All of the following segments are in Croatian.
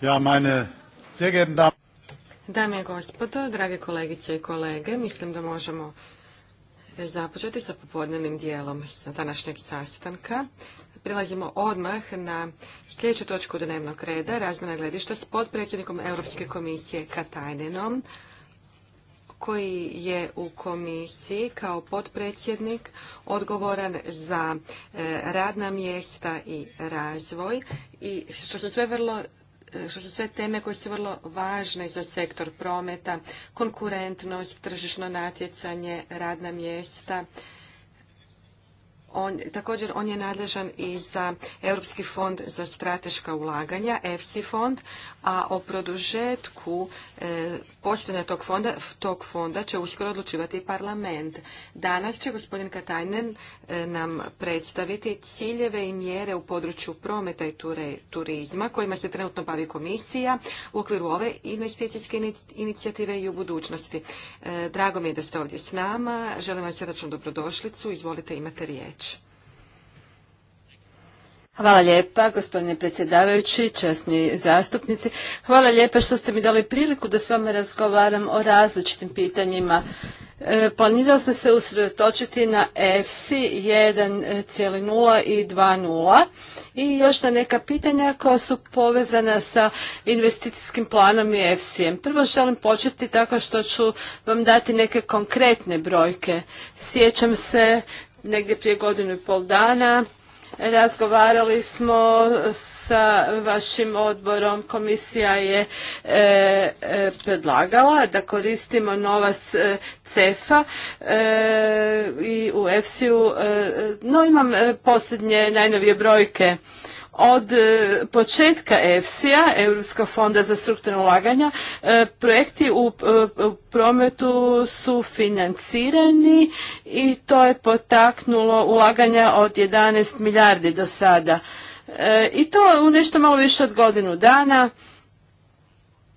Ja, meine sehr geehrten Damen. Dame i gospodo, drage kolegice i kolege, mislim da možemo započeti sa popodnevnim dijelom sa današnjeg sastanka. Prilazimo odmah na sljedeću točku dnevnog reda, razmjena gledišta s podpredsjednikom Europske komisije Katajnenom, koji je u komisiji kao potpredsjednik odgovoran za e, radna mjesta i razvoj i što su sve vrlo što su sve teme koje su vrlo važne za sektor prometa, konkurentnost, tržišno natjecanje, radna mjesta. On, također on je nadležan i za Europski fond za strateška ulaganja, EFSI fond, a o produžetku e, postojanja tog fonda, tog fonda će uskoro odlučivati parlament. Danas će gospodin Katajnen e, nam predstaviti ciljeve i mjere u području prometa i turizma kojima se trenutno bavi komisija u okviru ove investicijske inicijative i u budućnosti. E, drago mi je da ste ovdje s nama. Želim vam srdačnu dobrodošlicu. Izvolite, imate riječ. Hvala lijepa, gospodine predsjedavajući, časni zastupnici. Hvala lijepa što ste mi dali priliku da s vama razgovaram o različitim pitanjima. E, planirao sam se usredotočiti na EFSI e, 1.0 i 2.0 i još na neka pitanja koja su povezana sa investicijskim planom i efsi Prvo želim početi tako što ću vam dati neke konkretne brojke. Sjećam se negdje prije godinu i pol dana Razgovarali smo sa vašim odborom, komisija je e, e, predlagala da koristimo novac e, CEFA i u EFSI-u. No imam posljednje najnovije brojke od e, početka EFSI-a, Europskog fonda za strukturna ulaganja, e, projekti e, u prometu su financirani i to je potaknulo ulaganja od 11 milijardi do sada. I to u nešto malo više od godinu dana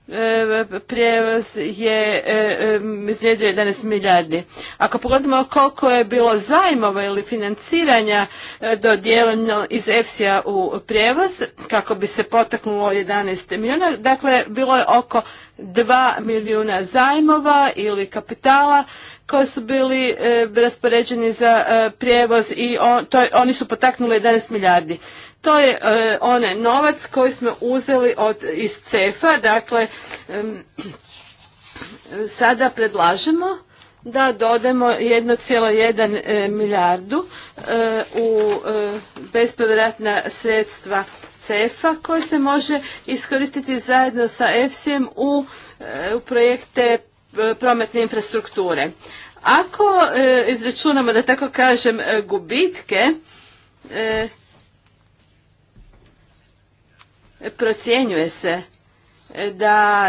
E, prijevoz je e, e, iznjedrio 11 milijardi. Ako pogledamo koliko je bilo zajmova ili financiranja dodijeljeno iz EFSI-a u prijevoz, kako bi se potaknulo 11 milijuna, dakle bilo je oko 2 milijuna zajmova ili kapitala koji su bili e, raspoređeni za e, prijevoz i oni su potaknuli 11 milijardi. To je e, onaj novac koji smo uzeli od, iz CEFA, dakle sada predlažemo da dodemo 1,1 milijardu u bespovratna sredstva CEFA koje se može iskoristiti zajedno sa efsi u projekte E, prometne infrastrukture. Ako e, izračunamo, da tako kažem, e, gubitke, procjenjuje se da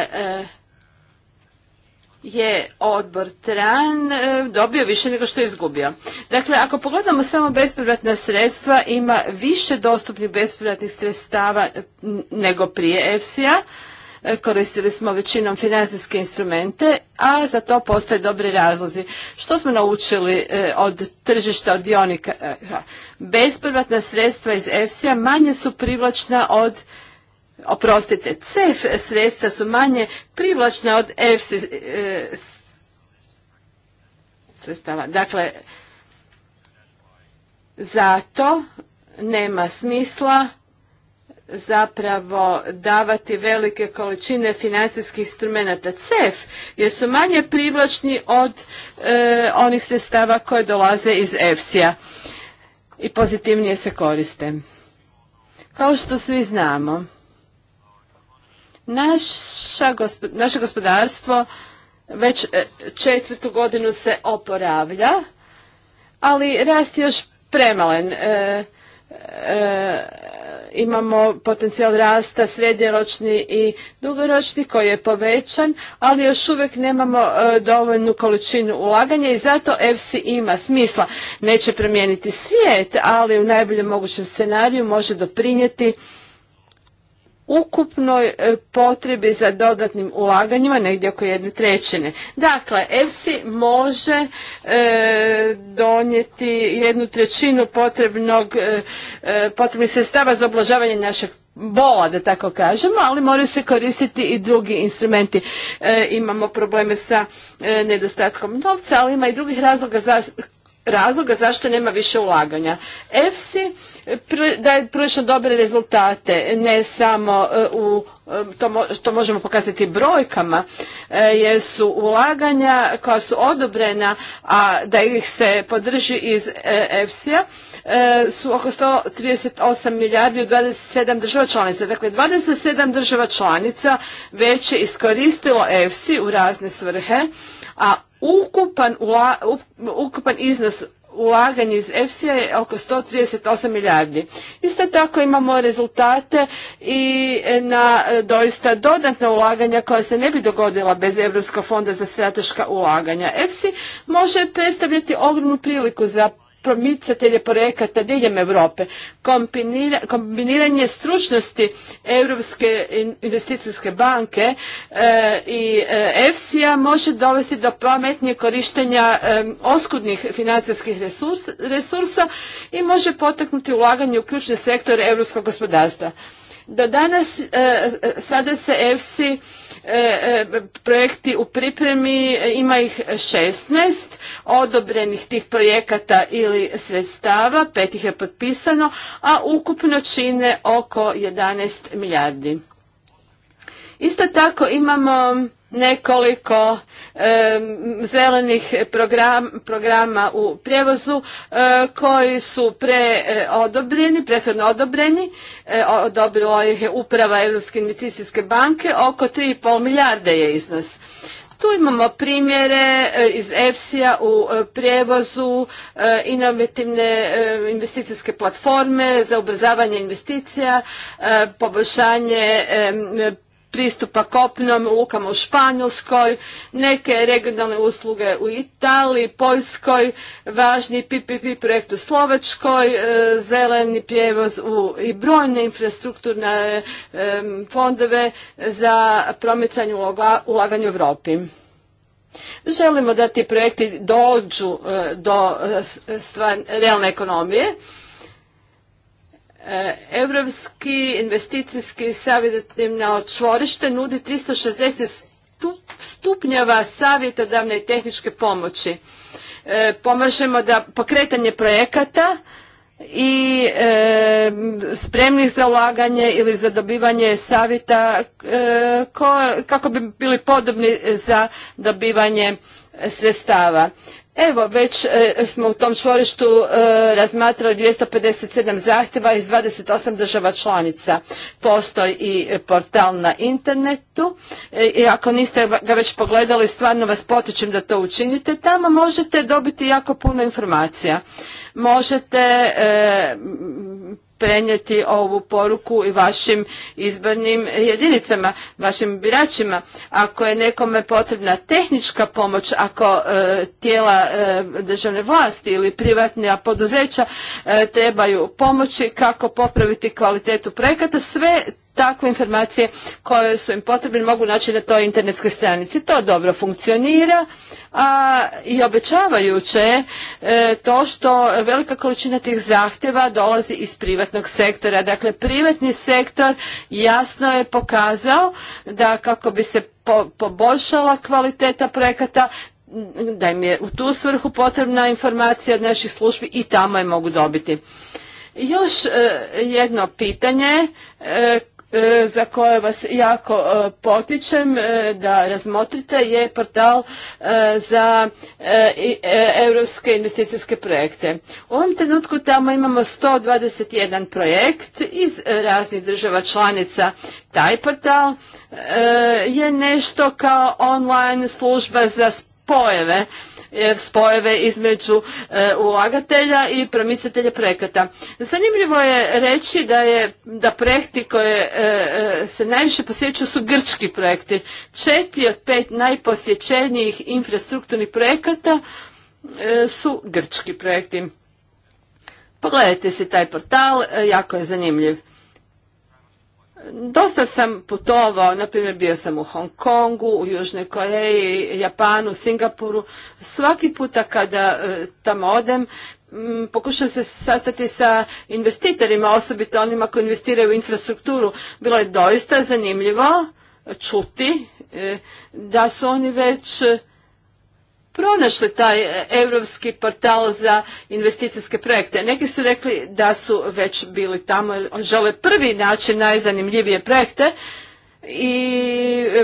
je odbor TRAN dobio više nego što je izgubio. Dakle, ako pogledamo samo bespovratna sredstva, ima više dostupnih bespovratnih sredstava nego prije EFSI-a, E, koristili smo većinom financijske instrumente, a za to postoje dobri razlozi. Što smo naučili e, od tržišta od dionika? E, bespovratna sredstva iz EFSI-a manje su privlačna od oprostite, CEF sredstva su manje privlačna od EFSI sredstava. Dakle, zato nema smisla zapravo davati velike količine financijskih instrumenata CEF jer su manje privlačni od e, onih sredstava koje dolaze iz EFSI-a i pozitivnije se koriste. Kao što svi znamo, naša naše gospodarstvo već e, četvrtu godinu se oporavlja, ali rast je još premalen. E, imamo potencijal rasta srednjeročni i dugoročni koji je povećan, ali još uvijek nemamo e, dovoljnu količinu ulaganja i zato EFSI ima smisla. Neće promijeniti svijet, ali u najboljem mogućem scenariju može doprinijeti ukupnoj e, potrebi za dodatnim ulaganjima negdje oko jedne trećine. Dakle, EFSI može e, donijeti jednu trećinu potrebnog, e, potrebnih sredstava za oblažavanje našeg bola, da tako kažemo, ali moraju se koristiti i drugi instrumenti. imamo probleme sa nedostatkom novca, ali ima i drugih razloga za razloga zašto nema više ulaganja. EFSI daje prilično dobre rezultate, ne samo e, u e, to možemo pokazati brojkama, e, jer su ulaganja koja su odobrena, a da ih se podrži iz EFSI-a, su oko 138 milijardi u 27 država članica. Dakle, 27 država članica već je iskoristilo EFSI u razne svrhe, a Ukupan, ukupan iznos ulaganja iz efsi je oko 138 milijardi. Isto tako imamo rezultate i na e, doista dodatna ulaganja koja se ne bi dogodila bez Europskog fonda za strateška ulaganja. EFSI može predstavljati ogromnu priliku za promicatelje projekata diljem Europe. Kombiniranje stručnosti Europske investicijske banke eh, i eh, EFSI-a može dovesti do pametnije korištenja oskudnih financijskih resursa i može potaknuti ulaganje u ključne sektore europskog gospodarstva. Do danas e, e, sada se EFSI e, projekti u pripremi, ima ih 16 odobrenih tih projekata ili sredstava, pet ih je potpisano, a ukupno čine oko 11 milijardi. Isto tako imamo nekoliko zelenih programa u prijevozu e, koji su preodobreni, e, prethodno odobreni, e, odobrilo ih je uprava Europske investicijske banke, oko 3,5 milijarde je iznos. Tu imamo primjere e, iz EFSI-a u prijevozu, inovativne investicijske platforme za ubrzavanje investicija, poboljšanje pristupa kopnom, lukama u Španjolskoj, neke regionalne usluge u Italiji, Poljskoj, važni PPP projekt u Slovačkoj, e, zeleni prijevoz i brojne infrastrukturne e, fondove za promicanje ulaganja u Europi. Želimo da ti projekti dođu e, do realne ekonomije Europski investicijski savjetodavno čvorište nudi 360 stupnjeva savjetodavne i tehničke pomoći. E, pomažemo da pokretanje projekata i e, spremnih za ulaganje ili za dobivanje savjeta e, kako bi bili podobni za dobivanje sredstava. Evo, već e, smo u tom čvorištu e, razmatrali 257 zahtjeva iz 28 država članica. Postoji i portal na internetu e, i ako niste ga već pogledali, stvarno vas potičem da to učinite. Tamo možete dobiti jako puno informacija. Možete prenijeti ovu poruku i vašim izbornim jedinicama, vašim biračima. Ako je nekome potrebna tehnička pomoć, ako e, tijela e, državne vlasti ili privatna poduzeća e, trebaju pomoći kako popraviti kvalitetu projekata, sve takve informacije koje su im potrebne mogu naći na toj internetskoj stranici. To dobro funkcionira a i obećavajuće je e, to što velika količina tih zahtjeva dolazi iz privatnog sektora. Dakle, privatni sektor jasno je pokazao da kako bi se poboljšala kvaliteta projekata, da im je u tu svrhu potrebna informacija od naših službi i tamo je mogu dobiti. Još e, jedno pitanje e, E, za koje vas jako e, potičem e, da razmotrite je portal za europske investicijske projekte. U ovom trenutku tamo imamo 121 projekt iz raznih država članica. Taj portal je nešto kao online služba za spojeve E, spojeve između e, ulagatelja i promicatelja projekata. Zanimljivo je reći da je da projekti koje e, se najviše posjećuju su grčki projekti. Četiri od pet najposjećenijih infrastrukturnih projekata su grčki projekti. Pogledajte si taj portal, jako je zanimljiv. Dosta sam putovao, na primjer bio sam u Hong Kongu, u Južnoj Koreji, Japanu, Singapuru. Svaki puta kada e, tamo odem, pokušam se sastati sa investitorima, osobito onima koji investiraju u infrastrukturu. Bilo je doista zanimljivo čuti e, da su oni već pronašli taj europski portal za investicijske projekte. Neki su rekli da su već bili tamo, žele prvi naći najzanimljivije projekte i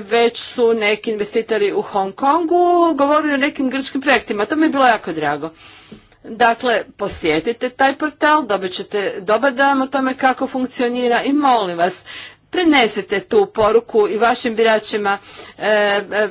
već su neki investitori u Hong Kongu govorili o nekim grčkim projektima. To mi je bilo jako drago. Dakle, posjetite taj portal, dobit ćete dobar dojam o tome kako funkcionira i molim vas, Prenesete tu poruku i vašim biračima e, e,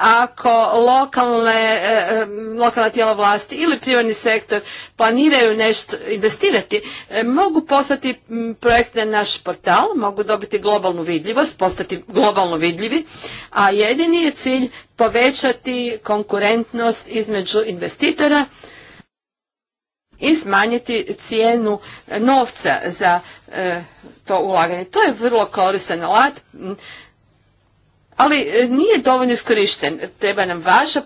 ako lokalne, e, lokalna tijela vlasti ili privatni sektor planiraju nešto investirati, mogu postati projekte na naš portal, mogu dobiti globalnu vidljivost, postati globalno vidljivi, a jedini je cilj povećati konkurentnost između investitora i smanjiti cijenu novca za e, to ulaganje. To je vrlo koristan alat, ali e, nije dovoljno iskorišten. Treba nam vaša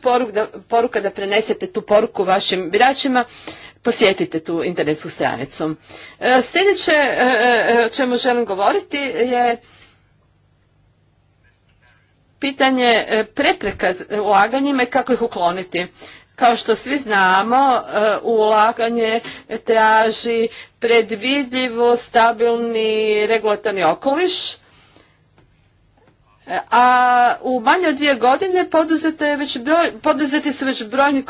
poruka da, prenesete tu poruku vašim biračima. Posjetite tu internetsku stranicu. E, sljedeće o čemu želim govoriti je pitanje prepreka ulaganjima i kako ih ukloniti. Kao što svi znamo, e, ulaganje traži predvidljivo stabilni regulatorni okoliš, e, a u manje od dvije godine poduzeti su već brojni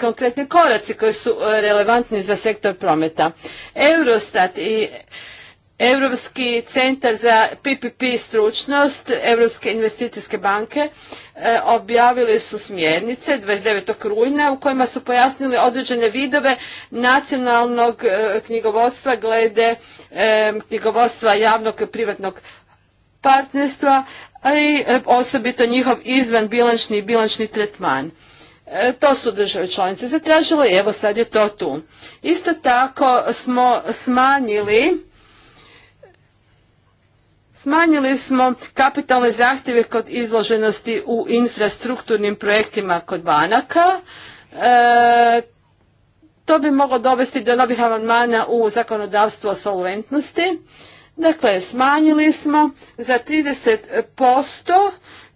konkretni koraci koji su relevantni za sektor prometa. Eurostat i Europski centar za PPP stručnost Europske investicijske banke e, objavili su smjernice 29. rujna u kojima su pojasnili određene vidove nacionalnog e, knjigovodstva glede e, knjigovodstva javnog privatnog partnerstva i osobito njihov izvanbilančni i bilančni tretman. To su države članice zatražile i evo sad je to tu. Isto tako smo smanjili Smanjili smo kapitalne zahtjeve kod izloženosti u infrastrukturnim projektima kod banaka. E, to bi moglo dovesti do novih amandmana u zakonodavstvu o solventnosti. Dakle, smanjili smo za 30%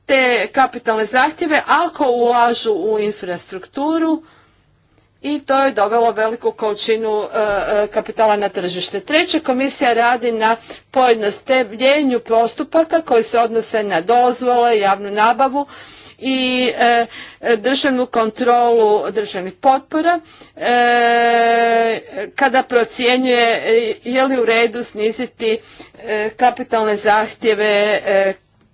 te kapitalne zahtjeve ako ulažu u infrastrukturu, i to je dovelo veliku količinu e, e, kapitala na tržište. Treće, komisija radi na pojednostavljenju postupaka koji se odnose na dozvole, javnu nabavu i e, državnu kontrolu državnih potpora kada procjenjuje je li u redu sniziti kapitalne zahtjeve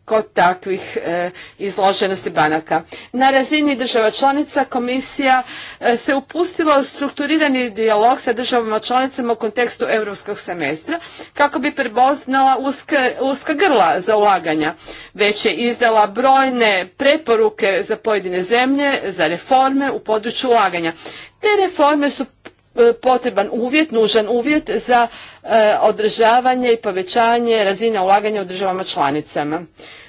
kod takvih e, izloženosti banaka. Na razini država članica komisija e, se upustila u strukturirani dijalog sa državama članicama u kontekstu europskog semestra kako bi prepoznala uska, uska grla za ulaganja. Već je izdala brojne preporuke za pojedine zemlje za reforme u području ulaganja. Te reforme su potreban uvjet, nužan uvjet za e, održavanje i povećanje razine ulaganja u državama članicama.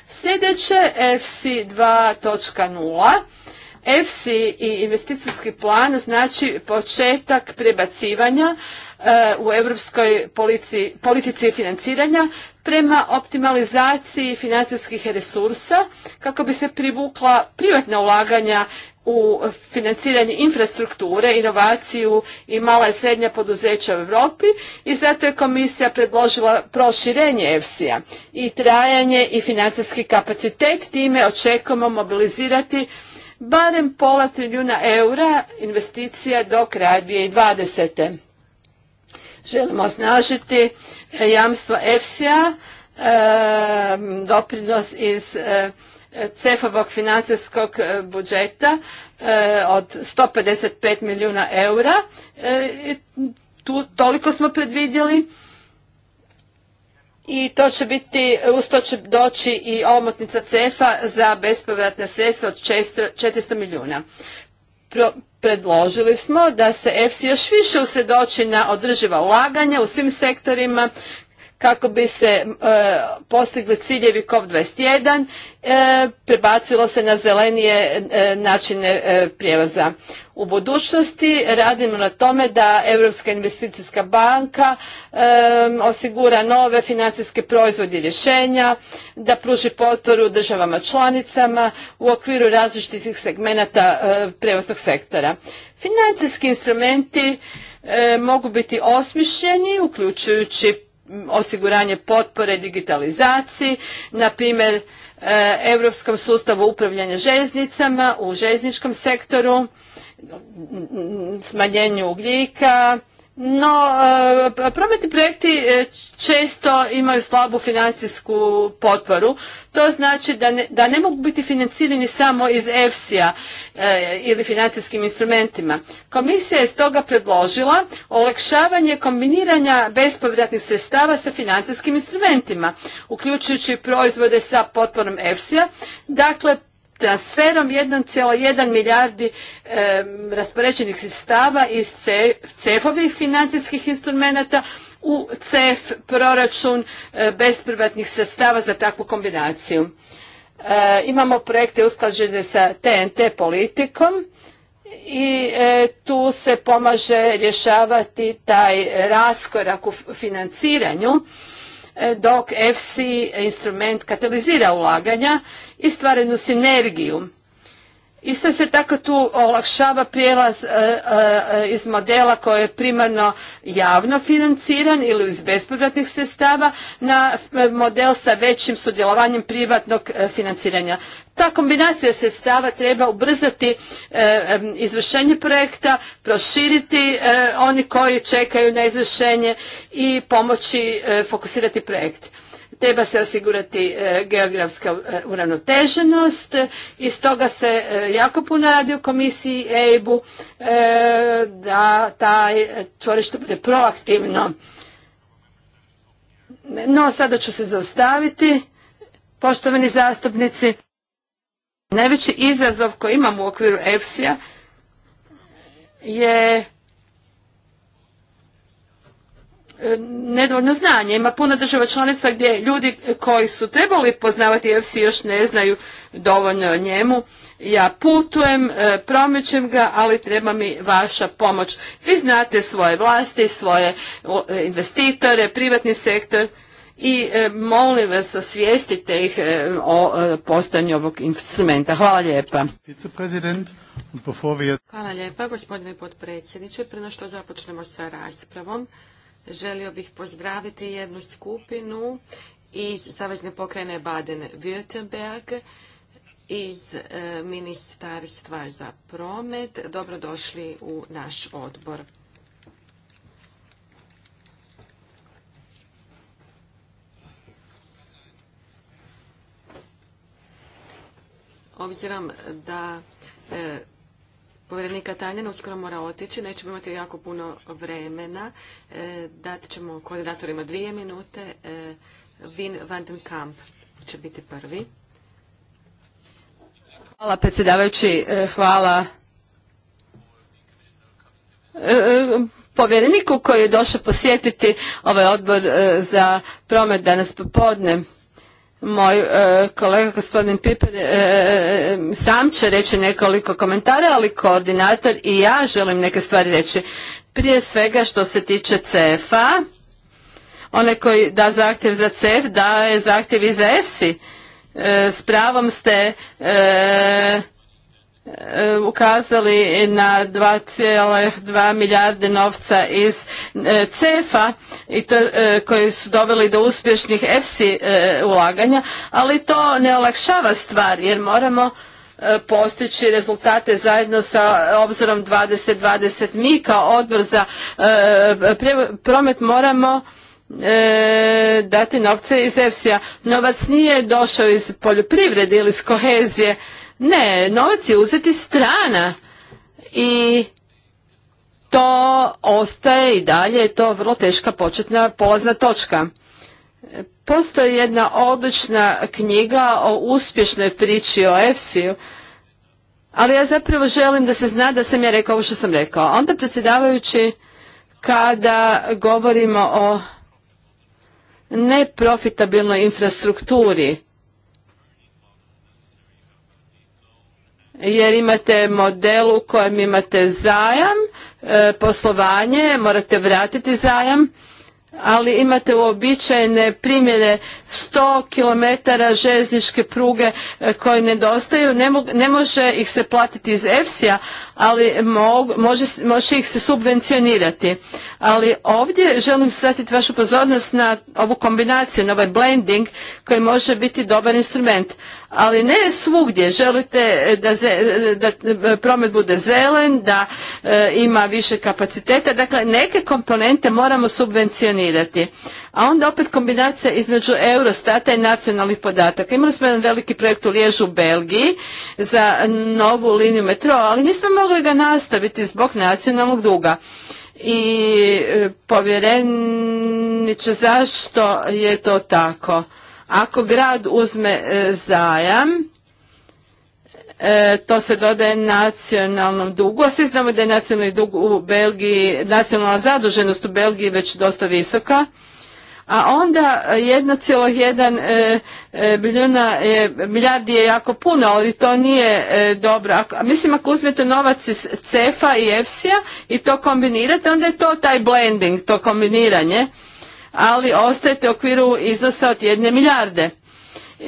Sljedeće FC 2.0 EFSI i investicijski plan znači početak prebacivanja e, u europskoj politici, politici financiranja prema optimalizaciji financijskih resursa kako bi se privukla privatna ulaganja u financiranje infrastrukture, inovaciju i mala i srednja poduzeća u Europi i zato je komisija predložila proširenje EFSI-a i trajanje i financijski kapacitet. Time očekujemo mobilizirati barem pola trilijuna eura investicija do kraja 2020. Želimo osnažiti eh, jamstvo EFSI-a, eh, doprinos iz eh, cefovog financijskog e, budžeta e, od 155 milijuna eura. E, tu, toliko smo predvidjeli i to će biti, uz to će doći i omotnica cefa za bespovratne sredstva od 400 milijuna. predložili smo da se EFSI još više usredoči na održiva ulaganja u svim sektorima kako bi se e, postigli ciljevi COP21 e, prebacilo se na zelenije e, načine e, prijevoza. U budućnosti radimo na tome da Europska investicijska banka osigura nove financijske proizvode i rješenja, da pruži potporu državama članicama u okviru različitih segmenata prijevoznog sektora. Financijski instrumenti mogu biti osmišljeni, uključujući osiguranje potpore digitalizaciji, na primjer e, europskom sustavu upravljanja željeznicama u željezničkom sektoru, smanjenju ugljika, no, e, prometni projekti e, često imaju slabu financijsku potporu. To znači da ne, da ne mogu biti financirani samo iz EFSI-a e, ili financijskim instrumentima. Komisija je stoga predložila olakšavanje kombiniranja bespovratnih sredstava sa financijskim instrumentima, uključujući proizvode sa potporom EFSI-a, dakle transferom 1,1 milijardi e, raspoređenih sredstava iz cehovih financijskih instrumenata u CEF proračun e, besprivatnih sredstava za takvu kombinaciju. E, imamo projekte usklađene sa TNT politikom i e, tu se pomaže rješavati taj raskorak u financiranju E, dok EFSI instrument katalizira ulaganja i stvarenu sinergiju Isto se tako tu olakšava prijelaz e, e, e, iz modela koji je primarno javno financiran ili iz bespovratnih sredstava na model sa većim sudjelovanjem privatnog financiranja. Ta kombinacija sredstava treba ubrzati izvršenje projekta, proširiti oni koji čekaju na izvršenje i pomoći fokusirati projekt treba se osigurati e, geografska e, uravnoteženost i stoga se e, jako puno radi u komisiji EIB-u da taj čvorište bude proaktivno. No, sada ću se zaustaviti, poštovani zastupnici. Najveći izazov koji imamo u okviru EFSI-a je E, nedovoljno znanje. Ima puno država članica gdje ljudi koji su trebali poznavati EFC još ne znaju dovoljno o njemu. Ja putujem, e, promećem ga, ali treba mi vaša pomoć. Vi znate svoje vlasti, svoje e, investitore, privatni sektor i molim vas osvijestite ih o postojanju ovog instrumenta. Hvala lijepa. Hvala lijepa gospodine potpredsjedniče. Prije što započnemo sa raspravom, želio bih pozdraviti jednu skupinu iz Savezne pokrajine Baden-Württemberg iz e, Ministarstva za promet. Dobrodošli u naš odbor. Obzirom da e, Povjerenika Tanjana uskoro mora otići, nećemo imati jako puno vremena. E, dati ćemo koordinatorima dvije minute. Vin e, van den Kamp će biti prvi. Hvala predsjedavajući, e, hvala povjereniku koji je došao posjetiti ovaj odbor za promet danas popodne moj e, kolega gospodin Piper e, e, sam će reći nekoliko komentara, ali koordinator i ja želim neke stvari reći. Prije svega što se tiče CEF-a, onaj koji da zahtjev za CEF, da je zahtjev i za EFSI. s pravom ste E, ukazali na 2,2 milijarde novca iz e, CEFA i e, koji su doveli do uspješnih EFSI ulaganja, ali to ne olakšava stvar jer moramo postići rezultate zajedno sa obzorom 2020. Mi kao odbor za promet moramo dati novce iz EFSI-a. Novac nije došao iz poljoprivrede ili iz kohezije, ne, novac je uzeti strana i to ostaje i dalje je to vrlo teška početna polazna točka. Postoji jedna odlična knjiga o uspješnoj priči o EFSI-u, ali ja zapravo želim da se zna da sam ja rekao ovo što sam rekao. Onda predsjedavajući kada govorimo o neprofitabilnoj infrastrukturi, jer imate model u kojem imate zajam, e, poslovanje, morate vratiti zajam, ali imate uobičajene primjere 100 km željezničke pruge e, koje nedostaju, ne, može ih se platiti iz EFSI-a, ali može, ih se subvencionirati. Ali ovdje želim shvatiti vašu pozornost na ovu kombinaciju, na ovaj blending koji može biti dobar instrument ali ne svugdje. Želite eh, da, eh, da eh, promet bude zelen, da ima više kapaciteta. Dakle, neke komponente moramo subvencionirati. A onda opet kombinacija između Eurostata i nacionalnih podataka. Imali smo jedan veliki projekt u Liježu u Belgiji za novu liniju metro, ali nismo mogli ga nastaviti zbog nacionalnog duga i povjereniče zašto je to tako ako grad uzme e, zajam, e, to se dodaje nacionalnom dugu, a svi znamo da je nacionalni dug u Belgiji, nacionalna zaduženost u Belgiji već dosta visoka, a onda 1,1 e, milijardi je jako puno, ali to nije dobro. A mislim, ako uzmete novac iz CEFA i EFSI-a i to kombinirate, onda je to taj blending, to kombiniranje ali ostajete u okviru iznosa od jedne milijarde.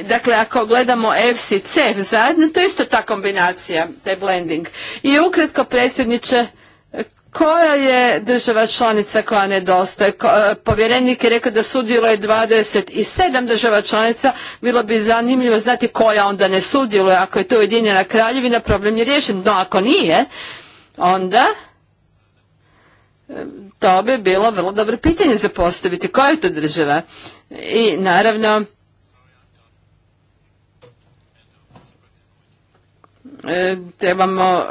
Dakle, ako gledamo EFS i zajedno, to je isto ta kombinacija, taj blending. I ukratko, predsjedniče, koja je država članica koja nedostaje? E, povjerenik je rekao da sudjeluje 27 država članica. Bilo bi zanimljivo znati koja onda ne sudjeluje. Ako je to Ujedinjena kraljevina, problem je riješen. No, ako nije, onda to bi bilo vrlo dobro pitanje za postaviti. Koja je to država? I naravno, e, trebamo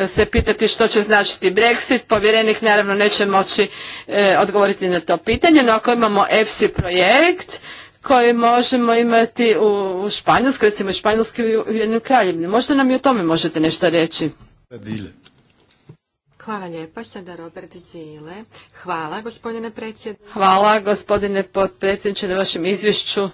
e, se pitati što će značiti Brexit. Povjerenik naravno neće moći e, odgovoriti na to pitanje, no ako imamo EFSI projekt koji možemo imati u Španjolskoj, recimo Španjolskoj u Jednoj kraljevini. Možda nam i o tome možete nešto reći. Hvala lijepa. Sada Robert Zile. Hvala gospodine predsjedniče. Hvala gospodine potpredsjedniče na vašem izvješću.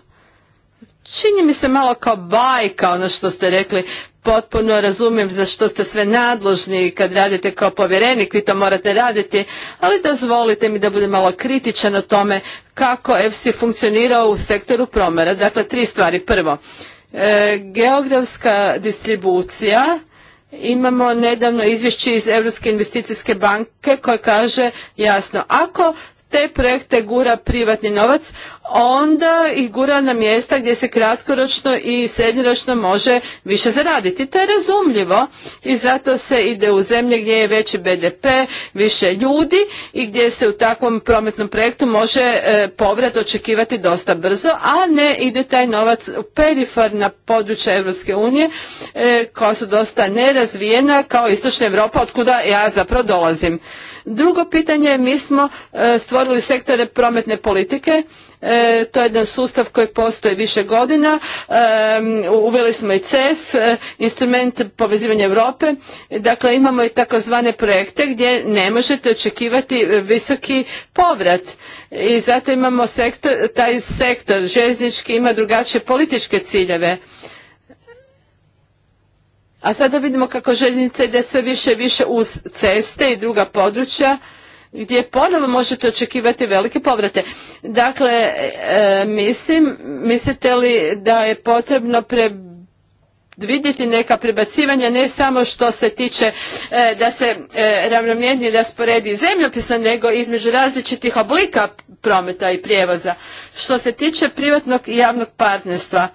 Čini mi se malo kao bajka ono što ste rekli. Potpuno razumijem za što ste sve nadložni kad radite kao povjerenik, vi to morate raditi, ali dozvolite mi da budem malo kritičan o tome kako EFSI funkcionira u sektoru promera. Dakle, tri stvari. Prvo, e, geografska distribucija Imamo nedavno izvješće iz Europske investicijske banke koje kaže jasno, ako te projekte gura privatni novac, onda ih gura na mjesta gdje se kratkoročno i srednjoročno može više zaraditi. To je razumljivo i zato se ide u zemlje gdje je veći BDP, više ljudi i gdje se u takvom prometnom projektu može e, povrat očekivati dosta brzo, a ne ide taj novac u periferna područja Europske unije e, koja su dosta nerazvijena kao istočna Europa od kuda ja zapravo dolazim. Drugo pitanje, mi smo e, stvorili sektore prometne politike E, to je jedan sustav koji postoji više godina. E, uveli smo i CEF, e, instrument povezivanja Europe. Dakle, imamo i takozvane projekte gdje ne možete očekivati visoki povrat. I zato imamo sektor, taj sektor željeznički ima drugačije političke ciljeve. A sada vidimo kako željeznica ide sve više i više uz ceste i druga područja gdje ponovo možete očekivati velike povrate. Dakle, e, mislim, mislite li da je potrebno pre vidjeti neka prebacivanja ne samo što se tiče e, da se e, ravnomjernije rasporedi zemljopisno nego između različitih oblika prometa i prijevoza. Što se tiče privatnog i javnog partnerstva,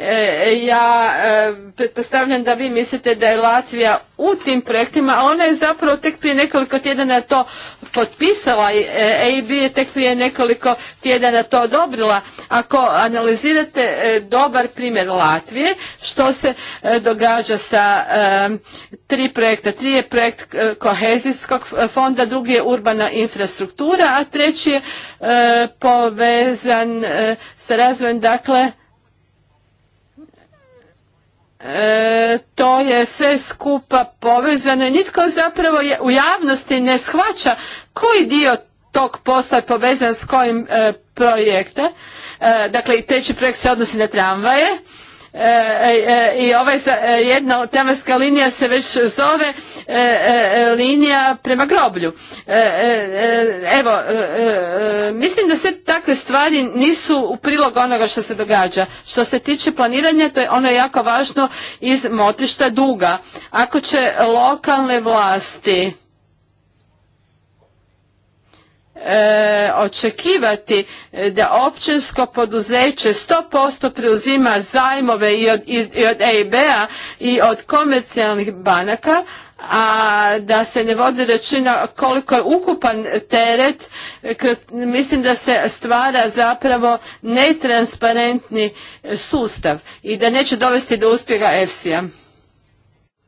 E, ja e, pretpostavljam da vi mislite da je Latvija u tim projektima, a ona je zapravo tek prije nekoliko tjedana to potpisala i EIB je tek prije nekoliko tjedana to odobrila. Ako analizirate e, dobar primjer Latvije, što se događa sa tri projekta. Tri je projekt kohezijskog fonda, drugi je urbana infrastruktura, a treći je povezan sa razvojem, dakle, E, to je sve skupa povezano i nitko zapravo je, u javnosti ne shvaća koji dio tog posla je povezan s kojim e, projekte. dakle, i treći projekt se odnosi na tramvaje E, e, e, i ovaj jedna tematska linija se već zove linija prema groblju. Evo, mislim da sve takve stvari nisu u prilog onoga što se događa. Što se tiče planiranja, to je ono jako važno iz motišta duga. Ako će lokalne vlasti Eh, očekivati da općinsko poduzeće 100% preuzima zajmove i od, i EIB-a i od komercijalnih banaka, a da se ne vodi računa koliko je ukupan teret, mislim da se stvara zapravo netransparentni sustav i da neće dovesti do uspjeha EFSI-a.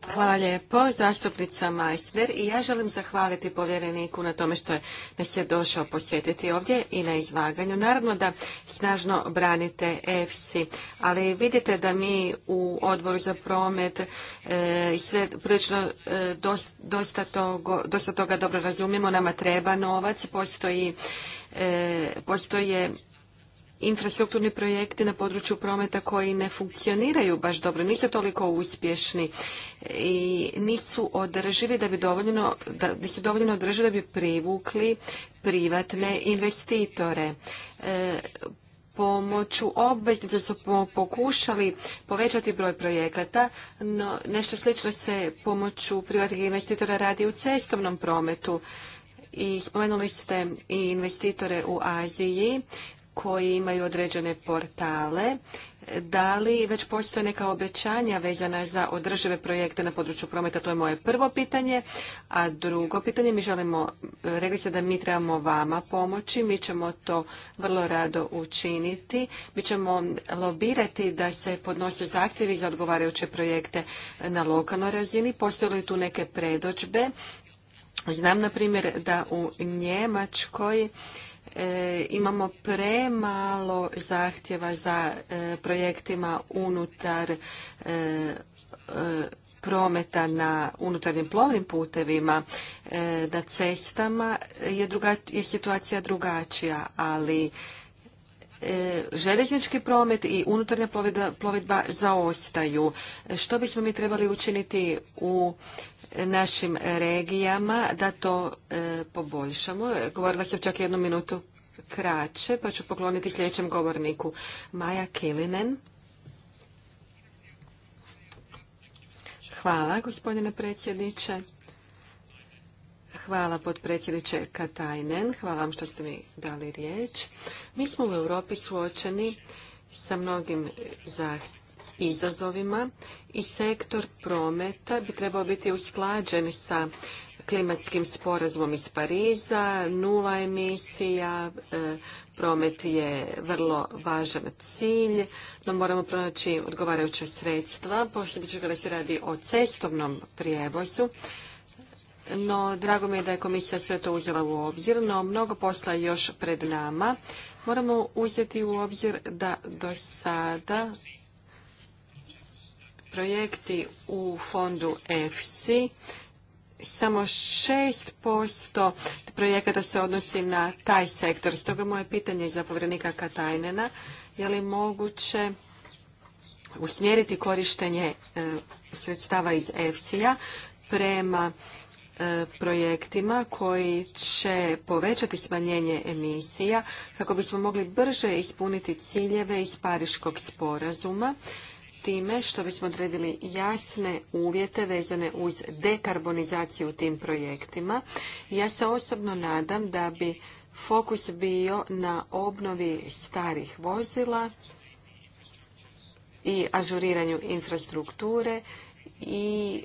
Hvala lijepo, zastupnica Majsner i ja želim zahvaliti povjereniku na tome što je nas je došao posjetiti ovdje i na izvaganju. Naravno da snažno branite EFSI, ali vidite da mi u odboru za promet e, i sve prilično e, dosta, toga dobro razumijemo, nama treba novac, postoji, e, postoje infrastrukturni projekti na području prometa koji ne funkcioniraju baš dobro, nisu toliko uspješni i nisu održivi da bi dovoljno, da, se dovoljno održivi da bi privukli privatne investitore. E, pomoću obveznice su pokušali povećati broj projekata, no nešto slično se pomoću privatnih investitora radi u cestovnom prometu i spomenuli ste i investitore u Aziji koji imaju određene portale. Da li već postoje neka obećanja vezana za održive projekte na području prometa? To je moje prvo pitanje. A drugo pitanje, mi želimo, rekli ste da mi trebamo vama pomoći, mi ćemo to vrlo rado učiniti. Mi ćemo lobirati da se podnose zahtjevi za odgovarajuće projekte na lokalnoj razini. Postoje li tu neke predođbe? Znam, na primjer, da u Njemačkoj E, imamo premalo zahtjeva za e, projektima unutar e, prometa na unutarnjim plovnim putevima, na cestama je, je situacija drugačija, ali željeznički promet i unutarnja plovidba zaostaju. Što bismo mi trebali učiniti u našim regijama da to e, poboljšamo. Govorila sam čak jednu minutu kraće, pa ću pokloniti sljedećem govorniku. Maja kilinen Hvala, gospodine predsjedniče. Hvala potpredsjedniče Katajnen. Hvala vam što ste mi dali riječ. Mi smo u Europi suočeni sa mnogim zahtjevima izazovima i sektor prometa bi trebao biti usklađen sa klimatskim sporazumom iz Pariza, nula emisija, e, promet je vrlo važan cilj, no moramo pronaći odgovarajuća sredstva, bi kada se radi o cestovnom prijevozu. No, drago mi je da je komisija sve to uzela u obzir, no mnogo posla još pred nama. Moramo uzeti u obzir da do sada projekti u fondu EFSI samo 6% projekata se odnosi na taj sektor. Stoga moje pitanje za povrednika Katajnena je li moguće usmjeriti korištenje e, sredstava iz EFSI-a prema e, projektima koji će povećati smanjenje emisija kako bismo mogli brže ispuniti ciljeve iz Pariškog sporazuma time što bismo odredili jasne uvjete vezane uz dekarbonizaciju u tim projektima. Ja se osobno nadam da bi fokus bio na obnovi starih vozila i ažuriranju infrastrukture i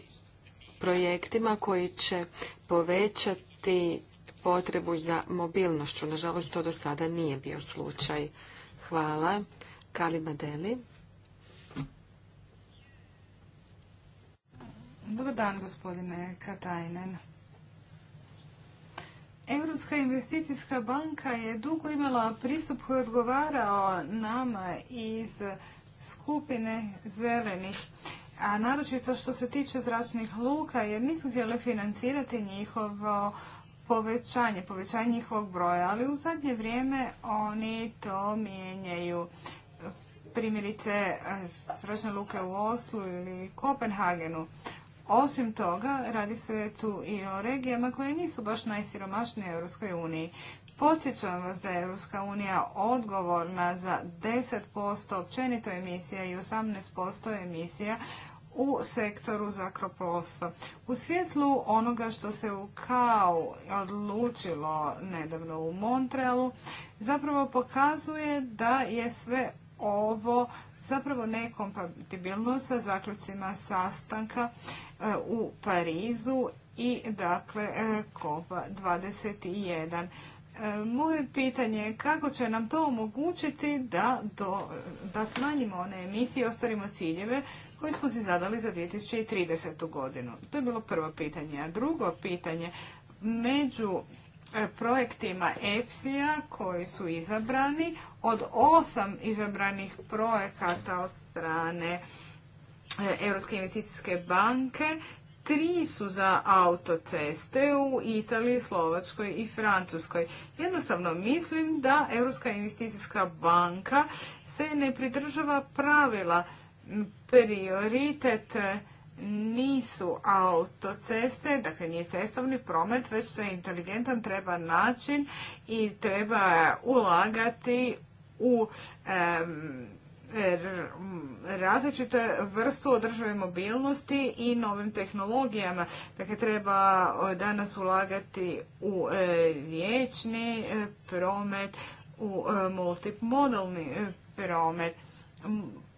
projektima koji će povećati potrebu za mobilnošću. Nažalost, to do sada nije bio slučaj. Hvala. Kalima Deli. Dobar dan, gospodine Katajnen. Europska investicijska banka je dugo imala pristup koji je odgovarao nama iz skupine zelenih, a naročito što se tiče zračnih luka, jer nisu htjele financirati njihovo povećanje, povećanje njihovog broja, ali u zadnje vrijeme oni to mijenjaju. Primjerice, zračne luke u Oslu ili Kopenhagenu. Osim toga, radi se tu i o regijama koje nisu baš najsiromašnije u Europskoj uniji. Podsjećam vas da je Europska unija odgovorna za 10% općenito emisija i 18% emisija u sektoru zakroplovstva. U svjetlu onoga što se u KAU odlučilo nedavno u Montrealu, zapravo pokazuje da je sve ovo zapravo nekompatibilno sa zaključcima sastanka e, u Parizu i dakle e, COP21. E, moje pitanje je kako će nam to omogućiti da, do, da smanjimo one emisije i ostvarimo ciljeve koje smo si zadali za 2030. godinu. To je bilo prvo pitanje. A drugo pitanje, među E, projektima EPSI-a koji su izabrani. Od osam izabranih projekata od strane e, Europske investicijske banke Tri su za autoceste u Italiji, Slovačkoj i Francuskoj. Jednostavno mislim da Europska investicijska banka se ne pridržava pravila prioritet nisu autoceste, dakle nije cestovni promet, već to je inteligentan, treba način i treba ulagati u um, različite vrstu održave mobilnosti i novim tehnologijama. Dakle, treba danas ulagati u vječni e, e, promet, u e, multimodalni promet.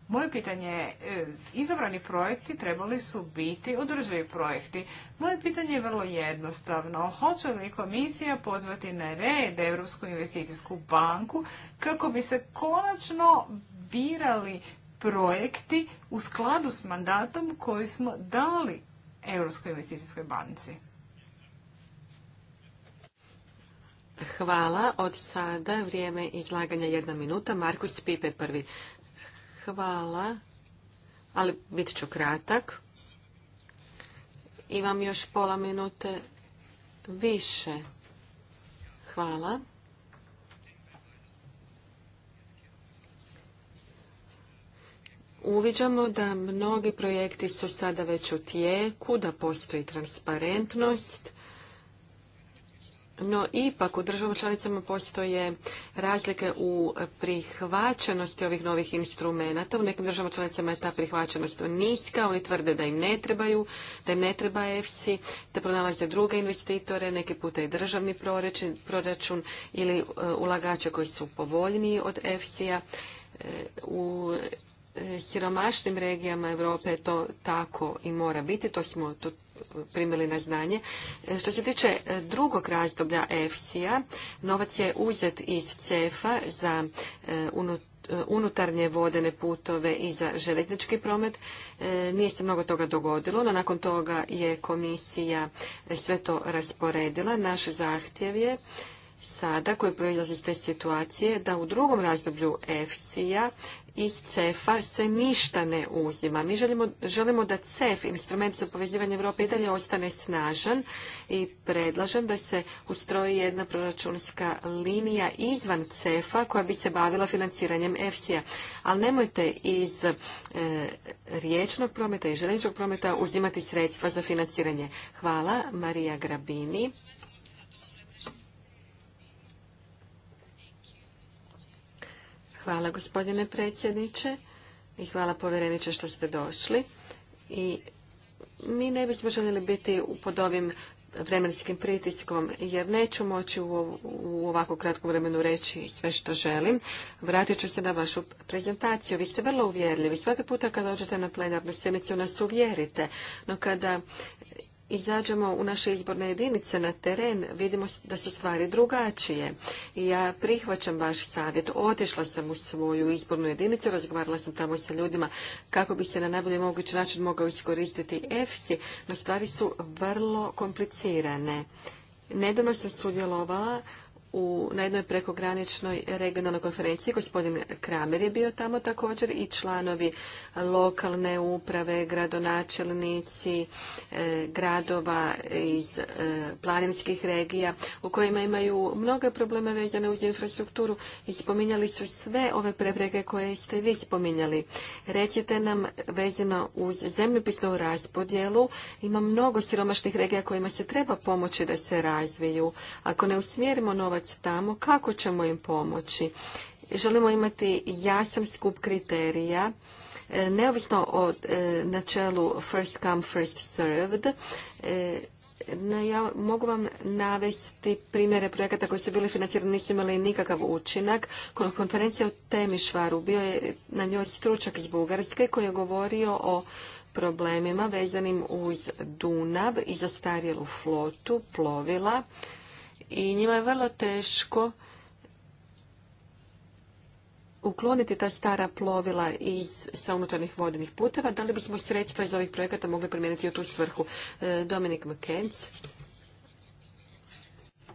Moje pitanje je, e, izabrani projekti trebali su biti održivi projekti. Moje pitanje je vrlo jednostavno. Hoće li komisija pozvati na red Europsku investicijsku banku kako bi se konačno birali projekti u skladu s mandatom koji smo dali Europskoj investicijskoj banci? Hvala. Od sada vrijeme izlaganja jedna minuta. Markus Pipe prvi. Hvala, ali bit ću kratak. Imam još pola minute više. Hvala. Uviđamo da mnogi projekti su sada već u tijeku, da postoji transparentnost no ipak u državama članicama postoje razlike u prihvaćenosti ovih novih instrumenata. U nekim državama članicama je ta prihvaćenost niska, oni tvrde da im ne trebaju, da im ne treba EFSI, da pronalaze druge investitore, neki puta i državni proračun, ili e, ulagače koji su povoljniji od EFSI-a. E, u e, siromašnim regijama Europe to tako i mora biti, to smo to primili na znanje. E, što se tiče e, drugog razdoblja EFSI-a, novac je uzet iz CEF-a za e, unutarnje vodene putove i za željeznički promet. Nije se mnogo toga dogodilo, no nakon toga je komisija sve to rasporedila. Naš zahtjev je sada koji proizlazi iz te situacije da u drugom razdoblju EFSI-a iz CEF-a se ništa ne uzima. Mi želimo, da CEF, instrument za povezivanje Europe, i dalje ostane snažan i predlažem da se ustroji jedna proračunska linija izvan CEF-a koja bi se bavila financiranjem EFSI-a. Ali nemojte iz e, riječnog prometa i željezničkog prometa uzimati sredstva za financiranje. Hvala, Marija Grabini. Hvala gospodine predsjedniče i hvala povjereniče što ste došli. I mi ne bismo željeli biti pod ovim vremenskim pritiskom jer neću moći u ovako kratkom vremenu reći sve što želim. Vratit ću se na vašu prezentaciju. Vi ste vrlo uvjerljivi. Svaki puta kad dođete na plenarnu sjednicu nas uvjerite. No kada izađemo u naše izborne jedinice na teren, vidimo da su stvari drugačije. Ja prihvaćam vaš savjet, otišla sam u svoju izbornu jedinicu, razgovarala sam tamo sa ljudima kako bi se na najbolji mogući način mogao iskoristiti EFSI, no stvari su vrlo komplicirane. Nedavno sam sudjelovala u, na jednoj prekograničnoj regionalnoj konferenciji. Gospodin Kramer je bio tamo također i članovi lokalne uprave, gradonačelnici e, gradova iz e, planinskih regija u kojima imaju mnoge probleme vezane uz infrastrukturu i spominjali su sve ove prepreke koje ste vi spominjali. Recite nam vezano uz zemljopisnu raspodjelu ima mnogo siromašnih regija kojima se treba pomoći da se razviju. Ako ne usmjerimo nova tamo, kako ćemo im pomoći? Želimo imati jasan skup kriterija, e, neovisno o e, načelu first come, first served, e, ja mogu vam navesti primjere projekata koji su bili financirani, nisu imali nikakav učinak. Konferencija o Temišvaru bio je na njoj stručak iz Bugarske koji je govorio o problemima vezanim uz Dunav i zastarjelu flotu, plovila i njima je vrlo teško ukloniti ta stara plovila iz, sa unutarnjih vodenih puteva, da li bismo sredstva iz ovih projekata mogli primijeniti u tu svrhu? E, Dominik McKenz.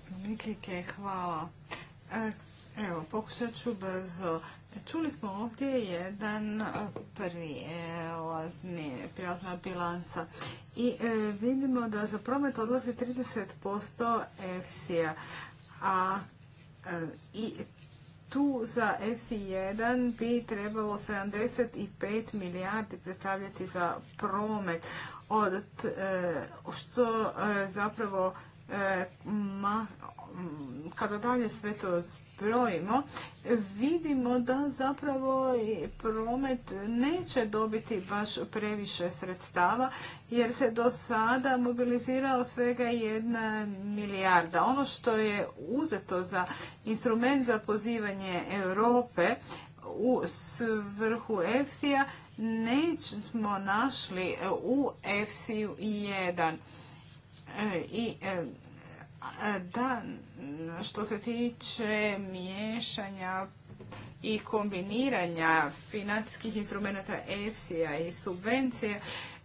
Dominik hvala. E, evo, pokušat ću brzo. Čuli smo ovdje jedan prijelazni, prijelazna bilanca i e, vidimo da za promet odlazi 30% fc a a e, i tu za FC1 bi trebalo 75 milijardi predstavljati za promet, od, e, što zapravo kada dalje sve to zbrojimo, vidimo da zapravo promet neće dobiti baš previše sredstava jer se do sada mobilizirao svega jedna milijarda. Ono što je uzeto za instrument za pozivanje Europe u svrhu EFSI-a nećemo našli u EFSI-u 1. I e, e, da što se tiče miješanja i kombiniranja financijskih instrumenta EFSI-a i subvencije,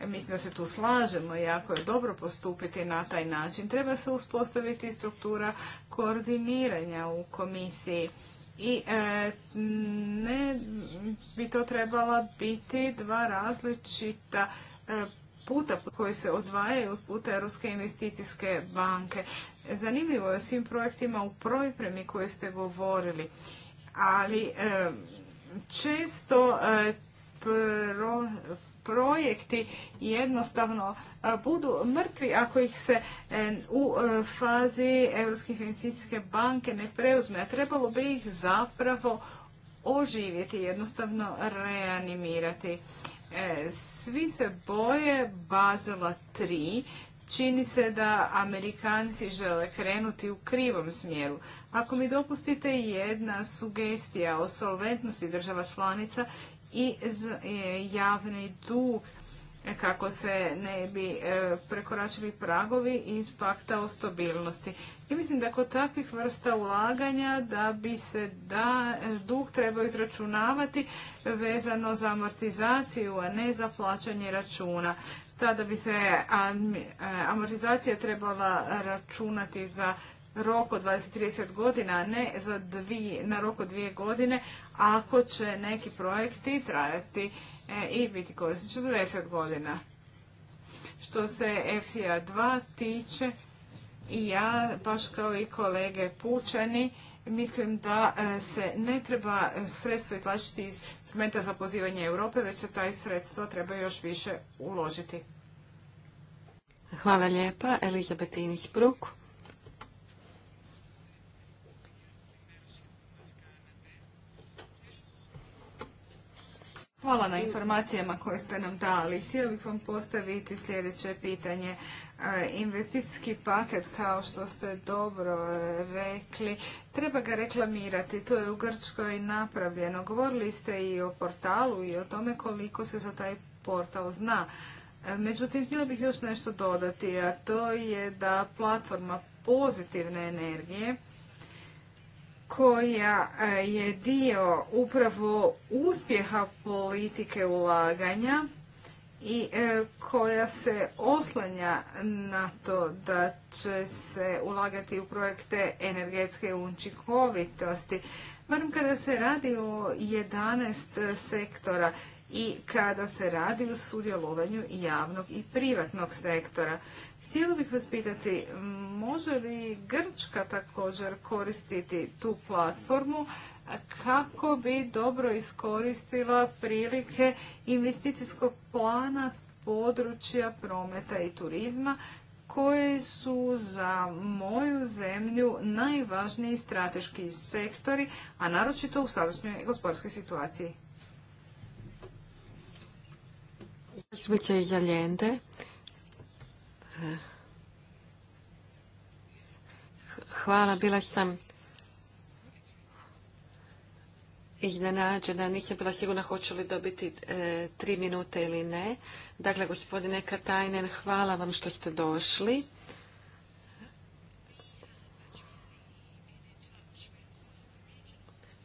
mislim da se tu slažemo, jako je dobro postupiti na taj način. Treba se uspostaviti struktura koordiniranja u komisiji i e, ne bi to trebala biti dva različita e, puta koji se odvajaju od puta Europske investicijske banke. Zanimljivo je svim projektima u pripremi koje ste govorili, ali često e, projekti jednostavno e, budu mrtvi ako ih se u e, fazi Europske investicijske banke ne preuzme, a trebalo bi ih zapravo oživjeti, jednostavno reanimirati. E, svi se boje Bazela 3. Čini se da Amerikanci žele krenuti u krivom smjeru. Ako mi dopustite jedna sugestija o solventnosti država članica i e, javni dug kako se ne bi e, prekoračili pragovi iz pakta o stabilnosti. I mislim da kod takvih vrsta ulaganja da bi se da e, dug treba izračunavati vezano za amortizaciju, a ne za plaćanje računa. Tada bi se e, amortizacija trebala računati za rok od 20-30 godina, a ne za na rok od dvije godine, ako će neki projekti trajati E, i biti korisnično 20 godina. Što se FCA 2 tiče, i ja, baš kao i kolege Pučani, mislim da e, se ne treba sredstva izvlačiti iz instrumenta za pozivanje Europe, već se taj sredstva treba još više uložiti. Hvala lijepa, Elizabeth Inisbruk. Hvala na informacijama koje ste nam dali. Htio bih vam postaviti sljedeće pitanje. E, investicijski paket, kao što ste dobro e, rekli, treba ga reklamirati. To je u Grčkoj napravljeno. Govorili ste i o portalu i o tome koliko se za taj portal zna. E, međutim, htio bih još nešto dodati, a to je da platforma pozitivne energije koja e, je dio upravo uspjeha politike ulaganja i e, koja se oslanja na to da će se ulagati u projekte energetske učinkovitosti. Barem kada se radi o 11 sektora i kada se radi o sudjelovanju javnog i privatnog sektora. Htjela bih vas pitati, može li Grčka također koristiti tu platformu kako bi dobro iskoristila prilike investicijskog plana s područja prometa i turizma koji su za moju zemlju najvažniji strateški sektori, a naročito u sadašnjoj gospodarskoj situaciji. Hvala, bila sam iznenađena, nisam bila sigurna hoću li dobiti e, tri minute ili ne. Dakle, gospodine Katajnen, hvala vam što ste došli.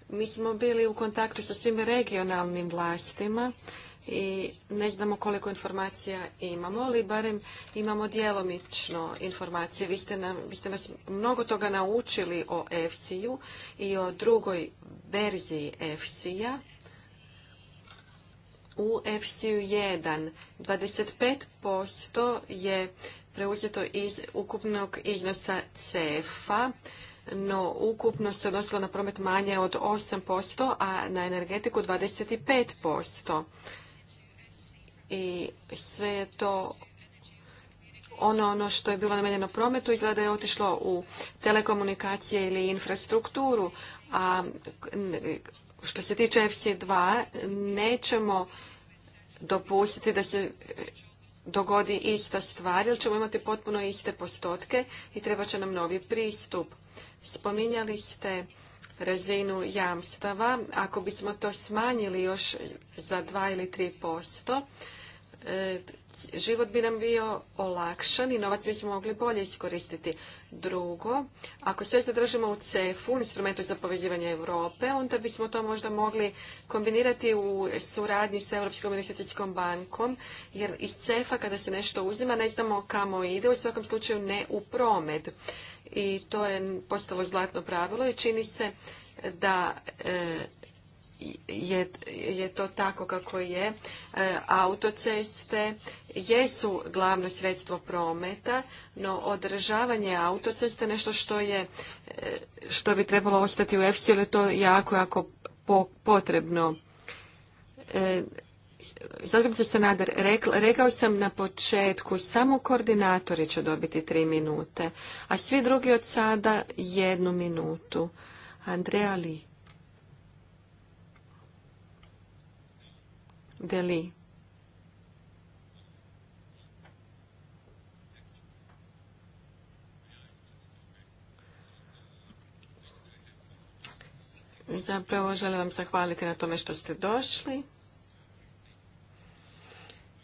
Mi smo bili u kontaktu sa svim regionalnim vlastima i ne znamo koliko informacija imamo, ali barem imamo djelomično informacije. Vi ste, nam, vi ste nas mnogo toga naučili o EFSI-u i o drugoj verziji EFSI-a. U EFSI-u 1 25% je preuzeto iz ukupnog iznosa CEF-a, no ukupno se odnosilo na promet manje od 8%, a na energetiku 25% i sve je to ono ono što je bilo namijenjeno prometu izgleda je otišlo u telekomunikacije ili infrastrukturu, a što se tiče FC2 nećemo dopustiti da se dogodi ista stvar, jer ćemo imati potpuno iste postotke i treba će nam novi pristup. Spominjali ste razinu jamstava, ako bismo to smanjili još za 2 ili 3 posto, E, život bi nam bio olakšan i novac smo mogli bolje iskoristiti. Drugo, ako sve zadržimo u CEF-u, instrumentu za povezivanje Europe, onda bismo to možda mogli kombinirati u suradnji sa Europskom investicijskom bankom, jer iz CEF-a kada se nešto uzima ne znamo kamo ide, u svakom slučaju ne u promet. I to je postalo zlatno pravilo i čini se da e, je, je to tako kako je. E, autoceste jesu glavno sredstvo prometa, no održavanje autoceste nešto što je e, što bi trebalo ostati u EFSI, ili je to jako, jako po, potrebno. E, se Sanader, rekao sam na početku, samo koordinatori će dobiti tri minute, a svi drugi od sada jednu minutu. Andreja Li. Deli. Zapravo želim vam zahvaliti na tome što ste došli.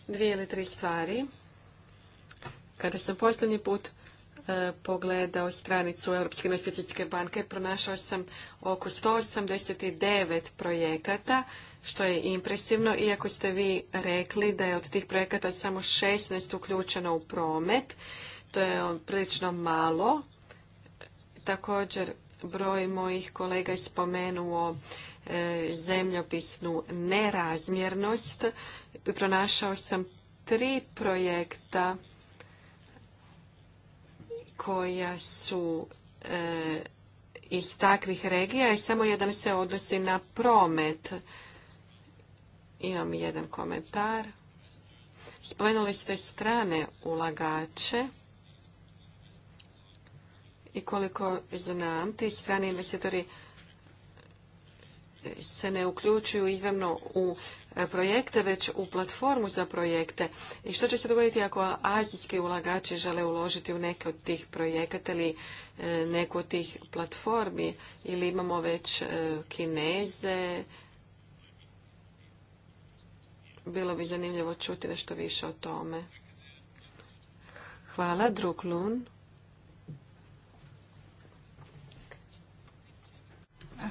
Dvije ili tri stvari. Kada sam posljednji put E, pogledao stranicu Europske investicijske banke, pronašao sam oko 189 projekata, što je impresivno, iako ste vi rekli da je od tih projekata samo 16 uključeno u promet, to je prilično malo. Također, broj mojih kolega je spomenuo e, zemljopisnu nerazmjernost. Pronašao sam tri projekta koja su e, iz takvih regija i samo jedan se odnosi na promet. Imam jedan komentar. Spomenuli ste strane ulagače i koliko znam, ti strani investitori se ne uključuju izravno u E, projekte, već u platformu za projekte. I što će se dogoditi ako azijski ulagači žele uložiti u neke od tih projekata ili e, neku od tih platformi ili imamo već e, kineze, bilo bi zanimljivo čuti nešto više o tome. Hvala, drug Lun.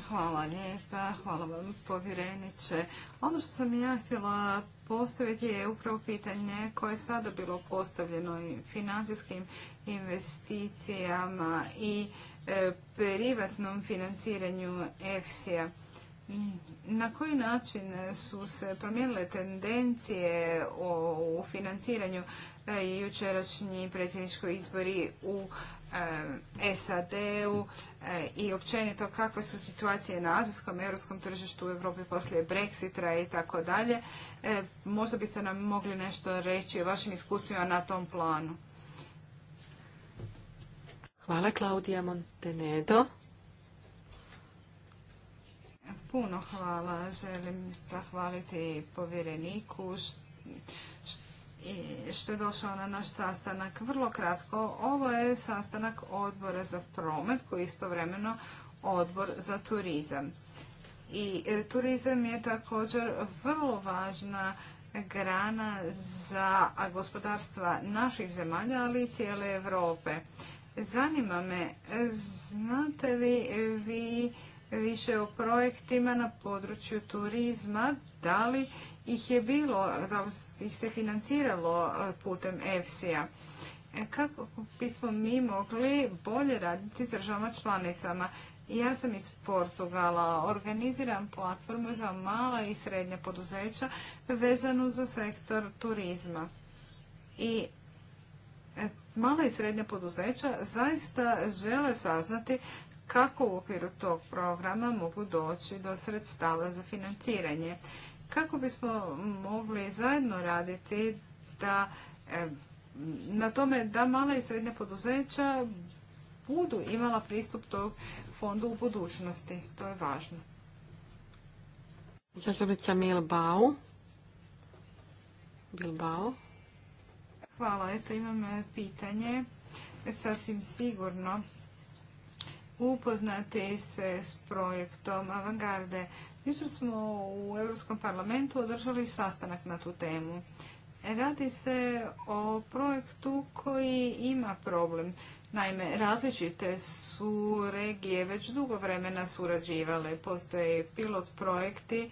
Hvala lijepa, hvala vam povjereniče. Ono što sam ja htjela postaviti je upravo pitanje koje je sada bilo postavljeno i financijskim investicijama i e, privatnom financiranju EFSI-a na koji način su se promijenile tendencije u financiranju e, jučerašnji predsjednički izbori u e, SAD-u e, i općenito kakve su situacije na azijskom, europskom tržištu u Europi poslije Brexitra i tako dalje. Možda biste nam mogli nešto reći o vašim iskustvima na tom planu. Hvala Klaudija Montenedo. Puno hvala. Želim zahvaliti povjereniku što je došao na naš sastanak. Vrlo kratko, ovo je sastanak odbora za promet koji je istovremeno odbor za turizam. I e, turizam je također vrlo važna grana za gospodarstva naših zemalja, ali i cijele Europe. Zanima me, znate li vi više o projektima na području turizma. Da li ih je bilo, da ih se financiralo e, putem EFSI-a? E, kako bismo mi mogli bolje raditi s državama članicama? Ja sam iz Portugala, organiziram platformu za mala i srednja poduzeća vezanu za sektor turizma. I e, mala i srednja poduzeća zaista žele saznati kako u okviru tog programa mogu doći do sredstava za financiranje. Kako bismo mogli zajedno raditi da e, na tome da mala i srednja poduzeća budu imala pristup tog fondu u budućnosti. To je važno. Zastupnica Milbao. Hvala, eto imam e, pitanje. E, sasvim sigurno upoznati se s projektom Avangarde. Jučer smo u Europskom parlamentu održali sastanak na tu temu. Radi se o projektu koji ima problem. Naime, različite su regije već dugo vremena surađivale. Postoje pilot projekti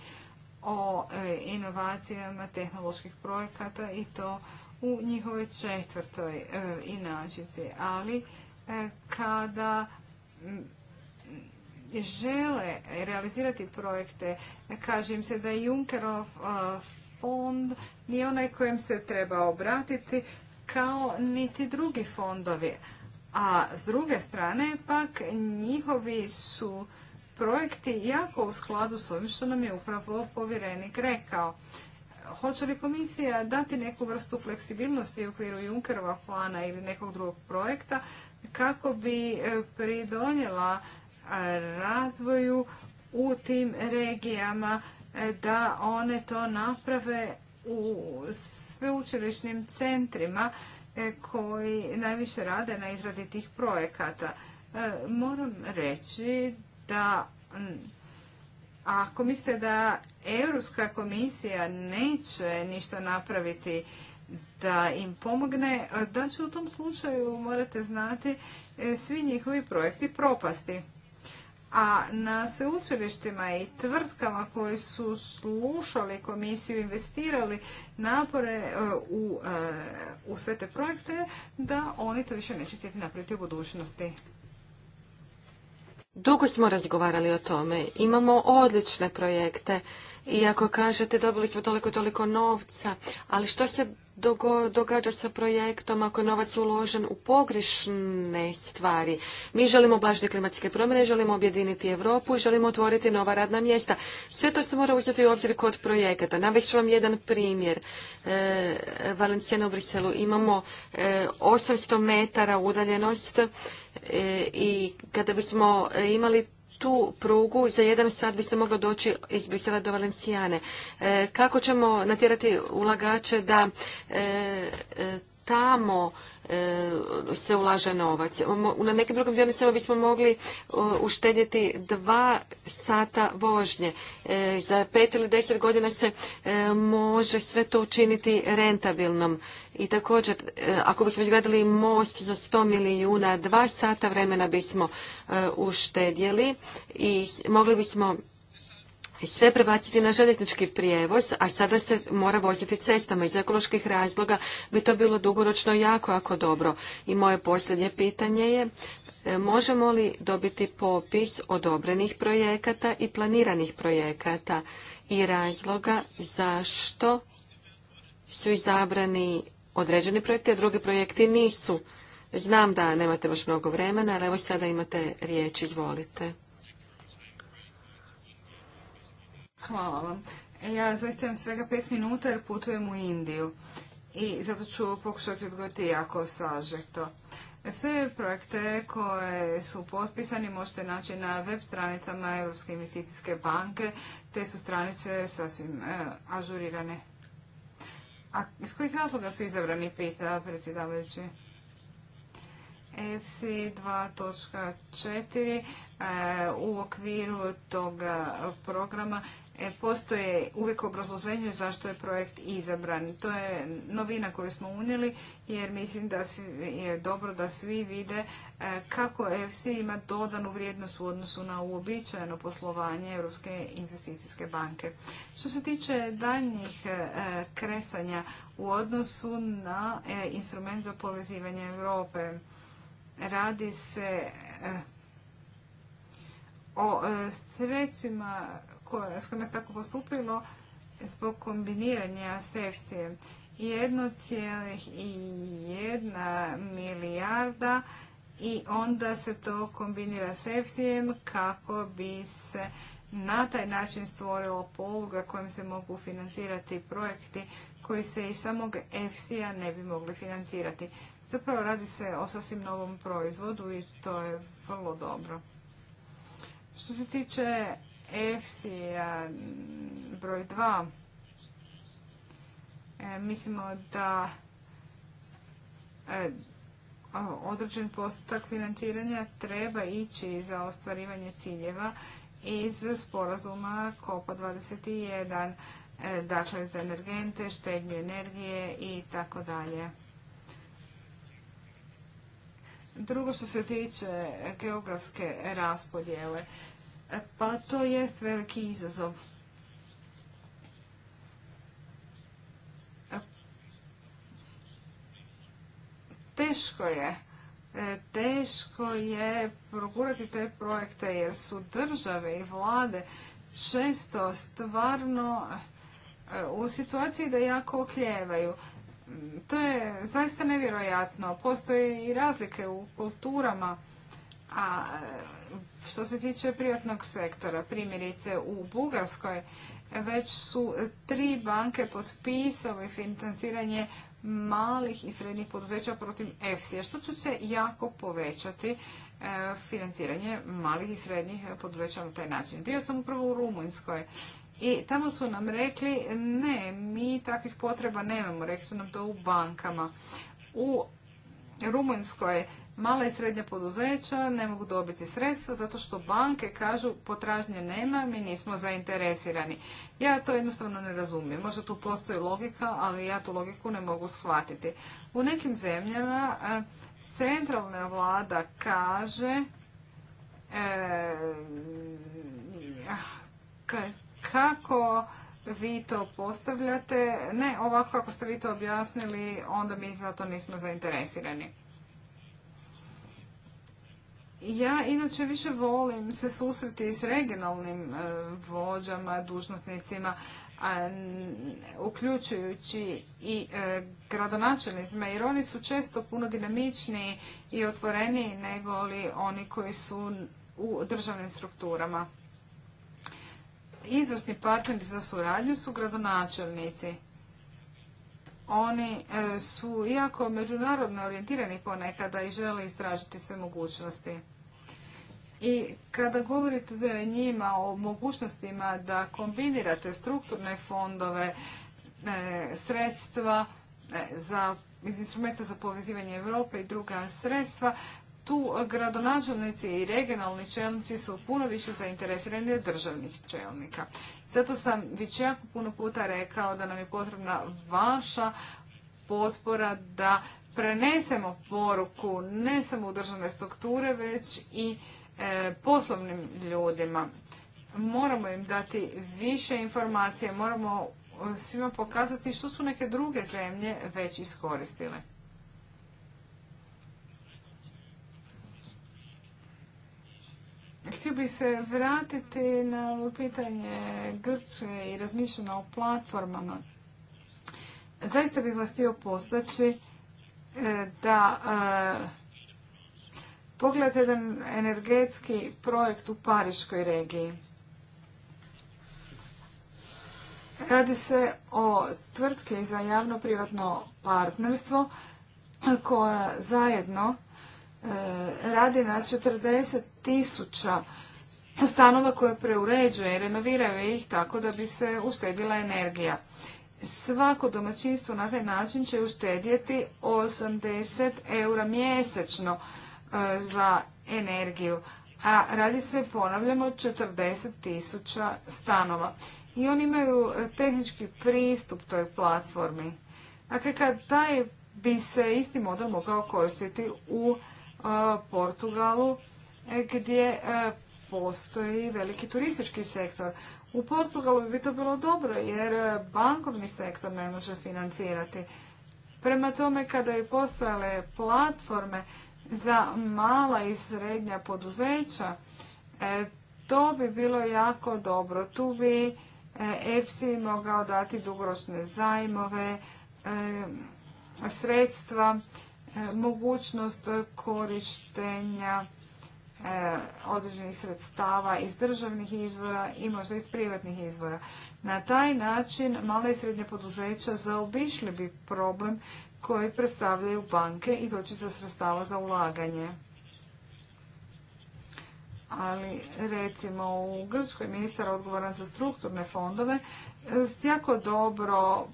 o e, inovacijama tehnoloških projekata i to u njihovoj četvrtoj e, inačici. Ali e, kada Mm, mm, žele realizirati projekte, kaže im se da je Junckerov uh, fond nije onaj kojem se treba obratiti kao niti drugi fondovi. A s druge strane pak njihovi su projekti jako u skladu s ovim što nam je upravo povjerenik rekao. Hoće li komisija dati neku vrstu fleksibilnosti u okviru Junkerova plana ili nekog drugog projekta kako bi e, pridonjela e, razvoju u tim regijama e, da one to naprave u sveučilišnim centrima koji najviše rade na izradi tih projekata. Moram reći da ako mislite da Europska komisija neće ništa napraviti da im pomogne, da će u tom slučaju, morate znati, e, svi njihovi projekti propasti. A na sveučilištima i tvrtkama koji su slušali komisiju, investirali napore e, u, e, u sve te projekte, da oni to više neće htjeti napraviti u budućnosti. Dugo smo razgovarali o tome. Imamo odlične projekte. Iako kažete dobili smo toliko toliko novca, ali što se događa sa projektom ako je novac uložen u pogrešne stvari. Mi želimo blažiti klimatske promjene, želimo objediniti Europu i želimo otvoriti nova radna mjesta. Sve to se mora uzeti u obzir kod projekata. Naveć ću vam jedan primjer. E, u Briselu imamo 800 e, metara udaljenost e, i kada bismo e, imali tu prugu za jedan sat biste se moglo doći iz Brisela do Valencijane. E, kako ćemo natjerati ulagače da e, e, tamo E, se ulaže novac. Na nekim drugim dionicama bismo mogli uštedjeti dva sata vožnje. E, za pet ili deset godina se e, može sve to učiniti rentabilnom. I također, ako bismo izgradili most za 100 milijuna, dva sata vremena bismo uštedjeli i mogli bismo sve prebaciti na željeznički prijevoz, a sada se mora voziti cestama. Iz ekoloških razloga bi to bilo dugoročno jako, jako dobro. I moje posljednje pitanje je, e, možemo li dobiti popis odobrenih projekata i planiranih projekata i razloga zašto su izabrani određeni projekti, a drugi projekti nisu? Znam da nemate baš mnogo vremena, ali evo sada imate riječ, izvolite. Hvala vam. E, ja zaista imam svega pet minuta jer putujem u Indiju i zato ću pokušati odgovoriti jako sažeto. Sve projekte koje su potpisani možete naći na web stranicama Europske investicijske banke. Te su stranice sasvim e, ažurirane. A iz kojih razloga su izabrani, pita predsjedavajući? E FC 2.4 u okviru tog programa E, postoje uvijek obrazloženje zašto je projekt izabran. To je novina koju smo unijeli jer mislim da je dobro da svi vide e, kako EFC ima dodanu vrijednost u odnosu na uobičajeno poslovanje Europske investicijske banke. Što se tiče daljnjih e, kresanja u odnosu na instrument za povezivanje Europe, radi se o sredstvima s kojima se tako postupilo zbog kombiniranja s efc i 1,1 milijarda i onda se to kombinira s FCM kako bi se na taj način stvorilo poluga kojim se mogu financirati projekti koji se iz samog EFSI-a ne bi mogli financirati. Zapravo radi se o sasvim novom proizvodu i to je vrlo dobro. Što se tiče EFSI broj 2 e, mislimo da e, određen postotak financiranja treba ići za ostvarivanje ciljeva iz sporazuma COPA 21, e, dakle za energente, štednju energije i tako dalje. Drugo što se tiče geografske raspodjele, E, pa to jest veliki izazov. E, teško je. E, teško je progurati te projekte jer su države i vlade često stvarno u situaciji da jako okljevaju. Mm, to je zaista nevjerojatno. Postoje i razlike u kulturama a e, što se tiče privatnog sektora, primjerice u Bugarskoj, već su tri banke potpisale financiranje malih i srednjih poduzeća protiv efsi što će se jako povećati e, financiranje malih i srednjih poduzeća na taj način. Bio sam upravo u Rumunjskoj i tamo su nam rekli ne, mi takvih potreba nemamo, rekli su nam to u bankama. U Rumunjskoj mala i srednja poduzeća ne mogu dobiti sredstva zato što banke kažu potražnje nema, mi nismo zainteresirani. Ja to jednostavno ne razumijem. Možda tu postoji logika, ali ja tu logiku ne mogu shvatiti. U nekim zemljama e, centralna vlada kaže e, kako vi to postavljate. Ne, ovako kako ste vi to objasnili, onda mi za to nismo zainteresirani. Ja inače više volim se susreti s regionalnim e, vođama, dužnosnicima, uključujući i e, gradonačelnicima, jer oni su često puno dinamičniji i otvoreniji nego li oni koji su u državnim strukturama izvrsni partneri za suradnju su gradonačelnici. Oni e, su iako međunarodno orijentirani ponekada i žele istražiti sve mogućnosti. I kada govorite njima o mogućnostima da kombinirate strukturne fondove, e, sredstva e, iz instrumenta za povezivanje Europe i druga sredstva, tu gradonačelnici i regionalni čelnici su puno više zainteresirani od državnih čelnika. Zato sam već jako puno puta rekao da nam je potrebna vaša potpora da prenesemo poruku ne samo u državne strukture, već i e, poslovnim ljudima. Moramo im dati više informacije, moramo e, svima pokazati što su neke druge zemlje već iskoristile. Htio bih se vratiti na pitanje Grče i razmišljeno o platformama. Zaista bih vas htio postaći e, da e, pogledate jedan energetski projekt u Pariškoj regiji. Radi se o tvrtke za javno-privatno partnerstvo koja zajedno E, radi na 40 tisuća stanova koje preuređuje i renoviraju ih tako da bi se uštedila energija. Svako domaćinstvo na taj način će uštedjeti 80 eura mjesečno e, za energiju, a radi se, ponavljamo, 40 tisuća stanova. I oni imaju tehnički pristup toj platformi. Dakle, kad taj bi se isti model mogao koristiti u E, Portugalu e, gdje e, postoji veliki turistički sektor. U Portugalu bi to bilo dobro jer bankovni sektor ne može financirati. Prema tome kada je postojale platforme za mala i srednja poduzeća, to bi bilo jako dobro. Tu bi EFSI mogao dati dugoročne zajmove, sredstva E, mogućnost korištenja e, određenih sredstava iz državnih izvora i možda iz privatnih izvora. Na taj način mala i srednja poduzeća zaobišli bi problem koji predstavljaju banke i doći za sredstava za ulaganje. Ali recimo u Grčkoj ministar odgovoran za strukturne fondove e, jako dobro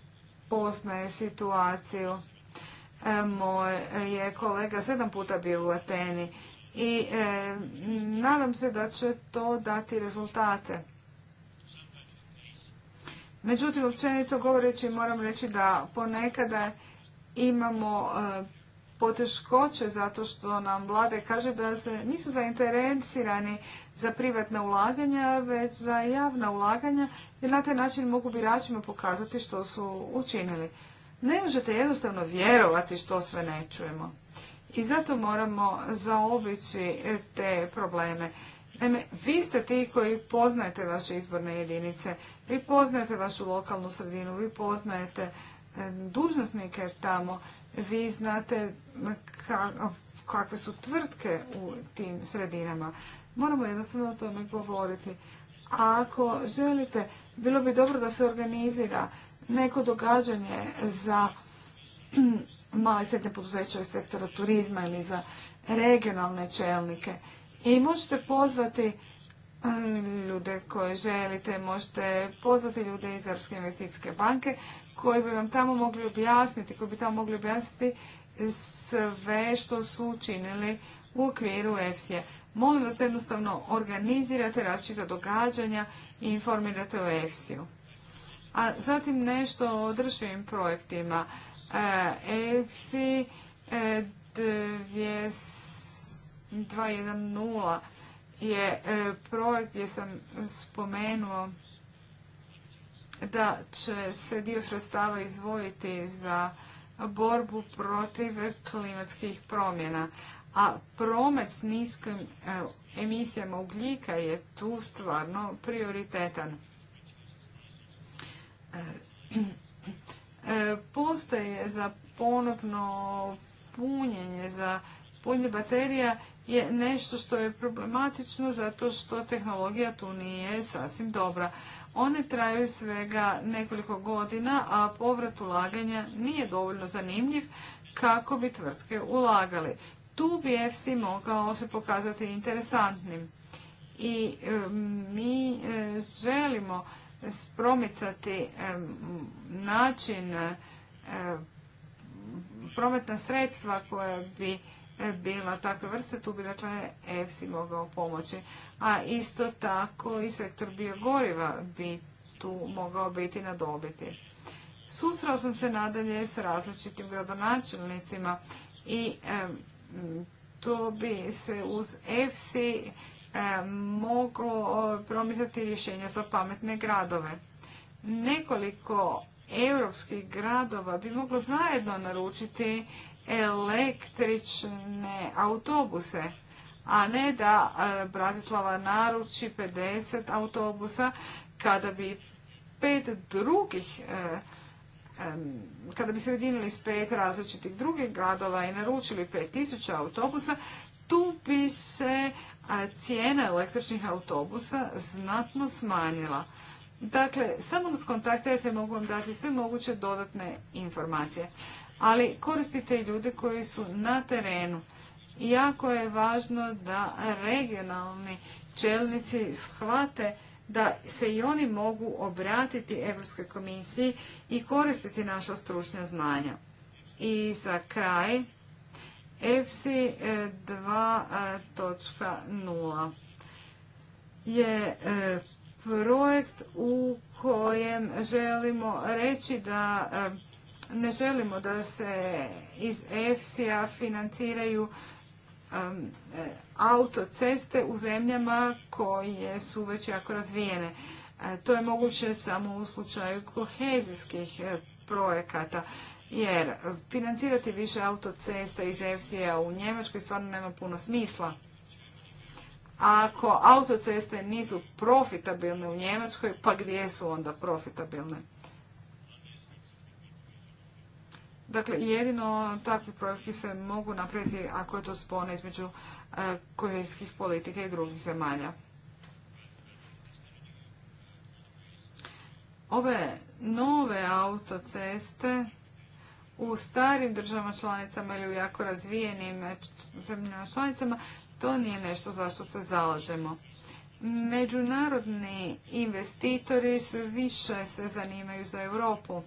poznaje situaciju E, moj je kolega sedam puta bio u Ateni i e, nadam se da će to dati rezultate. Međutim, općenito govoreći moram reći da ponekada imamo e, poteškoće zato što nam vlade kaže da se nisu zainteresirani za privatna ulaganja, već za javna ulaganja, jer na taj način mogu biračima pokazati što su učinili. Ne možete jednostavno vjerovati što sve ne čujemo. I zato moramo zaobići te probleme. Naime, vi ste ti koji poznajete vaše izborne jedinice, vi poznajete vašu lokalnu sredinu, vi poznajete e, dužnosnike tamo, vi znate kakve su tvrtke u tim sredinama. Moramo jednostavno o tome govoriti. A ako želite, bilo bi dobro da se organizira neko događanje za male srednje poduzeće iz sektora turizma ili za regionalne čelnike. I možete pozvati e, ljude koje želite, možete pozvati ljude iz Europske investicijske banke koji bi vam tamo mogli objasniti, koji bi tamo mogli objasniti sve što su učinili u okviru EFSI-a. Molim vas jednostavno organizirate različita događanja i informirate o EFSI-u. A zatim nešto o održivim projektima. EFSI e, 210 je e, projekt gdje sam spomenuo da će se dio sredstava izvojiti za borbu protiv klimatskih promjena. A promet s niskim e, emisijama ugljika je tu stvarno prioritetan. E, postaje za ponovno punjenje, za punje baterija je nešto što je problematično zato što tehnologija tu nije sasvim dobra. One traju svega nekoliko godina, a povrat ulaganja nije dovoljno zanimljiv kako bi tvrtke ulagali. Tu bi FC mogao se pokazati interesantnim. I e, mi e, želimo promicati način prometna sredstva koja bi bila takve vrste, tu bi dakle EFSI mogao pomoći. A isto tako i sektor biogoriva bi tu mogao biti na dobiti. Susrao sam se nadalje s različitim gradonačelnicima i to bi se uz EFSI E, moglo promisliti rješenja za pametne gradove. Nekoliko europskih gradova bi moglo zajedno naručiti električne autobuse, a ne da e, Bratislava naruči 50 autobusa kada bi pet drugih e, kada bi se ujedinili s pet različitih drugih gradova i naručili 5000 autobusa, tu bi se cijena električnih autobusa znatno smanjila. Dakle, samo nas kontaktirajte, mogu vam dati sve moguće dodatne informacije. Ali koristite i ljude koji su na terenu. Jako je važno da regionalni čelnici shvate da se i oni mogu obratiti Europskoj komisiji i koristiti naša stručna znanja. I za kraj, EFSI 2.0 e, je e, projekt u kojem želimo reći da e, ne želimo da se iz EFSI-a financiraju autoceste u zemljama koje su već jako razvijene. To je moguće samo u slučaju kohezijskih projekata jer financirati više autocesta iz EFSI-a u Njemačkoj stvarno nema puno smisla. Ako autoceste nisu profitabilne u Njemačkoj, pa gdje su onda profitabilne? Dakle, jedino takvi projekti se mogu napraviti ako je to spona između e, kohezijskih politika i drugih zemalja. Ove nove autoceste u starim državama članicama ili u jako razvijenim e, zemljama članicama, to nije nešto za što se zalažemo. Međunarodni investitori sve više se zanimaju za Europu.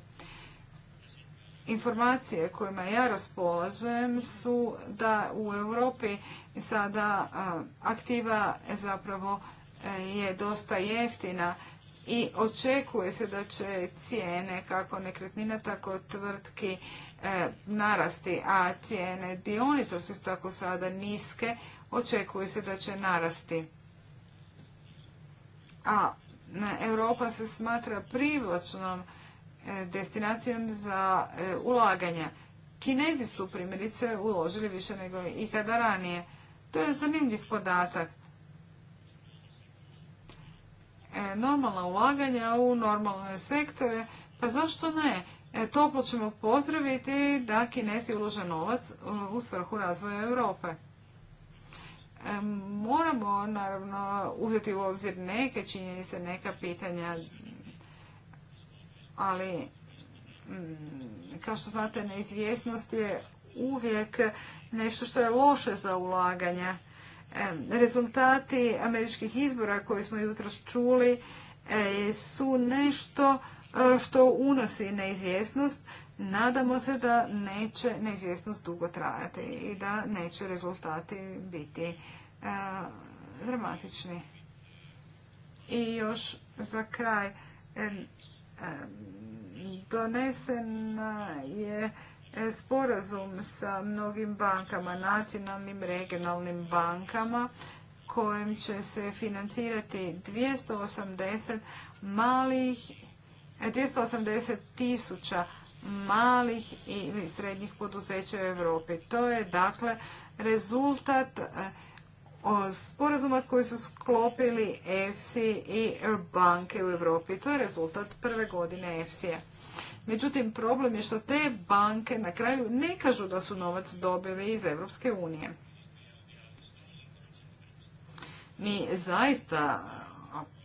Informacije kojima ja raspolažem su da u Europi sada aktiva zapravo e, je dosta jeftina i očekuje se da će cijene kako nekretnina, tako tvrtki e, narasti, a cijene dionica su tako sada niske, očekuje se da će narasti. A Europa se smatra privlačnom e, destinacijom za e, ulaganja. Kinezi su primjerice uložili više nego ikada ranije. To je zanimljiv podatak. E, normalna ulaganja u normalne sektore, pa zašto ne? E, toplo ćemo pozdraviti da Kinesi ulože novac e, u svrhu razvoja Europe. Moramo naravno uzeti u obzir neke činjenice, neka pitanja, ali mm, kao što znate neizvjesnost je uvijek nešto što je loše za ulaganja. Rezultati američkih izbora koje smo jutros čuli e, su nešto e, što unosi neizvjesnost. Nadamo se da neće neizvjesnost dugo trajati i da neće rezultati biti e, dramatični. I još za kraj donesena je sporazum sa mnogim bankama, nacionalnim, regionalnim bankama, kojim će se financirati 280 malih 280 tisuća malih i srednjih poduzeća u Europi. To je dakle rezultat e, sporazuma koji su sklopili EFSI i banke u Europi. To je rezultat prve godine EFSI-a. Međutim, problem je što te banke na kraju ne kažu da su novac dobile iz Europske unije. Mi zaista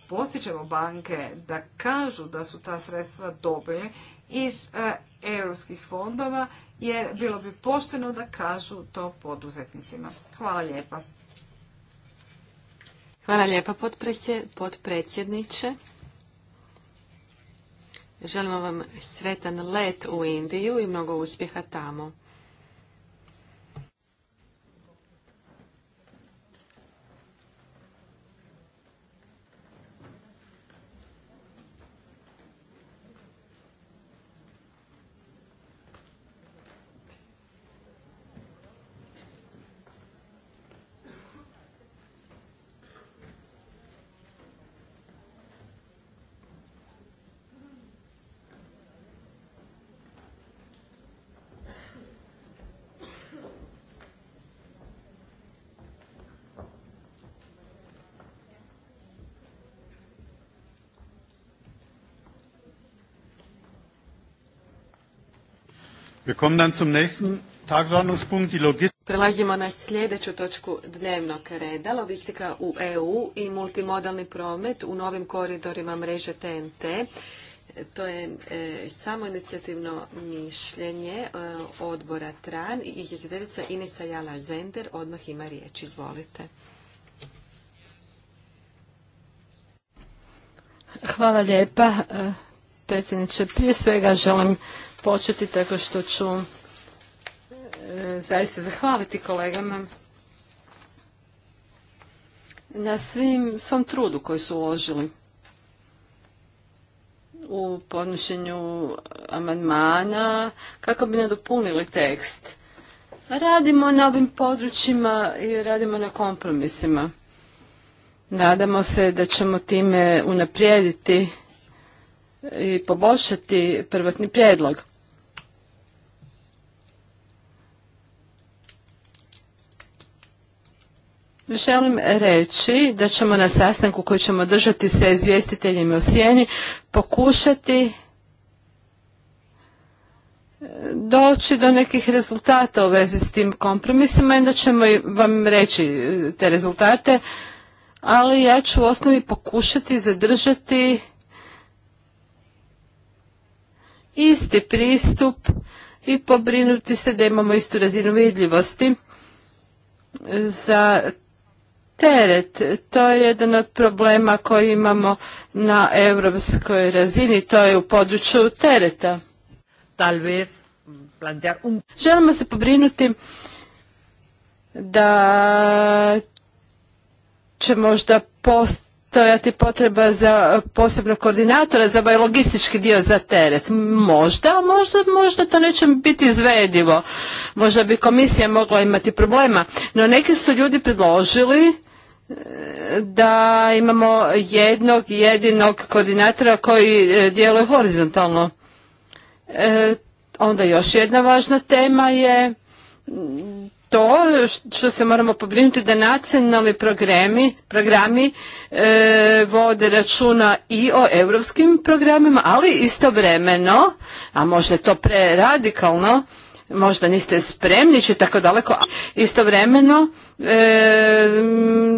postičemo banke da kažu da su ta sredstva dobile iz e, europskih fondova, jer bilo bi pošteno da kažu to poduzetnicima. Hvala lijepa. Hvala lijepa potpredsjedniče. Želimo vam sretan let u Indiju i mnogo uspjeha tamo. Prelazimo na sljedeću točku dnevnog reda, logistika u EU i multimodalni promet u novim koridorima mreže TNT. To je e, samo inicijativno mišljenje e, odbora TRAN i izvjestiteljica Inesa Jala Zender odmah ima riječ. Izvolite. Hvala lijepa e, predsjedniče. Prije svega želim početi tako što ću e, zaista zahvaliti kolegama na svim, svom trudu koji su uložili u podnošenju amandmana kako bi nadopunili tekst. Radimo na ovim područjima i radimo na kompromisima. Nadamo se da ćemo time unaprijediti i poboljšati prvotni prijedlog. Želim reći da ćemo na sastanku koji ćemo držati sa izvjestiteljima u sjeni pokušati e, doći do nekih rezultata u vezi s tim kompromisima i da ćemo vam reći e, te rezultate, ali ja ću u osnovi pokušati zadržati isti pristup i pobrinuti se da imamo istu razinu vidljivosti za teret. To je jedan od problema koji imamo na europskoj razini, to je u području tereta. Želimo se pobrinuti da će možda postojati potreba za posebnog koordinatora za ovaj logistički dio za teret. Možda, možda, možda to neće biti izvedivo. Možda bi komisija mogla imati problema. No neki su ljudi predložili da imamo jednog jedinog koordinatora koji e, djeluje horizontalno. E, onda još jedna važna tema je to što se moramo pobrinuti da nacionalni programi, programi e, vode računa i o europskim programima, ali istovremeno, a možda je to preradikalno, možda niste spremni će tako daleko, istovremeno e,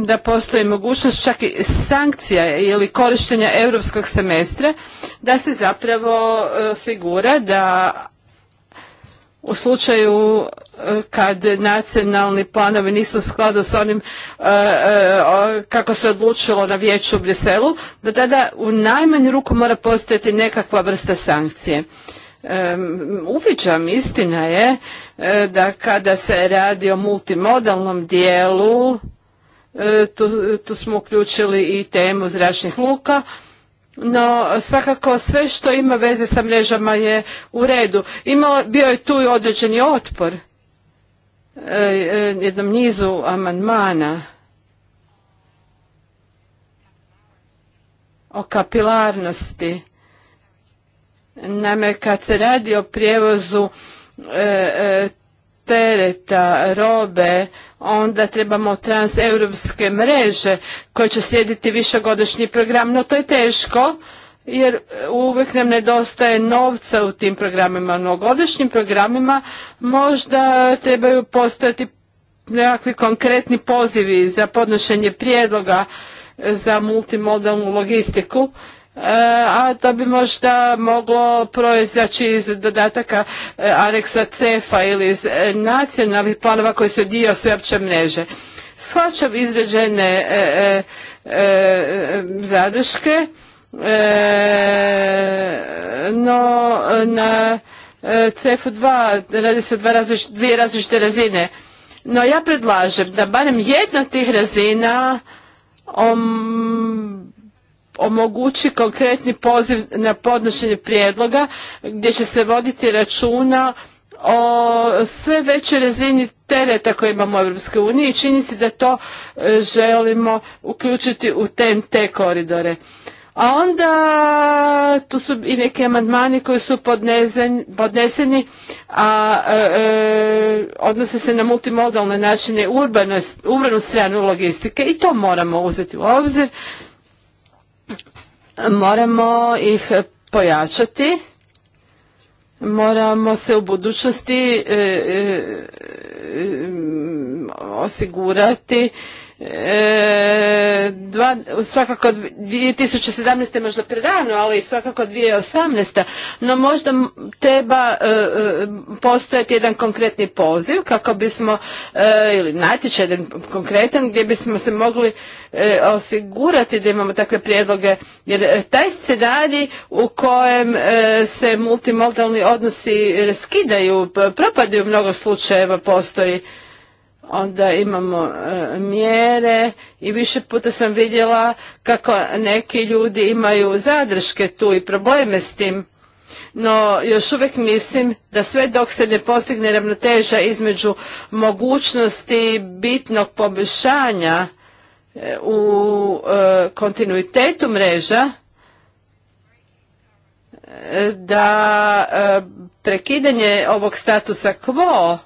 da postoji mogućnost čak i sankcija ili korištenja europskog semestra da se zapravo e, osigura da u slučaju e, kad nacionalni planovi nisu u skladu s onim kako se odlučilo na vijeću u Briselu, da tada u najmanju ruku mora postojati nekakva vrsta sankcije uviđam, istina je e, da kada se radi o multimodalnom dijelu, e, tu, tu smo uključili i temu zračnih luka, no svakako sve što ima veze sa mrežama je u redu. bio je tu i određeni otpor e, jednom nizu amandmana o kapilarnosti Naime, kad se radi o prijevozu e, e, tereta, robe, onda trebamo transeuropske mreže koje će slijediti višegodišnji program, no to je teško jer uvijek nam nedostaje novca u tim programima, no godišnjim programima možda trebaju postojati nekakvi konkretni pozivi za podnošenje prijedloga za multimodalnu logistiku Eh, a to bi možda moglo proizaći iz dodataka eh, Aleksa Cefa ili iz eh, nacionalnih planova koji su dio sveopće mreže. Shvaćam izređene zadrške, no na cf 2 radi se dvije različite razine. No ja predlažem da barem jedna od tih razina omogući konkretni poziv na podnošenje prijedloga gdje će se voditi računa o sve većoj razini tereta koje imamo u EU i čini se da to e, želimo uključiti u TNT koridore. A onda tu su i neki amandmani koji su podneseni, a e, e, odnose se na multimodalne načine urbanu stranu logistike i to moramo uzeti u obzir moramo ih pojačati moramo se u budućnosti e, e, e, osigurati E, dva, svakako 2017. možda predano, ali svakako 2018. No možda treba e, e, postojati jedan konkretni poziv kako bismo, ili natječaj jedan konkretan gdje bismo se mogli osigurati da imamo takve prijedloge. Jer taj scenarij u kojem se multimodalni odnosi skidaju, propadaju u mnogo slučajeva postoji onda imamo e, mjere i više puta sam vidjela kako neki ljudi imaju zadrške tu i probleme s tim. No, još uvijek mislim da sve dok se ne postigne ravnoteža između mogućnosti bitnog poboljšanja e, u e, kontinuitetu mreža, da prekidanje ovog statusa quo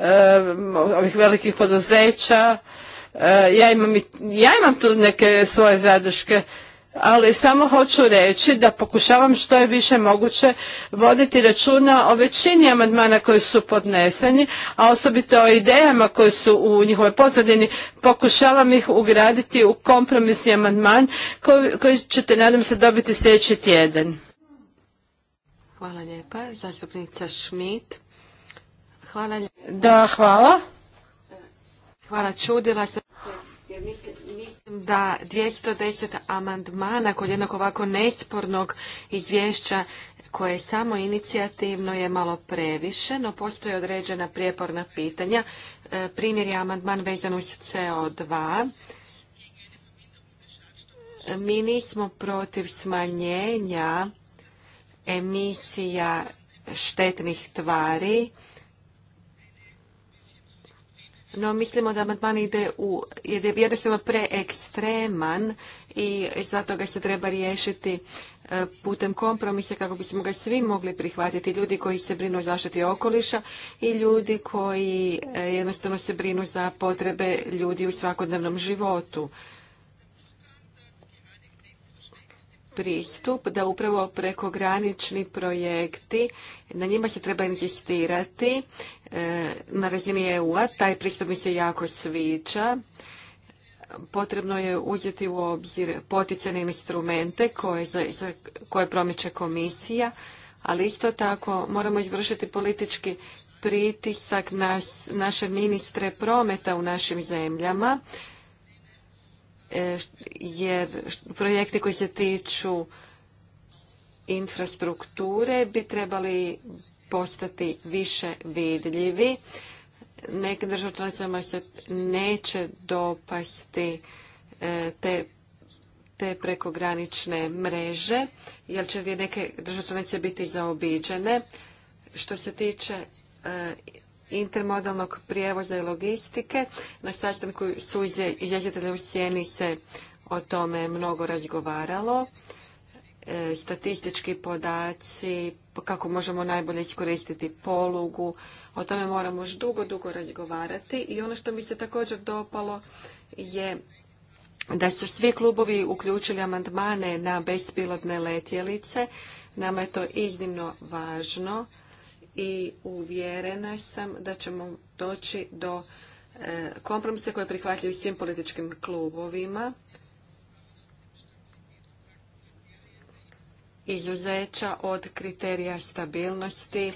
Eh, ovih velikih poduzeća. Eh, ja imam, ja imam tu neke svoje zadrške, ali samo hoću reći da pokušavam što je više moguće voditi računa o većini amandmana koji su podneseni, a osobito o idejama koje su u njihovoj pozadini. Pokušavam ih ugraditi u kompromisni amandman koji, koji ćete, nadam se, dobiti sljedeći tjedan. Hvala lijepa. Zastupnica Šmit. Hvala. Da, hvala. Hvala, čudila sam jer mislim, mislim da 210 amandmana kod jednog ovako nespornog izvješća koje je samo inicijativno je malo previše, no postoje određena prijeporna pitanja. E, primjer je amandman vezan uz CO2. mi nismo protiv smanjenja emisija štetnih tvari, no mislimo da amandman ide u, je jednostavno preekstreman i zato ga se treba riješiti e, putem kompromisa kako bismo ga svi mogli prihvatiti. Ljudi koji se brinu o zaštiti okoliša i ljudi koji e, jednostavno se brinu za potrebe ljudi u svakodnevnom životu. pristup da upravo prekogranični projekti, na njima se treba inzistirati e, na razini EU-a. Taj pristup mi se jako sviđa. Potrebno je uzeti u obzir poticane instrumente koje, koje promiče komisija, ali isto tako moramo izvršiti politički pritisak na naše ministre prometa u našim zemljama E, jer projekti koji se tiču infrastrukture bi trebali postati više vidljivi. Nekim držav članicama se neće dopasti e, te, te prekogranične mreže, jer će neke države biti zaobiđene. Što se tiče e, intermodalnog prijevoza i logistike. Na sastanku su izvjestitelji u sjeni se o tome mnogo razgovaralo. E, statistički podaci, kako možemo najbolje iskoristiti polugu, o tome moramo još dugo, dugo razgovarati. I ono što mi se također dopalo je da su svi klubovi uključili amandmane na bespilotne letjelice. Nama je to iznimno važno i uvjerena sam da ćemo doći do e, kompromisa koje prihvatljaju svim političkim klubovima. Izuzeća od kriterija stabilnosti,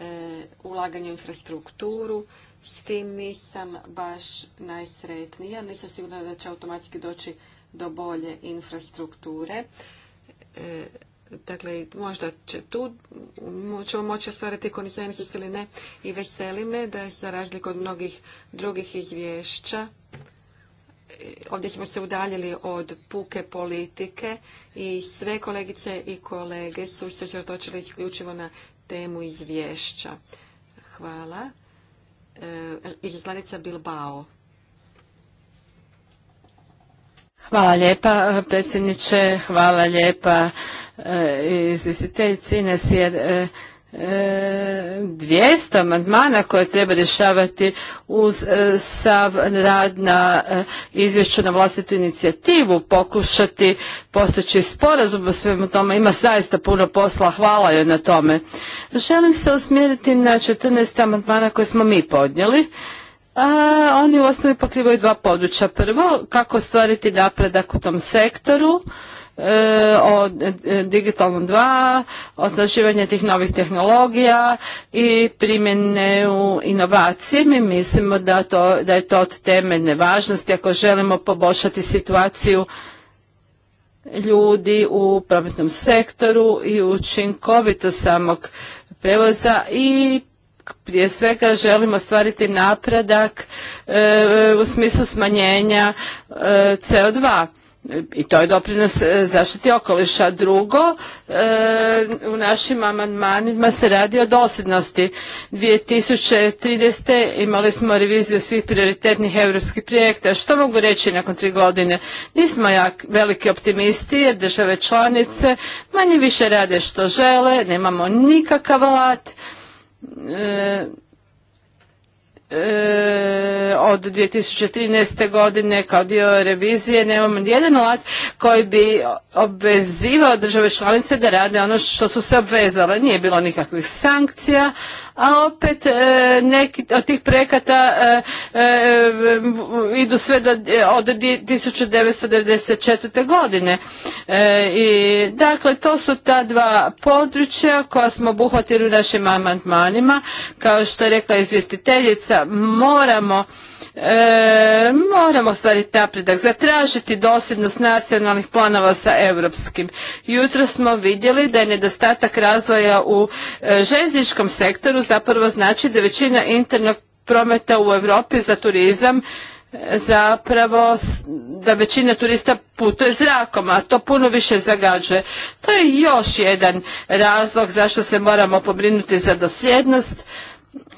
e, ulaganje u infrastrukturu, s tim nisam baš najsretnija. Nisam sigurna da će automatski doći do bolje infrastrukture. E, Dakle, možda će tu ćemo moći ostvariti konsenzus ili ne. I veseli me da je za razliku od mnogih drugih izvješća e, ovdje smo se udaljili od puke politike i sve kolegice i kolege su se osredotočili isključivo na temu izvješća. Hvala. E, Izaslanica Bilbao. Hvala lijepa predsjedniče, hvala lijepa e, izvjestiteljci Ines jer 200 e, e, amandmana koje treba rješavati uz sav rad na izvješću na vlastitu inicijativu, pokušati postoći sporazum o svemu tome. Ima zaista puno posla, hvala joj na tome. Želim se usmjeriti na 14 amandmana koje smo mi podnijeli. A, oni u osnovi pokrivaju dva područja. Prvo, kako stvariti napredak u tom sektoru, e, o e, digitalnom dva, osnaživanje tih novih tehnologija i primjene u inovacije. Mi mislimo da, to, da je to od temeljne važnosti ako želimo poboljšati situaciju ljudi u prometnom sektoru i učinkovito samog prevoza i prije svega želimo ostvariti napredak e, u smislu smanjenja e, CO2 i to je doprinos e, zaštiti okoliša. Drugo, u našim amandmanima se radi o dosljednosti. 2030. imali smo reviziju svih prioritetnih europskih projekta. Što mogu reći nakon tri godine? Nismo jak veliki optimisti jer države članice manje više rade što žele, nemamo nikakav alat, E, e, od 2013. godine kao dio revizije nemamo nijedan alat koji bi obvezivao države članice da rade ono što su se obvezale. Nije bilo nikakvih sankcija, a opet e, neki od tih projekata e, e, idu sve do, od 1994. godine. I, dakle, to su ta dva područja koja smo obuhvatili u našim amandmanima. Kao što je rekla izvjestiteljica, moramo E, moramo ostvariti napredak, zatražiti dosljednost nacionalnih planova sa europskim. Jutro smo vidjeli da je nedostatak razvoja u e, željezničkom sektoru zapravo znači da većina internog prometa u Europi za turizam e, zapravo da većina turista putuje zrakom, a to puno više zagađuje. To je još jedan razlog zašto se moramo pobrinuti za dosljednost,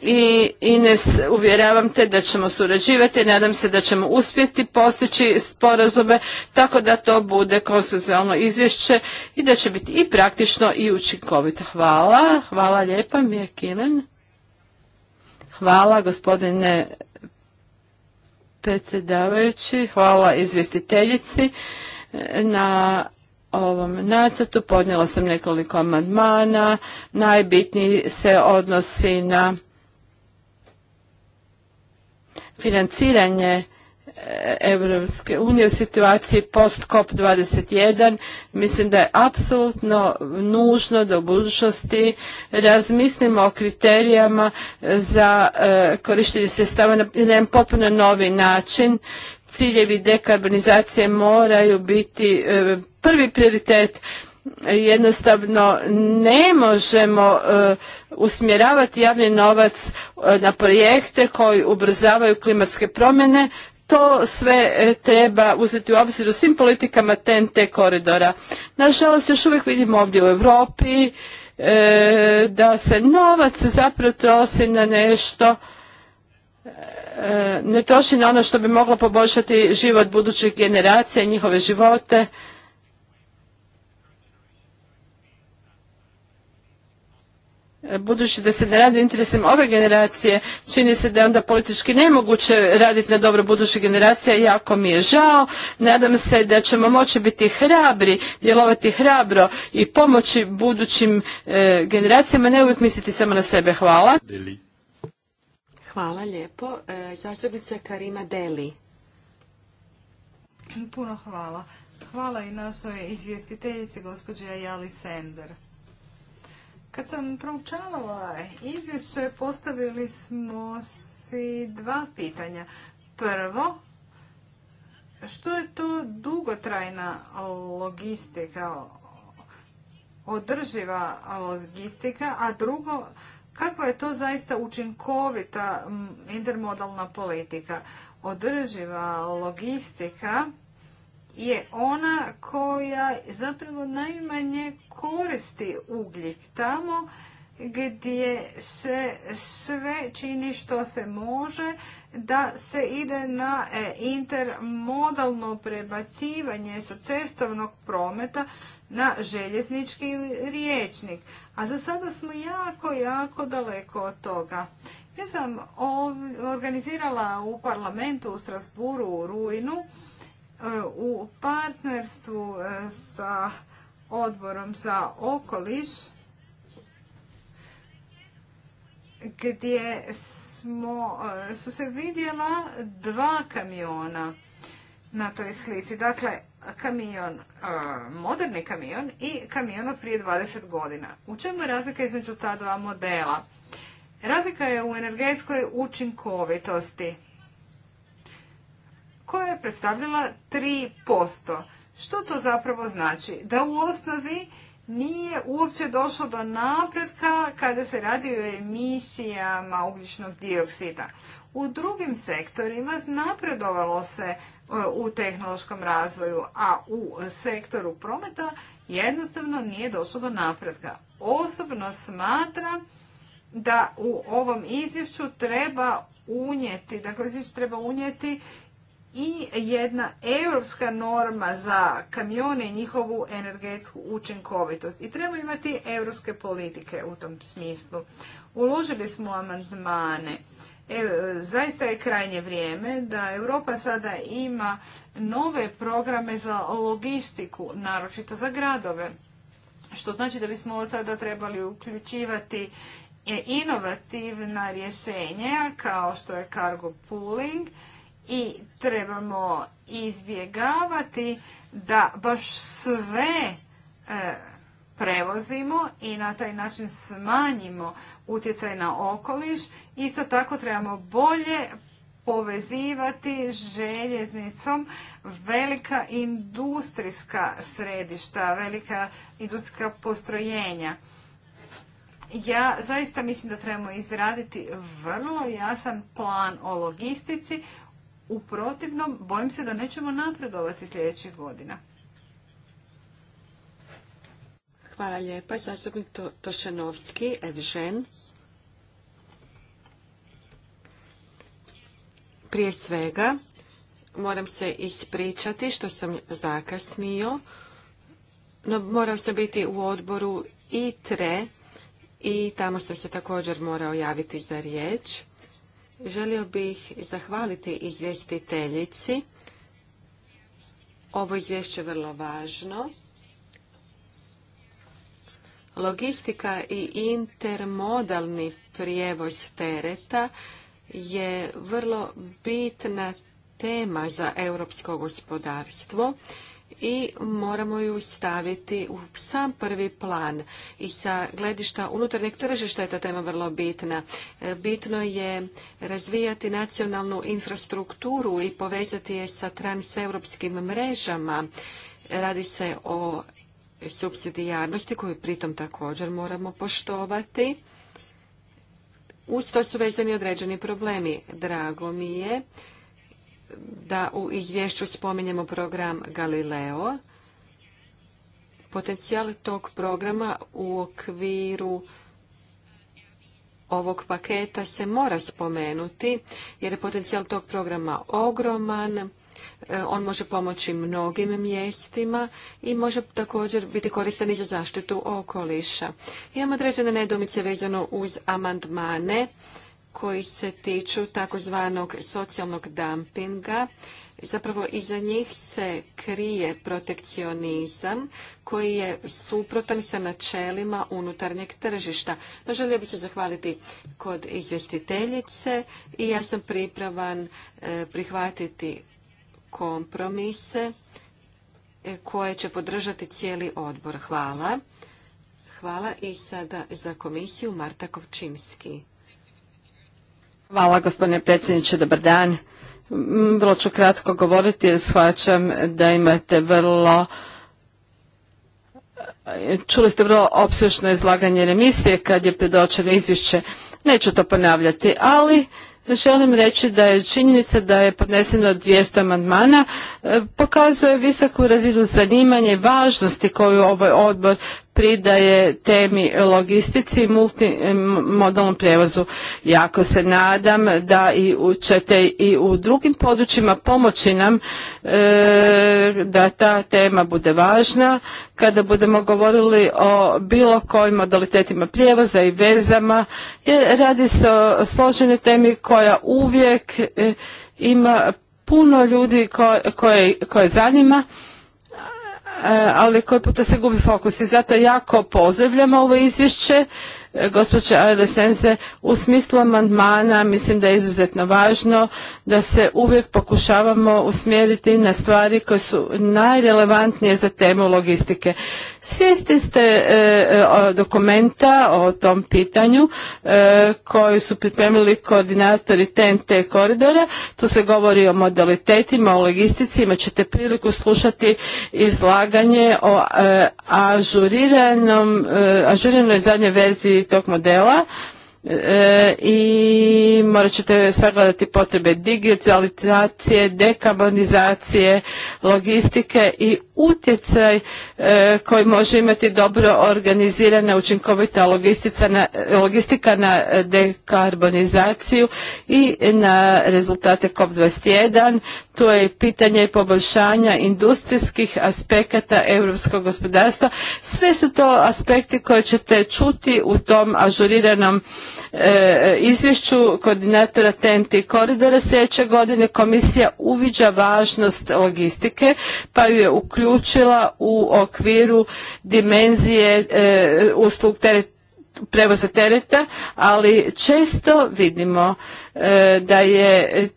i Ines, uvjeravam te da ćemo surađivati, nadam se da ćemo uspjeti postići sporazume tako da to bude konsenzualno izvješće i da će biti i praktično i učinkovito. Hvala, hvala lijepa Mija Kilen. Hvala gospodine predsjedavajući, hvala izvjestiteljici na ovom nacrtu. Podnijela sam nekoliko amandmana, najbitniji se odnosi na financiranje Europske unije u situaciji post COP21. Mislim da je apsolutno nužno da u budućnosti razmislimo o kriterijama za e, korištenje sredstava na jedan potpuno novi način. Ciljevi dekarbonizacije moraju biti e, prvi prioritet jednostavno ne možemo e, usmjeravati javni novac e, na projekte koji ubrzavaju klimatske promjene. To sve e, treba uzeti u obzir u svim politikama TNT koridora. Nažalost, još uvijek vidimo ovdje u Europi da se novac zapravo trosi na nešto ne troši na ono što bi moglo poboljšati život budućih generacija, i njihove živote budući da se ne radi o interesima ove generacije, čini se da je onda politički nemoguće raditi na dobro buduće generacije, jako mi je žao. Nadam se da ćemo moći biti hrabri, djelovati hrabro i pomoći budućim e, generacijama, ne uvijek misliti samo na sebe. Hvala. Hvala lijepo. E, zastupnica Karima Deli. Puno hvala. Hvala i našoj izvjestiteljici gospođe Jali Sender. Kad sam proučavala izvješće, postavili smo si dva pitanja. Prvo, što je to dugotrajna logistika, održiva logistika, a drugo, kako je to zaista učinkovita intermodalna politika? Održiva logistika je ona koja zapravo najmanje koristi ugljik tamo gdje se sve čini što se može da se ide na e, intermodalno prebacivanje sa cestovnog prometa na željeznički riječnik. A za sada smo jako, jako daleko od toga. Ja sam organizirala u parlamentu u Strasburu u Rujnu u partnerstvu e, sa odborom za okoliš gdje smo, e, su se vidjela dva kamiona na toj slici. Dakle, kamion, e, moderni kamion i kamion od prije 20 godina. U čemu je razlika između ta dva modela? Razlika je u energetskoj učinkovitosti koja je predstavljala 3%. Što to zapravo znači? Da u osnovi nije uopće došlo do napretka kada se radi o emisijama ugljičnog dioksida. U drugim sektorima napredovalo se e, u tehnološkom razvoju, a u sektoru prometa jednostavno nije došlo do napretka. Osobno smatram da u ovom izvješću treba unijeti, dakle izvješću treba unijeti i jedna europska norma za kamione i njihovu energetsku učinkovitost. I treba imati europske politike u tom smislu. Uložili smo amandmane. E, zaista je krajnje vrijeme da Europa sada ima nove programe za logistiku, naročito za gradove. Što znači da bismo od sada trebali uključivati e, inovativna rješenja kao što je cargo pooling, i trebamo izbjegavati da baš sve e, prevozimo i na taj način smanjimo utjecaj na okoliš. Isto tako trebamo bolje povezivati željeznicom velika industrijska središta, velika industrijska postrojenja. Ja zaista mislim da trebamo izraditi vrlo jasan plan o logistici u protivnom, bojim se da nećemo napredovati sljedećih godina. Hvala lijepa. Zastupnik Tošenovski, Evžen. Prije svega, moram se ispričati što sam zakasnio, no moram se biti u odboru i tre i tamo sam se također morao javiti za riječ. Želio bih zahvaliti izvjestiteljici. Ovo izvješće je vrlo važno. Logistika i intermodalni prijevoz tereta je vrlo bitna tema za europsko gospodarstvo i moramo ju staviti u sam prvi plan. I sa gledišta unutarnjeg tržišta je ta tema vrlo bitna. E, bitno je razvijati nacionalnu infrastrukturu i povezati je sa transeuropskim mrežama. Radi se o subsidijarnosti koju pritom također moramo poštovati. Uz to su vezani određeni problemi. Drago mi je da u izvješću spominjemo program Galileo. Potencijal tog programa u okviru ovog paketa se mora spomenuti, jer je potencijal tog programa ogroman, e, on može pomoći mnogim mjestima i može također biti koristan i za zaštitu okoliša. Imamo određene nedomice vezano uz amandmane koji se tiču takozvanog socijalnog dumpinga. Zapravo iza njih se krije protekcionizam koji je suprotan sa načelima unutarnjeg tržišta. No, želio bih se zahvaliti kod izvjestiteljice i ja sam pripravan e, prihvatiti kompromise e, koje će podržati cijeli odbor. Hvala. Hvala i sada za komisiju Marta Kovčinski. Hvala gospodine predsjedniče, dobar dan. Mm, vrlo ću kratko govoriti jer shvaćam da imate vrlo Čuli ste vrlo opsežno izlaganje remisije kad je predočeno izvješće. Neću to ponavljati, ali želim reći da je činjenica da je podneseno 200 amandmana e, pokazuje visoku razinu zanimanja i važnosti koju ovaj odbor pridaje temi logistici i multimodalnom prijevozu. Jako se nadam da i ćete i u drugim područjima pomoći nam e, da ta tema bude važna kada budemo govorili o bilo kojim modalitetima prijevoza i vezama radi se o složenoj temi koja uvijek e, ima puno ljudi koje, koje zanima Eh, ali koji puta se gubi fokus i zato jako pozdravljam ovo izvješće eh, gospođe Ajle u smislu amandmana mislim da je izuzetno važno da se uvijek pokušavamo usmjeriti na stvari koje su najrelevantnije za temu logistike. Svijesti ste e, e dokumenta o tom pitanju e, koji su pripremili koordinatori TNT koridora. Tu se govori o modalitetima, o logistici. Imat ćete priliku slušati izlaganje o e, ažuriranom, e, ažuriranoj zadnjoj verziji tog modela i morat ćete sagledati potrebe digitalizacije, dekarbonizacije, logistike i utjecaj e, koji može imati dobro organizirana učinkovita logistika na dekarbonizaciju i na rezultate COP21. Tu je pitanje poboljšanja industrijskih aspekata europskog gospodarstva. Sve su to aspekti koje ćete čuti u tom ažuriranom e, izvješću koordinatora TNT koridora sljedeće godine. Komisija uviđa važnost logistike pa ju je uključila uključila u okviru dimenzije e, uslug prevoza tereta, ali često vidimo e, da je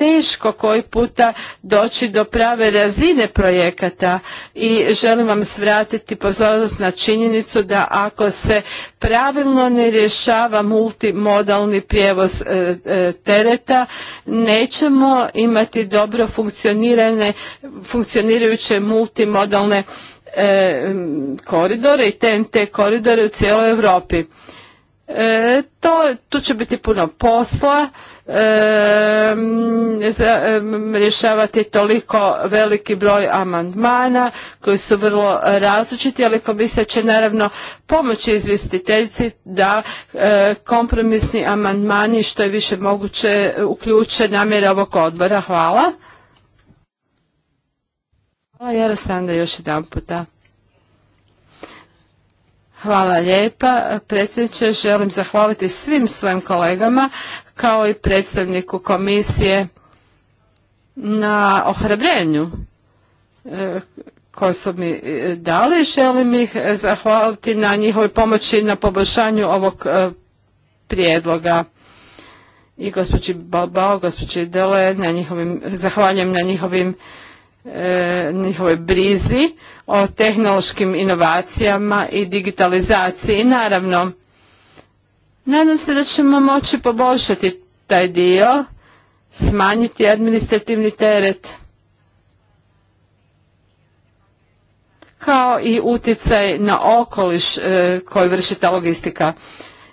teško koji puta doći do prave razine projekata i želim vam svratiti pozornost na činjenicu da ako se pravilno ne rješava multimodalni prijevoz e, e, tereta, nećemo imati dobro funkcionirane, funkcionirajuće multimodalne e, koridore i TNT koridore u cijeloj Europi. E, to, tu će biti puno posla za, rješavati toliko veliki broj amandmana koji su vrlo različiti, ali komisija će naravno pomoći izvjestiteljci da e, kompromisni amandmani što je više moguće uključe namjere ovog odbora. Hvala. Hvala Jara Sanda još jedan puta. Hvala lijepa. Predsjedniče, želim zahvaliti svim svojim kolegama kao i predstavniku komisije na ohrabrenju e, koje su mi e, dali. Želim ih zahvaliti na njihovoj pomoći na poboljšanju ovog e, prijedloga i gospođi Balbao, gospođi Dele, na njihovim, zahvaljujem na njihovim njihovoj brizi o tehnološkim inovacijama i digitalizaciji. Naravno, nadam se da ćemo moći poboljšati taj dio, smanjiti administrativni teret, kao i utjecaj na okoliš e, koji vrši ta logistika.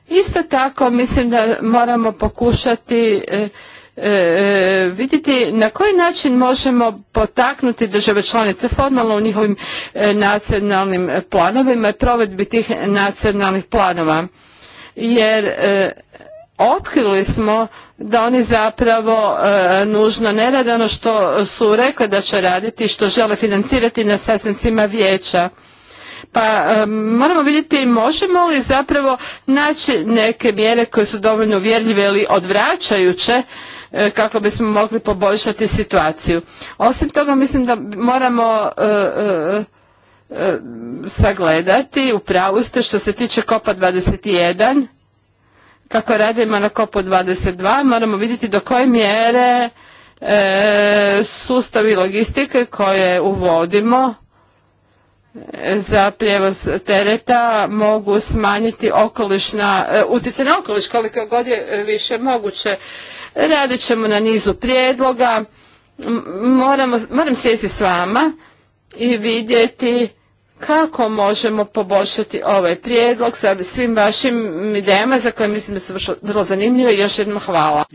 Isto tako mislim da moramo pokušati e, E, e, vidjeti na koji način možemo potaknuti države članice formalno u njihovim e, nacionalnim planovima i provedbi tih nacionalnih planova. Jer otkrili smo da oni zapravo nužno ne rade ono što su rekli da će raditi, što žele financirati na sastancima vijeća. Pa moramo vidjeti možemo li zapravo naći neke mjere koje su dovoljno uvjerljive ili odvraćajuće e, kako bismo mogli poboljšati situaciju. Osim toga mislim da moramo e, e, sagledati, u pravu što se tiče kopa 21, kako radimo na kopu 22, moramo vidjeti do koje mjere sustavi logistike koje uvodimo za prijevoz tereta mogu smanjiti okolišna, e, utjecaj na okoliš koliko god je više moguće. Radit ćemo na nizu prijedloga, moram sjesti s vama i vidjeti kako možemo poboljšati ovaj prijedlog sa svim vašim idejama za koje mislim da su vrlo zanimljive. Još jednom hvala.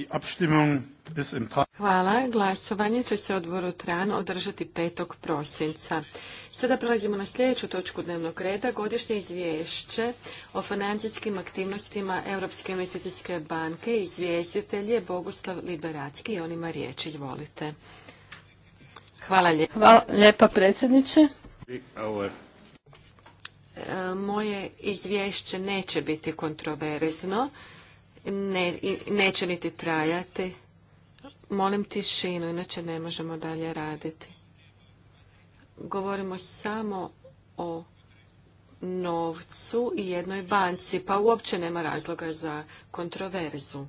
Hvala. Glasovanje će se odboru TRAN održati 5. prosinca. Sada prelazimo na sljedeću točku dnevnog reda, godišnje izvješće o financijskim aktivnostima Europske investicijske banke. Izvjestitelj je Boguslav Liberacki i on ima riječ. Izvolite. Hvala lijepa. Hvala lijepa predsjedniče moje izvješće neće biti kontroverzno, neće niti trajati. Molim tišinu, inače ne možemo dalje raditi. Govorimo samo o novcu i jednoj banci, pa uopće nema razloga za kontroverzu.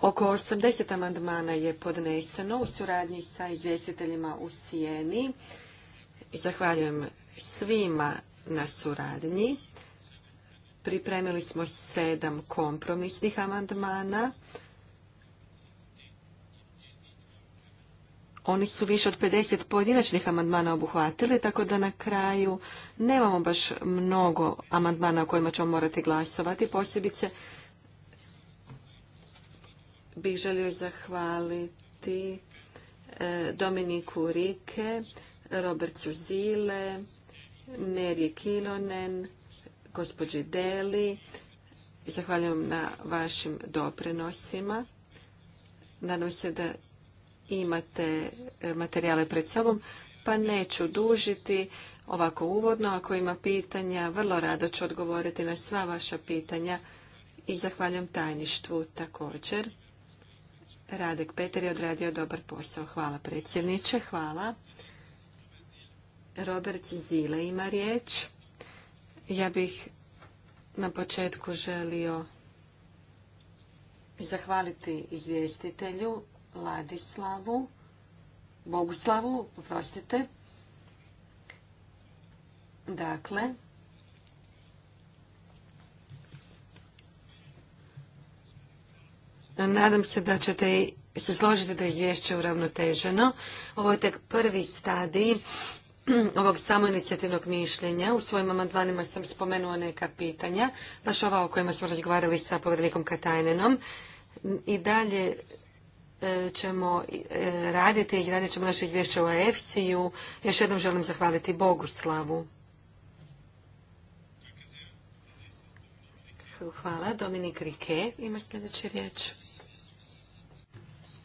Oko 80 amandmana je podneseno u suradnji sa izvjestiteljima u Sijeni. Zahvaljujem svima na suradnji. Pripremili smo sedam kompromisnih amandmana. Oni su više od 50 pojedinačnih amandmana obuhvatili, tako da na kraju nemamo baš mnogo amandmana o kojima ćemo morati glasovati. Posebice bih želio zahvaliti e, Dominiku Rike, Robertu Zile, Merje Kilonen, gospođi Deli. Zahvaljujem na vašim doprenosima. Nadam se da Imate e, materijale pred sobom, pa neću dužiti ovako uvodno. Ako ima pitanja, vrlo rado ću odgovoriti na sva vaša pitanja i zahvaljujem tajništvu također. Radek Peter je odradio dobar posao. Hvala predsjedniče, hvala. Robert Zile ima riječ. Ja bih na početku želio zahvaliti izvjestitelju Ladislavu, Boguslavu, poprostite, Dakle, nadam se da ćete se složiti da je izvješće uravnoteženo. Ovo je tek prvi stadij ovog samoinicijativnog mišljenja. U svojim amandmanima sam spomenula neka pitanja, baš ova o kojima smo razgovarali sa povrednikom Katajnenom. I dalje E, ćemo e, raditi i radit ćemo naše izvješće o afc u Još jednom želim zahvaliti Bogu slavu. Hvala. Dominik Rike ima sljedeću riječ.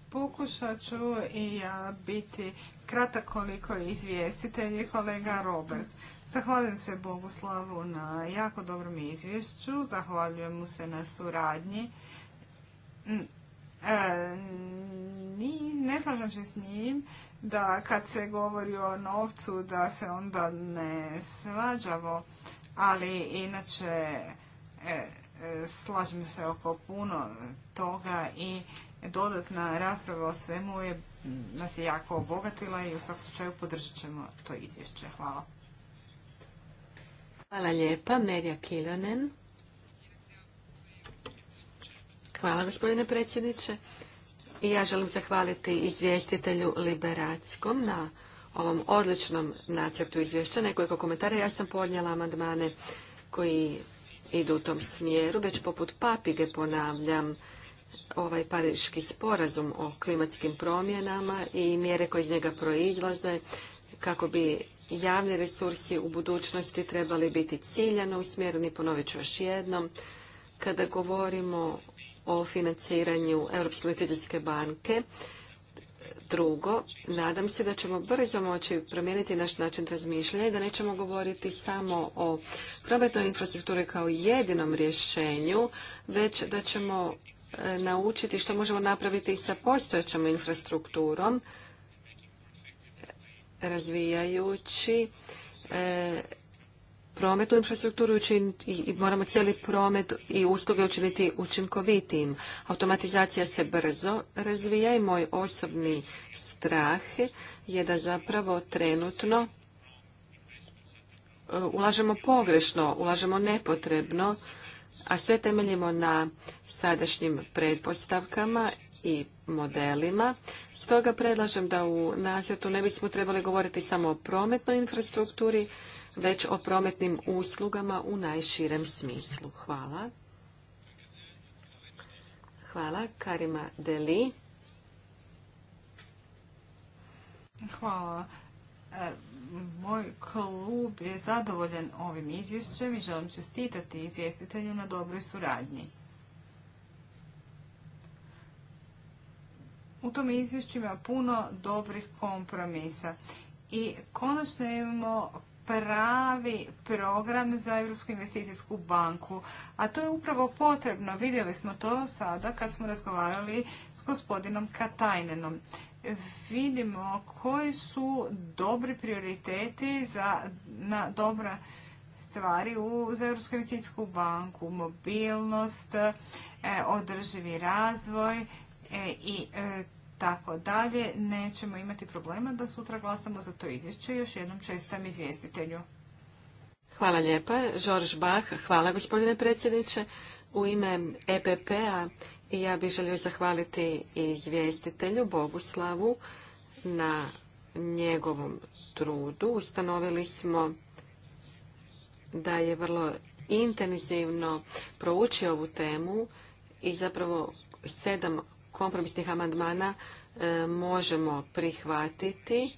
Pokušat ću i ja biti kratak koliko izvjestitelj je kolega Robert. Zahvaljujem se Boguslavu na jako dobrom izvješću, zahvaljujem mu se na suradnji E, ni, ne slažem se s njim da kad se govori o novcu da se onda ne svađamo, ali inače e, e, slažem se oko puno toga i dodatna rasprava o svemu je, nas je jako obogatila i u svakom slučaju podržat ćemo to izvješće. Hvala. Hvala lijepa, Merja Kilonen. Hvala gospodine predsjedniče. I ja želim zahvaliti izvjestitelju Liberackom na ovom odličnom nacrtu izvješća. Nekoliko komentara. Ja sam podnijela amandmane koji idu u tom smjeru. Već poput papige ponavljam ovaj pariški sporazum o klimatskim promjenama i mjere koje iz njega proizlaze kako bi javni resursi u budućnosti trebali biti ciljano usmjereni. Ponovit ću još jednom. Kada govorimo o financiranju Europske investicijske banke. Drugo, nadam se da ćemo brzo moći promijeniti naš način razmišljanja i da nećemo govoriti samo o prometnoj infrastrukturi kao jedinom rješenju, već da ćemo e, naučiti što možemo napraviti sa postojećom infrastrukturom, razvijajući e, prometnu infrastrukturu učiniti, i moramo cijeli promet i usluge učiniti učinkovitijim. Automatizacija se brzo razvija i moj osobni strah je da zapravo trenutno e, ulažemo pogrešno, ulažemo nepotrebno, a sve temeljimo na sadašnjim pretpostavkama i modelima. Stoga predlažem da u nasjetu ne bismo trebali govoriti samo o prometnoj infrastrukturi, već o prometnim uslugama u najširem smislu. Hvala. Hvala. Karima Deli. Hvala. E, moj klub je zadovoljan ovim izvješćem i želim čestitati izvjestitelju na dobroj suradnji. U tom izvješću ima puno dobrih kompromisa i konačno imamo pravi program za Europsku investicijsku banku. A to je upravo potrebno. Vidjeli smo to sada kad smo razgovarali s gospodinom Katajnenom. Vidimo koji su dobri prioriteti za, na dobra stvari u, za Europsku investicijsku banku. Mobilnost, e, održivi razvoj e, i e, tako dalje, nećemo imati problema da sutra glasamo za to izvješće. Još jednom čestam izvjestitelju. Hvala lijepa. Žorž Bach, hvala gospodine predsjedniče. U ime EPP-a ja bih želio zahvaliti izvjestitelju Boguslavu na njegovom trudu. Ustanovili smo da je vrlo intenzivno proučio ovu temu i zapravo sedam kompromisnih amandmana e, možemo prihvatiti.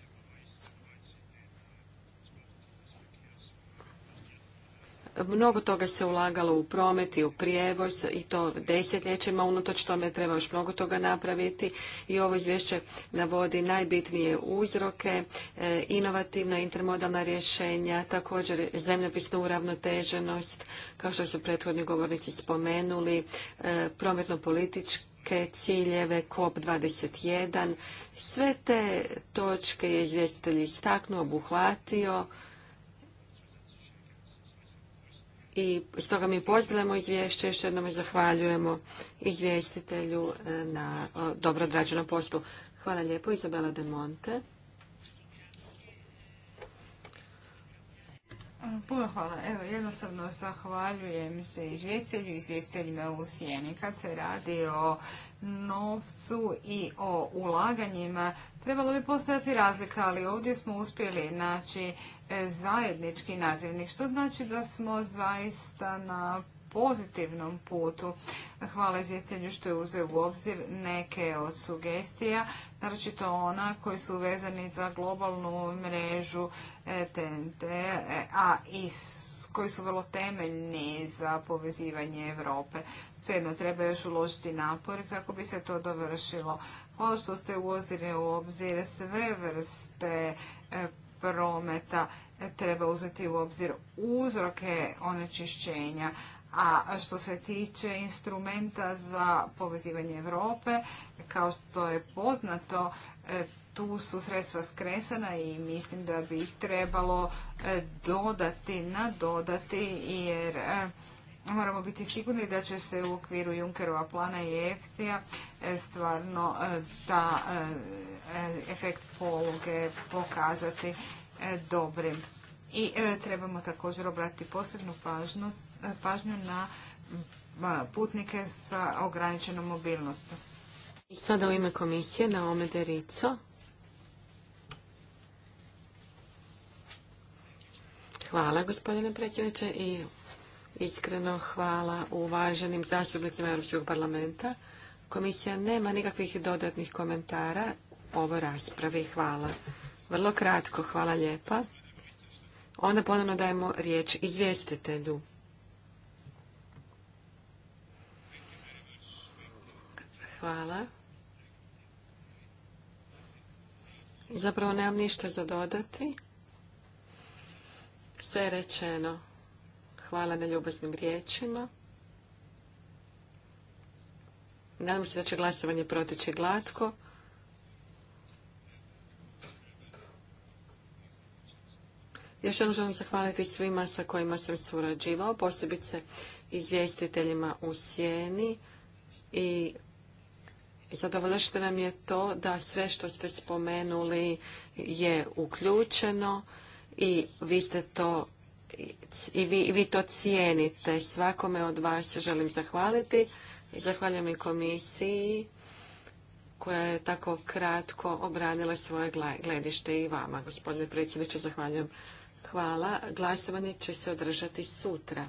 Mnogo toga se ulagalo u promet i u prijevoz i to desetljećima, unatoč tome treba još mnogo toga napraviti i ovo izvješće navodi najbitnije uzroke, e, inovativna intermodalna rješenja, također zemljopisnu uravnoteženost, kao što su prethodni govornici spomenuli, e, prometno-politički ciljeve, COP21. Sve te točke je izvjestitelj istaknuo, obuhvatio i stoga mi pozdravljamo izvješće, još jednom zahvaljujemo izvjestitelju eh, na dobro odrađenom poslu. Hvala lijepo, Izabela de Monte. Puno hvala. Evo, jednostavno zahvaljujem se izvjestitelju i izvjestiteljima u Sijeni. Kad se radi o novcu i o ulaganjima, trebalo bi postojati razlika, ali ovdje smo uspjeli naći e, zajednički nazivnik, što znači da smo zaista na pozitivnom putu. Hvala izvjetelju što je uzeo u obzir neke od sugestija, naročito ona koji su vezani za globalnu mrežu TNT, e, e, a i koji su vrlo temeljni za povezivanje Europe. Svejedno treba još uložiti napor kako bi se to dovršilo. Hvala što ste uzeli u obzir sve vrste e, prometa treba uzeti u obzir uzroke onečišćenja, a što se tiče instrumenta za povezivanje Europe, kao što je poznato, e, tu su sredstva skresana i mislim da bi ih trebalo e, dodati, nadodati jer e, moramo biti sigurni da će se u okviru Junkerova plana i efsi stvarno ta efekt poluge pokazati dobrim i e, trebamo također obratiti posebnu e, pažnju, na putnike sa ograničenom mobilnostom. sada u ime komisije na Omede Hvala gospodine predsjedniče i iskreno hvala uvaženim zastupnicima Europskog parlamenta. Komisija nema nikakvih dodatnih komentara o ovoj raspravi. Hvala. Vrlo kratko, hvala lijepa. Onda ponovno dajemo riječ izvjestitelju. Hvala. Zapravo nemam ništa za dodati. Sve je rečeno. Hvala na ljubaznim riječima. Nadam se da će glasovanje proteći glatko. Još jednom želim zahvaliti svima sa kojima sam surađivao, posebice izvjestiteljima u sjeni i zadovoljšte nam je to da sve što ste spomenuli je uključeno i vi ste to i vi, vi to cijenite. Svakome od vas želim zahvaliti. Zahvaljujem i komisiji koja je tako kratko obranila svoje gledište i vama. Gospodine predsjedniče, zahvaljujem Hvala. Glasovanje će se održati sutra.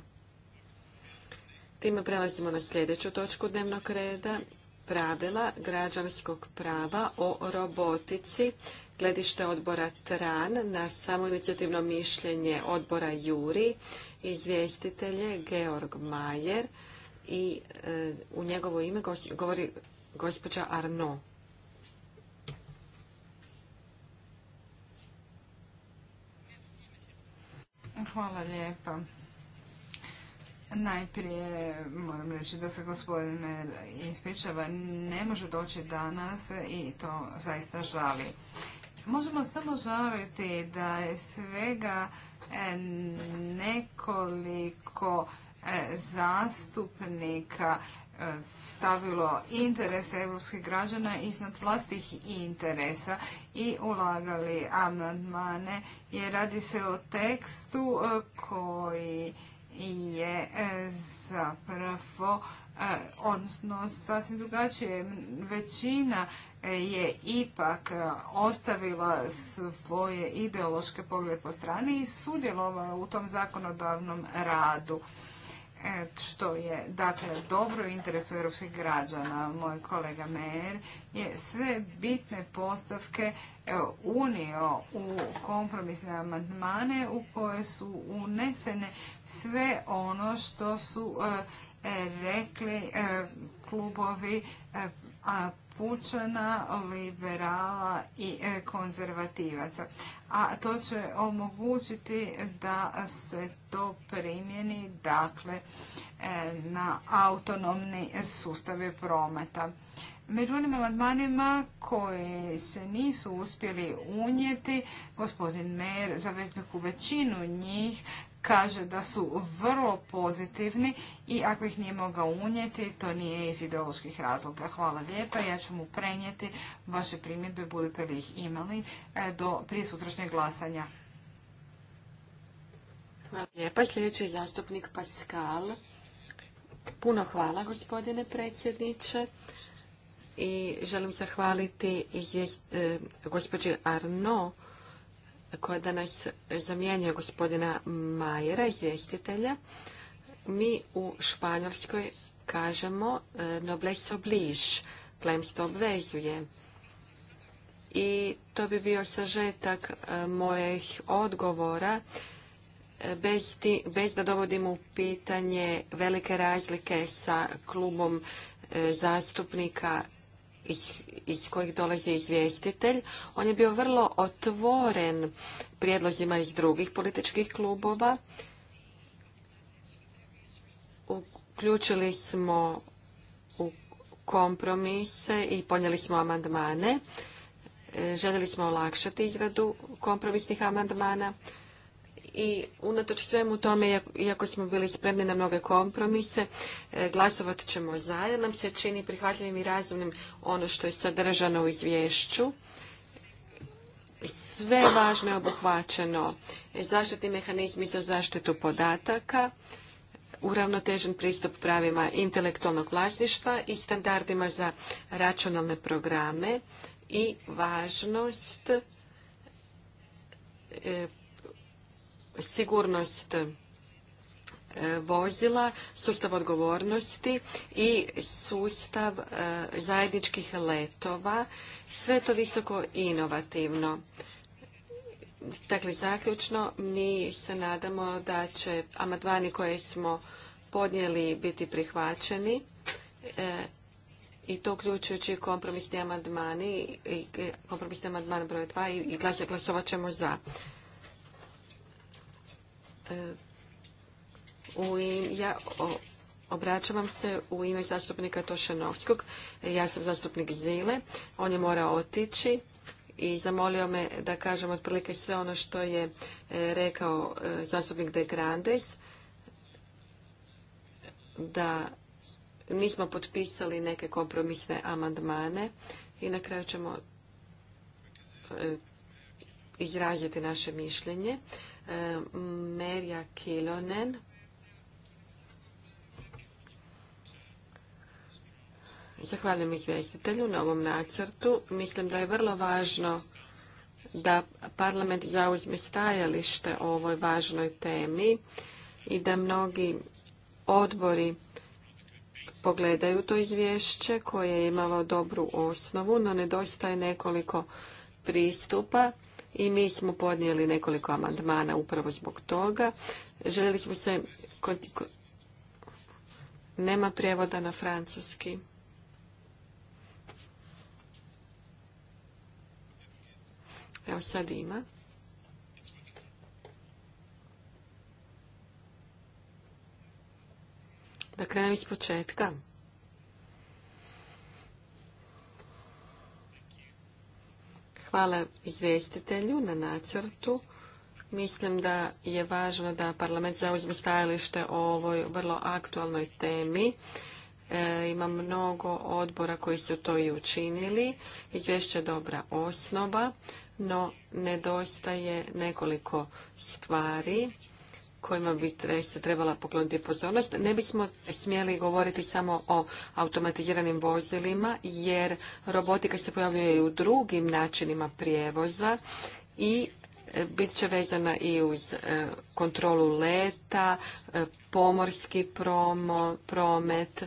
Time prelazimo na sljedeću točku dnevnog reda. Pravila građanskog prava o robotici. Gledište odbora TRAN na samoinicijativno mišljenje odbora JURI. Izvjestitelj Georg Majer i e, u njegovo ime govori gospođa Arno. Hvala lijepa. Najprije moram reći da se gospodin ispričava, ne može doći danas i to zaista žali. Možemo samo žaliti da je svega e, nekoliko e, zastupnika stavilo interese europskih građana iznad vlastih interesa i ulagali amandmane jer radi se o tekstu e, koji je e, zapravo e, odnosno sasvim drugačije većina je ipak ostavila svoje ideološke poglede po strani i sudjelovala u tom zakonodavnom radu što je dakle dobro u interesu europskih građana. Moj kolega Mer je sve bitne postavke unio u kompromisne amandmane u koje su unesene sve ono što su e, rekli e, klubovi e, a pučana, liberala i e, konzervativaca. A to će omogućiti da se to primjeni dakle, e, na autonomni sustave prometa. Među onim amandmanima koji se nisu uspjeli unijeti, gospodin Mer za većinu njih kaže da su vrlo pozitivni i ako ih nije mogao unijeti, to nije iz ideoloških razloga. Hvala lijepa, ja ću mu prenijeti vaše primjedbe, budete li ih imali, e, do prije sutrašnjeg glasanja. Hvala lijepa, sljedeći je zastupnik Pascal. Puno hvala, gospodine predsjedniče. I želim zahvaliti e, gospođi Arno koja danas zamjenjuje gospodina Majera, izvjestitelja, mi u Španjolskoj kažemo e, noblesse oblige, plemstvo obvezuje. I to bi bio sažetak e, mojih odgovora, e, bez da dovodim u pitanje velike razlike sa klubom zastupnika iz kojih dolazi izvjestitelj. On je bio vrlo otvoren prijedlozima iz drugih političkih klubova. Uključili smo u kompromise i ponijeli smo amandmane. E, željeli smo olakšati izradu kompromisnih amandmana i unatoč svemu tome, iako smo bili spremni na mnoge kompromise, e, glasovat ćemo zajedno. nam se čini prihvatljivim i razumnim ono što je sadržano u izvješću. Sve važno je obuhvaćeno zaštitni mehanizmi za zaštitu podataka, uravnotežen pristup pravima intelektualnog vlasništva i standardima za računalne programe i važnost e, sigurnost e, vozila, sustav odgovornosti i sustav e, zajedničkih letova. Sve to visoko inovativno. Dakle, zaključno, mi se nadamo da će amadvani koje smo podnijeli biti prihvaćeni e, i to uključujući kompromisni amandmani, kompromisni amandman broj 2 i glasovat ćemo za. E, ja obraćavam obraćam se u ime zastupnika Tošenovskog. E, ja sam zastupnik Zile. On je morao otići i zamolio me da kažem otprilike sve ono što je e, rekao zastupnik De Grandes da nismo potpisali neke kompromisne amandmane i na kraju ćemo izraziti naše mišljenje. E, Merja Kilonen. Zahvaljujem izvjestitelju na ovom nacrtu. Mislim da je vrlo važno da parlament zauzme stajalište o ovoj važnoj temi i da mnogi odbori pogledaju to izvješće koje je imalo dobru osnovu, no nedostaje nekoliko pristupa i mi smo podnijeli nekoliko amandmana upravo zbog toga. Željeli smo se... nema prijevoda na francuski. Evo sad ima. Da krenem iz početka. Hvala izvjestitelju na nacrtu. Mislim da je važno da parlament zauzme stajalište o ovoj vrlo aktualnoj temi. E, ima mnogo odbora koji su to i učinili. Izvješće je dobra osnova, no nedostaje nekoliko stvari kojima bi se trebala pokloniti pozornost. Ne bismo smjeli govoriti samo o automatiziranim vozilima, jer robotika se pojavljuje i u drugim načinima prijevoza i e, bit će vezana i uz e, kontrolu leta, e, pomorski promet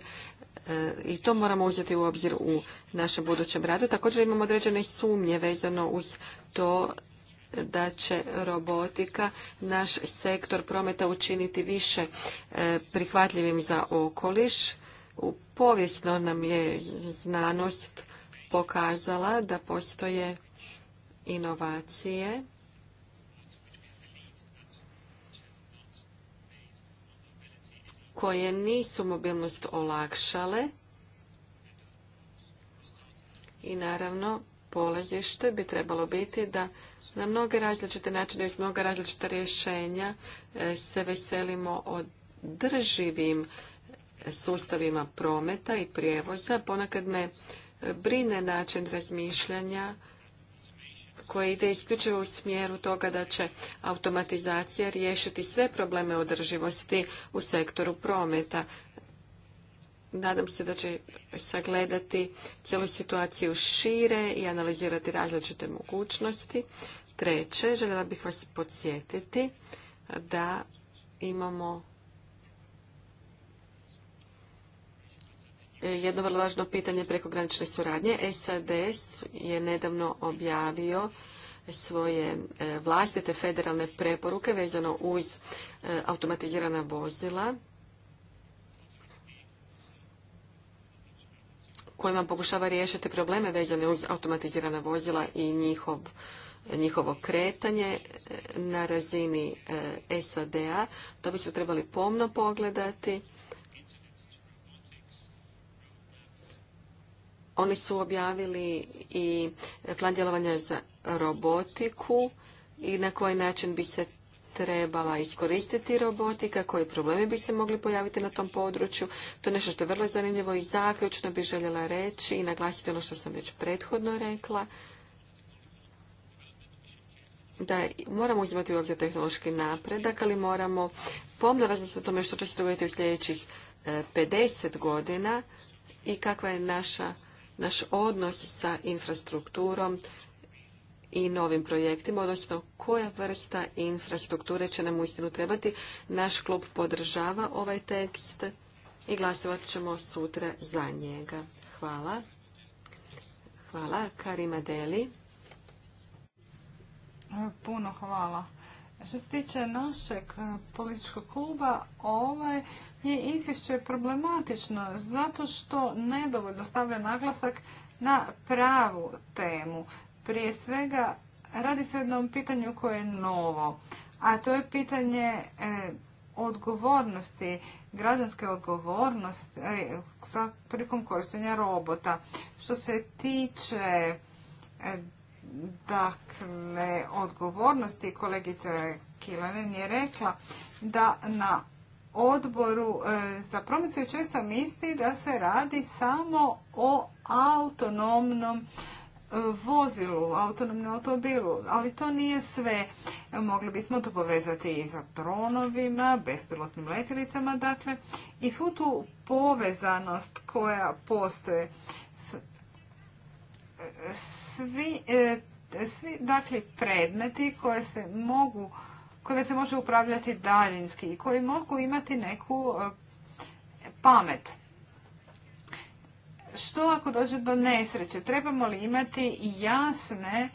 i to moramo uzeti u obzir u našem budućem radu. Također imamo određene sumnje vezano uz to da će robotika naš sektor prometa učiniti više e, prihvatljivim za okoliš. Povijesno nam je znanost pokazala da postoje inovacije koje nisu mobilnost olakšale i naravno polazište bi trebalo biti da na mnoge različite načine i mnoga različita rješenja e, se veselimo održivim sustavima prometa i prijevoza. Ponakad me brine način razmišljanja koji ide isključivo u smjeru toga da će automatizacija riješiti sve probleme održivosti u sektoru prometa nadam se da će sagledati cijelu situaciju šire i analizirati različite mogućnosti. Treće, željela bih vas podsjetiti da imamo jedno vrlo važno pitanje prekogranične suradnje. SAD je nedavno objavio svoje e, vlastite federalne preporuke vezano uz e, automatizirana vozila kojima pokušava riješiti probleme vezane uz automatizirana vozila i njihov, njihovo kretanje e, na razini e, SAD-a. To bismo trebali pomno pogledati. Oni su objavili i plan djelovanja za robotiku i na koji način bi se trebala iskoristiti robotika, koji problemi bi se mogli pojaviti na tom području. To je nešto što je vrlo zanimljivo i zaključno bih željela reći i naglasiti ono što sam već prethodno rekla da moramo uzimati u obzir tehnološki napredak, ali moramo pomno razmisliti o tome što će se dogoditi u sljedećih 50 e, godina i kakva je naša, naš odnos sa infrastrukturom, i novim projektima, odnosno koja vrsta infrastrukture će nam uistinu trebati. Naš klub podržava ovaj tekst i glasovat ćemo sutra za njega. Hvala. Hvala. Karima Deli. Puno hvala. Što se tiče našeg e, političkog kluba, ovaj je izvješće problematično zato što nedovoljno stavlja naglasak na pravu temu. Prije svega, radi se o jednom pitanju koje je novo, a to je pitanje e, odgovornosti, građanske odgovornosti e, sa prilikom robota. Što se tiče e, dakle, odgovornosti, kolegica Kilanen je rekla da na odboru za promociju često misli da se radi samo o autonomnom vozilu, autonomnom automobilu, ali to nije sve. Mogli bismo to povezati i sa dronovima, bespilotnim letjelicama, dakle, i svu tu povezanost koja postoje. Svi, e, svi dakle, predmeti koje se mogu kojima se može upravljati daljinski i koji mogu imati neku e, pamet što ako dođe do nesreće? Trebamo li imati jasne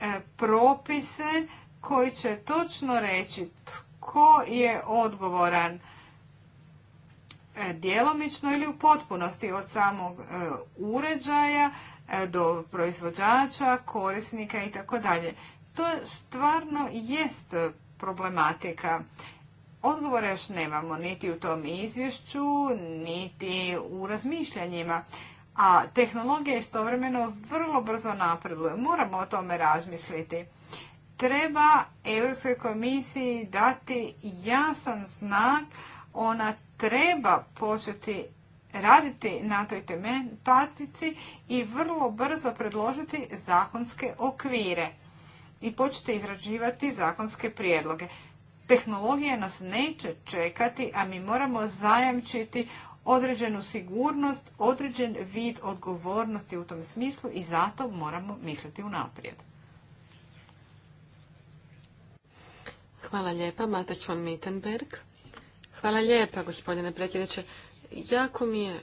e, propise koji će točno reći tko je odgovoran e, djelomično ili u potpunosti od samog e, uređaja do proizvođača, korisnika i tako dalje. To stvarno jest problematika. Odgovore još nemamo, niti u tom izvješću, niti u razmišljanjima. A tehnologija istovremeno vrlo brzo napreduje. Moramo o tome razmisliti. Treba Europskoj komisiji dati jasan znak. Ona treba početi raditi na toj tematici i vrlo brzo predložiti zakonske okvire i početi izrađivati zakonske prijedloge. Tehnologija nas neće čekati, a mi moramo zajamčiti određenu sigurnost, određen vid odgovornosti u tom smislu i zato moramo misliti unaprijed. Hvala lijepa, Mateć von Mittenberg. Hvala lijepa, gospodine predsjedniče. Jako mi je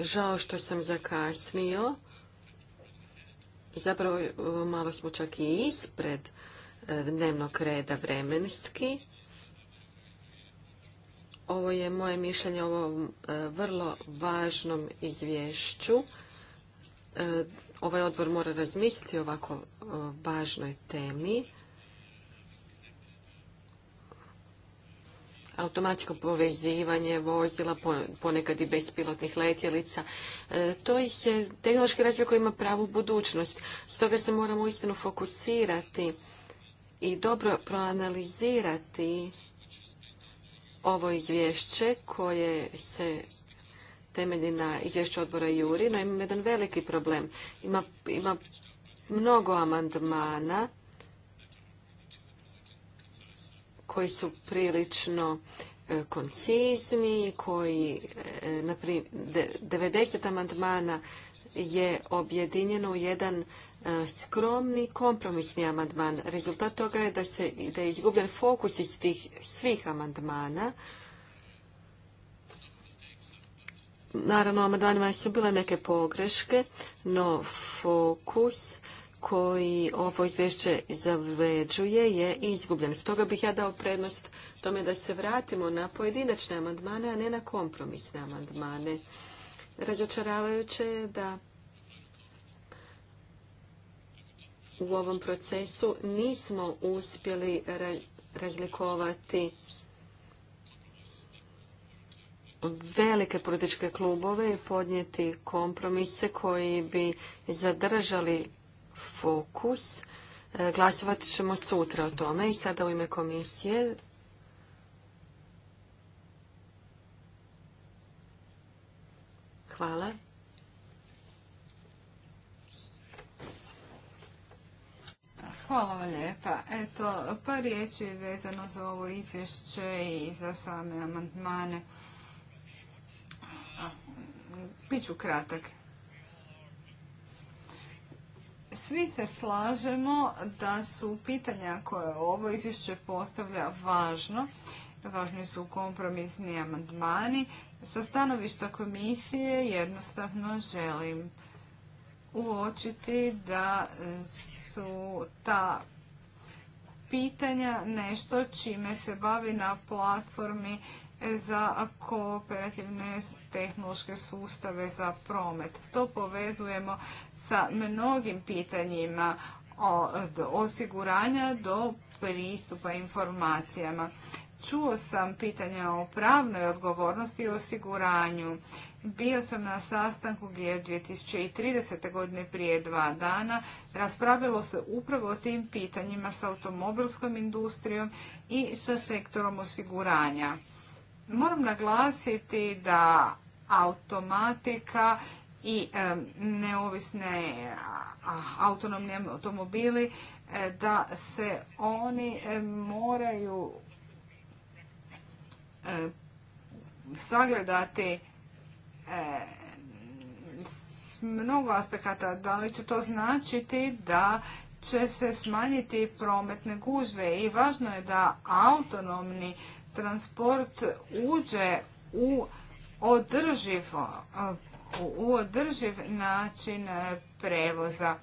žao što sam zakasnio. Zapravo malo smo čak i ispred E, dnevnog reda vremenski. Ovo je moje mišljenje o ovom e, vrlo važnom izvješću. E, ovaj odbor mora razmisliti o ovako važnoj temi. automatsko povezivanje vozila, ponekad i bespilotnih letjelica. To je tehnološki razvoj koji ima pravu budućnost. Stoga se moramo istinu fokusirati i dobro proanalizirati ovo izvješće koje se temelji na izvješću odbora Juri, no imam jedan veliki problem. Ima, mnogo amandmana koji su prilično e, koncizni, koji e, na 90 amandmana je objedinjeno u jedan E, skromni kompromisni amandman. Rezultat toga je da, se, da je izgubljen fokus iz tih svih amandmana. Naravno, amandmanima su bile neke pogreške, no fokus koji ovo izvješće zavređuje je izgubljen. Stoga bih ja dao prednost tome da se vratimo na pojedinačne amandmane, a ne na kompromisne amandmane. Razočaravajuće je da u ovom procesu nismo uspjeli razlikovati velike političke klubove i podnijeti kompromise koji bi zadržali fokus. E, glasovat ćemo sutra o tome i sada u ime komisije. Hvala. Hvala vam lijepa. Eto, pa je vezano za ovo izvješće i za same amandmane. Biću kratak. Svi se slažemo da su pitanja koje ovo izvješće postavlja važno. Važni su kompromisni amandmani. Sa stanovišta komisije jednostavno želim uočiti da e, su ta pitanja nešto čime se bavi na platformi e, za kooperativne tehnološke sustave za promet. To povezujemo sa mnogim pitanjima od osiguranja do pristupa informacijama. Čuo sam pitanja o pravnoj odgovornosti i osiguranju. Bio sam na sastanku gdje 2030. godine prije dva dana raspravilo se upravo o tim pitanjima sa automobilskom industrijom i sa sektorom osiguranja. Moram naglasiti da automatika i neovisne autonomne autonomni automobili e, da se oni moraju E, sagledati s e, mnogo aspekata. Da li će to značiti da će se smanjiti prometne gužve i važno je da autonomni transport uđe u održiv, u održiv način prevoza.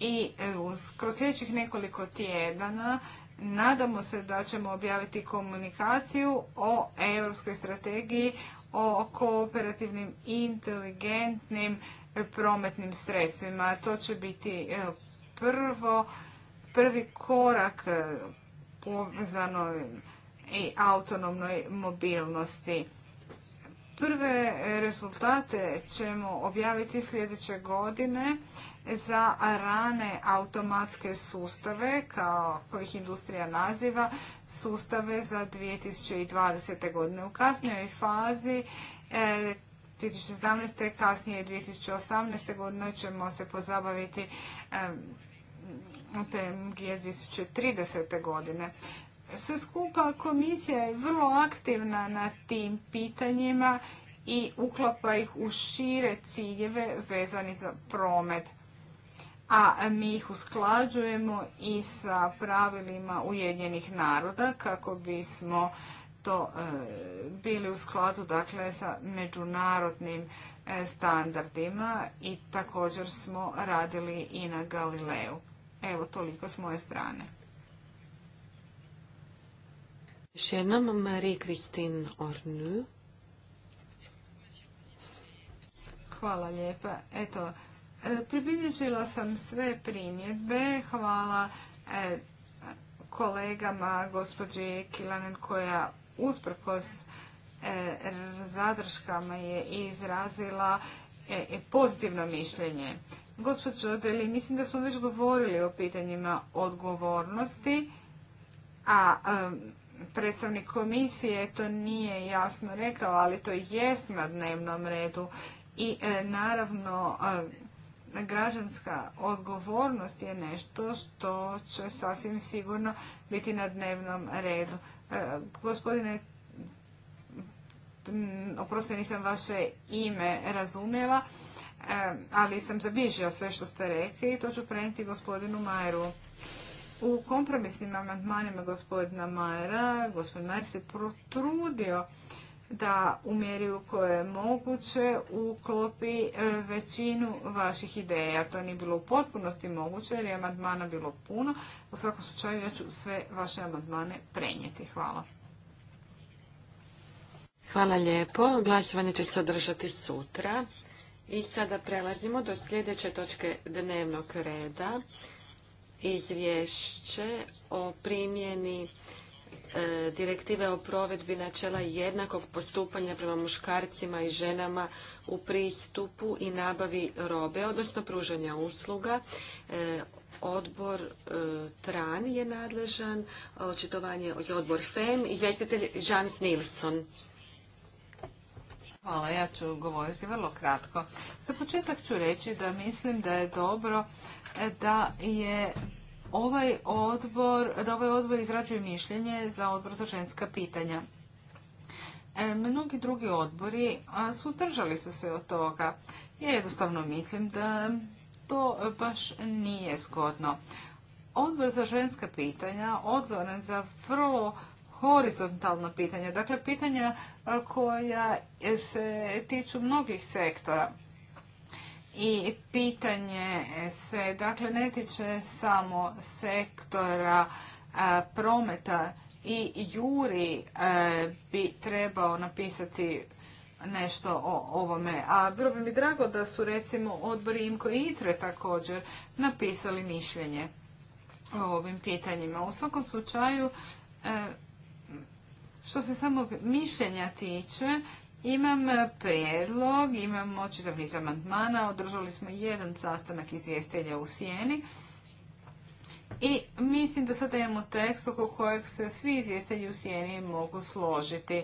I e, kroz sljedećih nekoliko tjedana Nadamo se da ćemo objaviti komunikaciju o europskoj strategiji o kooperativnim inteligentnim prometnim sredstvima. To će biti e, prvo, prvi korak e, povezanoj i autonomnoj mobilnosti. Prve rezultate ćemo objaviti sljedeće godine za rane automatske sustave, kao kojih industrija naziva, sustave za 2020. godine. U kasnijoj fazi 2017. E, kasnije 2018. godine ćemo se pozabaviti tem TMG 2030. godine. Sve skupa komisija je vrlo aktivna na tim pitanjima i uklapa ih u šire ciljeve vezani za promet a mi ih usklađujemo i sa pravilima Ujedinjenih naroda kako bismo to e, bili u skladu dakle sa međunarodnim e, standardima i također smo radili i na Galileu. Evo toliko s moje strane. Još jednom Marie-Christine Ornu. Hvala lijepa. Eto, E, pribilježila sam sve primjedbe. Hvala e, kolegama, gospođi Kilanen koja usprkos e, zadrškama je izrazila pozitivno mišljenje. Gospođo Deli, mislim da smo već govorili o pitanjima odgovornosti, a predstavnik komisije to nije jasno rekao, ali to jest na dnevnom redu. I naravno građanska odgovornost je nešto što će sasvim sigurno biti na dnevnom redu. E, gospodine, oprosti nisam vaše ime razumjela, e, ali sam zabižila sve što ste rekli i to ću prenijeti gospodinu Majeru. U kompromisnim amandmanima gospodina Majera, gospodin Majer se protrudio da u mjeri u kojoj je moguće uklopi e, većinu vaših ideja. To nije bilo u potpunosti moguće jer je amandmana bilo puno. U svakom slučaju ja ću sve vaše amandmane prenijeti. Hvala. Hvala lijepo. Glasovanje će se održati sutra. I sada prelazimo do sljedeće točke dnevnog reda. Izvješće o primjeni E, direktive o provedbi načela jednakog postupanja prema muškarcima i ženama u pristupu i nabavi robe, odnosno pružanja usluga. E, odbor e, TRAN je nadležan, očitovanje je odbor FEM, izvjestitelj Jeans Nilsson. Hvala, ja ću govoriti vrlo kratko. Za početak ću reći da mislim da je dobro da je ovaj odbor, da ovaj odbor izrađuje mišljenje za odbor za ženska pitanja. E, mnogi drugi odbori su suzdržali su se od toga. Ja jednostavno mislim da to baš nije zgodno. Odbor za ženska pitanja odgovoran za vrlo horizontalna pitanja, dakle pitanja koja se tiču mnogih sektora i pitanje se dakle ne tiče samo sektora prometa i Juri bi trebao napisati nešto o ovome. A bilo bi mi drago da su recimo odbor Imko i Itre također napisali mišljenje o ovim pitanjima. U svakom slučaju, što se samog mišljenja tiče, imam e, prijedlog, imam čitav niz amandmana, održali smo jedan sastanak izvjestelja u Sijeni i mislim da sada imamo tekst oko kojeg se svi izvjestelji u Sijeni mogu složiti.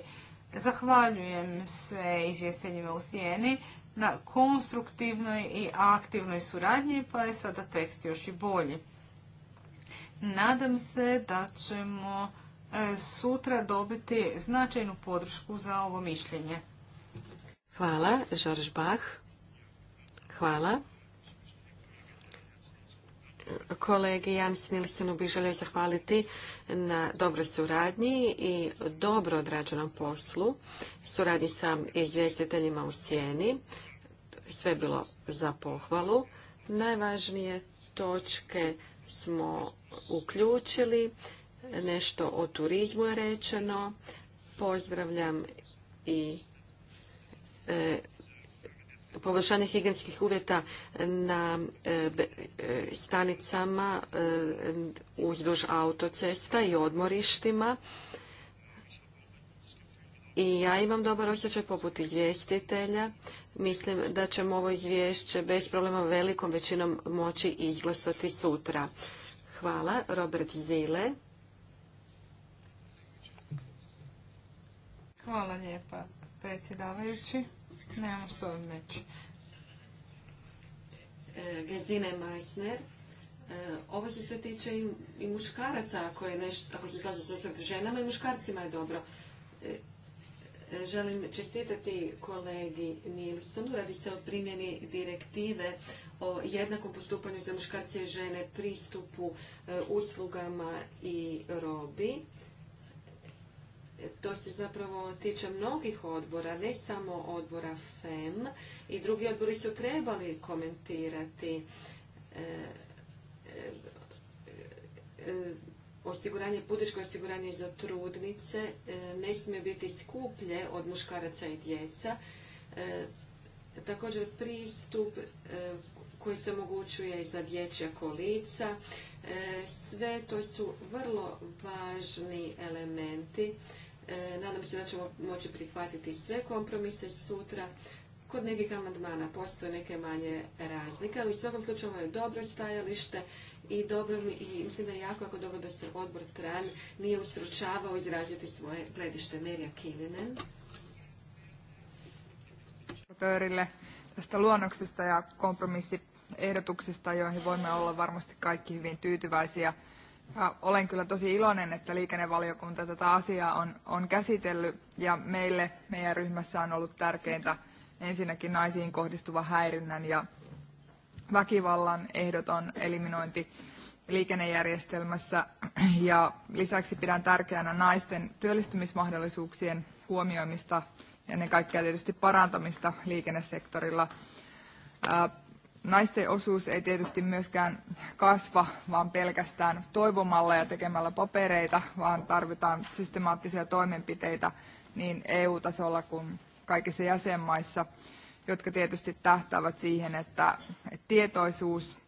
Zahvaljujem se izvjestiteljima u Sijeni na konstruktivnoj i aktivnoj suradnji, pa je sada tekst još i bolji. Nadam se da ćemo E, sutra dobiti značajnu podršku za ovo mišljenje. Hvala, Žorž Bach. Hvala. Kolegi Jans Nilsenu bi želio zahvaliti na dobroj suradnji i dobro odrađenom poslu, suradnji sa izvjestiteljima u sjeni. Sve bilo za pohvalu. Najvažnije točke smo uključili. Nešto o turizmu je rečeno. Pozdravljam i e, poboljšanje higijenskih uvjeta na e, e, stanicama uzduž autocesta i odmorištima. I ja imam dobar osjećaj poput izvjestitelja. Mislim da ćemo ovo izvješće bez problema velikom većinom moći izglasati sutra. Hvala. Robert Zile. Hvala lijepa, predsjedavajući. Nemamo što vam reći. E, Gezine Meissner. E, ovo se sve tiče i, muškaraca, ako, je nešto, ako se slaže ženama i muškarcima je dobro. E, želim čestitati kolegi Nilsonu, radi se o primjeni direktive o jednakom postupanju za muškarce i žene pristupu uslugama i robi to se zapravo tiče mnogih odbora, ne samo odbora FEM i drugi odbori su trebali komentirati e, e, e, osiguranje, putičko osiguranje za trudnice ne smije biti skuplje od muškaraca i djeca. Također pristup koji se omogućuje za dječja kolica. Sve to su vrlo važni elementi E, nadam se da ćemo moći prihvatiti sve kompromise sutra. Kod nekih amandmana postoje neke manje razlike, ali u svakom slučaju ovo je dobro stajalište i, dobro, mislim da je jako, jako dobro da se odbor TRAN nije usručavao izraziti svoje gledište Merija Kilinen. tästä luonnoksesta ja kompromissiehdotuksista, joihin voimme olla varmasti kaikki hyvin tyytyväisiä. Olen kyllä tosi iloinen, että liikennevaliokunta tätä asiaa on, on käsitellyt ja meille, meidän ryhmässä on ollut tärkeintä ensinnäkin naisiin kohdistuva häirinnän ja väkivallan ehdoton eliminointi liikennejärjestelmässä ja lisäksi pidän tärkeänä naisten työllistymismahdollisuuksien huomioimista ja ennen kaikkea tietysti parantamista liikennesektorilla. Naisten osuus ei tietysti myöskään kasva, vaan pelkästään toivomalla ja tekemällä papereita, vaan tarvitaan systemaattisia toimenpiteitä niin EU-tasolla kuin kaikissa jäsenmaissa, jotka tietysti tähtäävät siihen, että tietoisuus,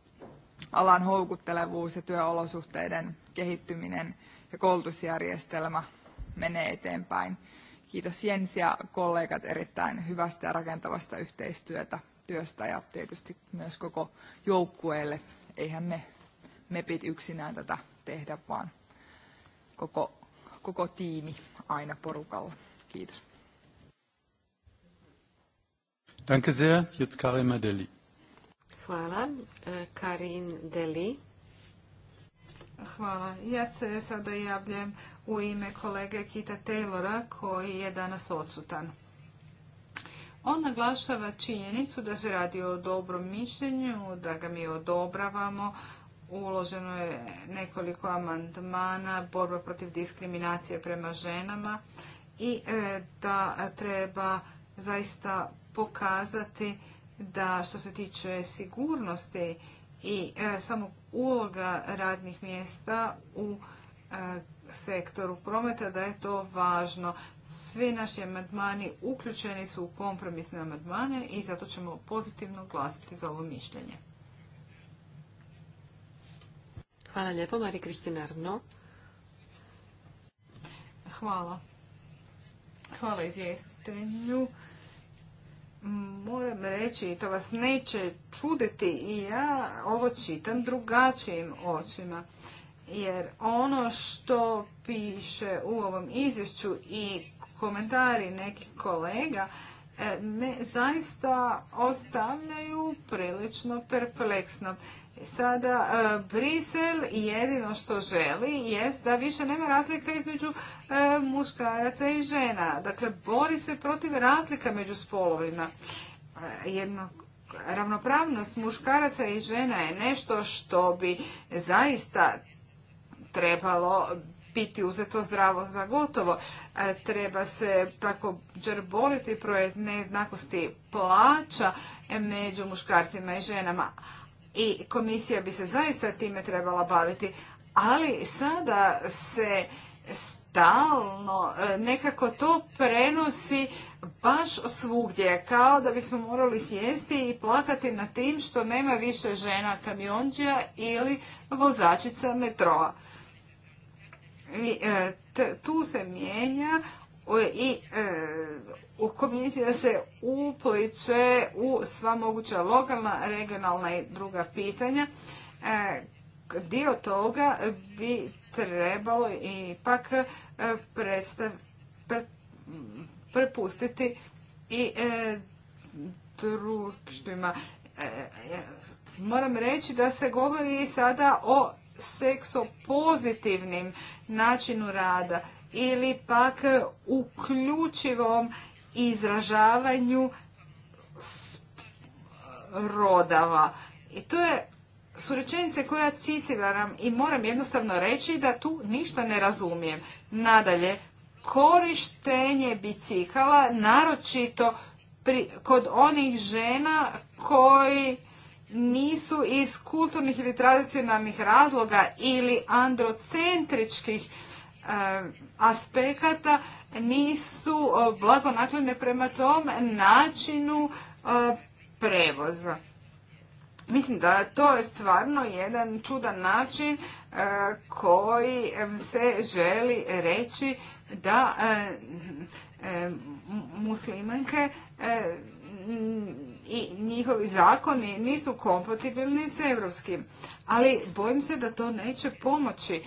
alan houkuttelevuus ja työolosuhteiden kehittyminen ja koulutusjärjestelmä menee eteenpäin. Kiitos Jens ja kollegat erittäin hyvästä ja rakentavasta yhteistyötä työstä ja tietysti myös koko joukkueelle. Eihän me mepit yksinään tätä tehdä, vaan koko, koko tiimi aina porukalla. Kiitos. Danke sehr. Jetzt Karin Deli. Hvala. Eh, Karin Deli. Hvala. Ja se sada javljam u ime kolege Kita Taylora koji je danas odsutan. On naglašava činjenicu da se radi o dobrom mišljenju, da ga mi odobravamo, uloženo je nekoliko amandmana, borba protiv diskriminacije prema ženama i e, da treba zaista pokazati da što se tiče sigurnosti i e, samog uloga radnih mjesta u e, sektoru prometa da je to važno. Svi naši amandmani uključeni su u kompromisne amandmane i zato ćemo pozitivno glasiti za ovo mišljenje. Hvala lijepo, Mari Kristina Hvala. Hvala izvjestitelju. Moram reći, to vas neće čuditi i ja ovo čitam drugačijim očima jer ono što piše u ovom izvješću i komentari nekih kolega e, me zaista ostavljaju prilično perpleksno. Sada e, Brisel jedino što želi jest da više nema razlika između e, muškaraca i žena. Dakle, bori se protiv razlika među spolovima. jedno, ravnopravnost muškaraca i žena je nešto što bi zaista trebalo biti uzeto zdravo za gotovo. E, treba se također džerboliti projekt nejednakosti plaća među muškarcima i ženama. I komisija bi se zaista time trebala baviti. Ali sada se stalno e, nekako to prenosi baš svugdje. Kao da bismo morali sjesti i plakati na tim što nema više žena kamionđa ili vozačica metroa. E, tu se mijenja i e, u komisija se upliče u sva moguća lokalna, regionalna i druga pitanja. E, dio toga bi trebalo ipak prepustiti i društvima. Moram reći da se govori sada o seksopozitivnim načinu rada ili pak uključivom izražavanju rodava. I to je su rečenice koje citiram i moram jednostavno reći da tu ništa ne razumijem. Nadalje, korištenje bicikala naročito kod onih žena koji nisu iz kulturnih ili tradicionalnih razloga ili androcentričkih e, aspekata nisu e, blagonaklone prema tom načinu e, prevoza. Mislim da to je stvarno jedan čudan način koji se želi reći da muslimanke i njihovi zakoni nisu kompatibilni s evropskim Ali bojim se da to neće pomoći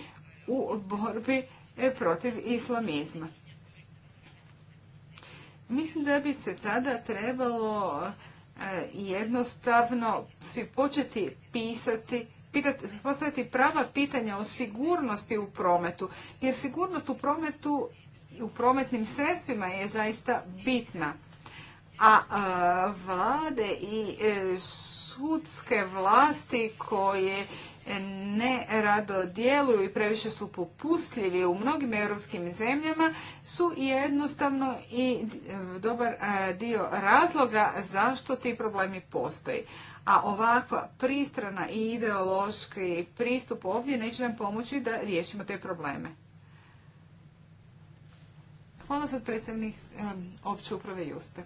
u borbi e, protiv islamizma. Mislim da bi se tada trebalo e, jednostavno si početi pisati postaviti prava pitanja o sigurnosti u prometu, jer sigurnost u prometu u prometnim sredstvima je zaista bitna a e, vlade i e, sudske vlasti koje ne rado djeluju i previše su popustljivi u mnogim europskim zemljama su jednostavno i dobar e, dio razloga zašto ti problemi postoji. A ovakva pristrana i ideološki pristup ovdje neće nam pomoći da riješimo te probleme. Hvala sad predstavnik opće uprave Justak.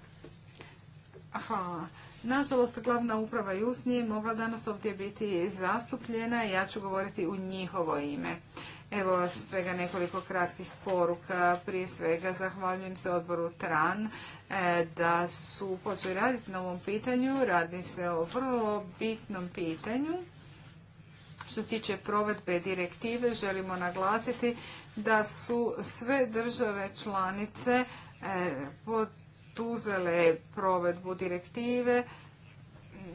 Nažalost, glavna uprava JUS nije mogla danas ovdje biti zastupljena i ja ću govoriti u njihovo ime. Evo svega nekoliko kratkih poruka. Prije svega zahvaljujem se odboru TRAN e, da su počeli raditi na ovom pitanju. Radi se o vrlo bitnom pitanju. Što se tiče provedbe direktive, želimo naglasiti da su sve države članice e, pod uzele provedbu direktive,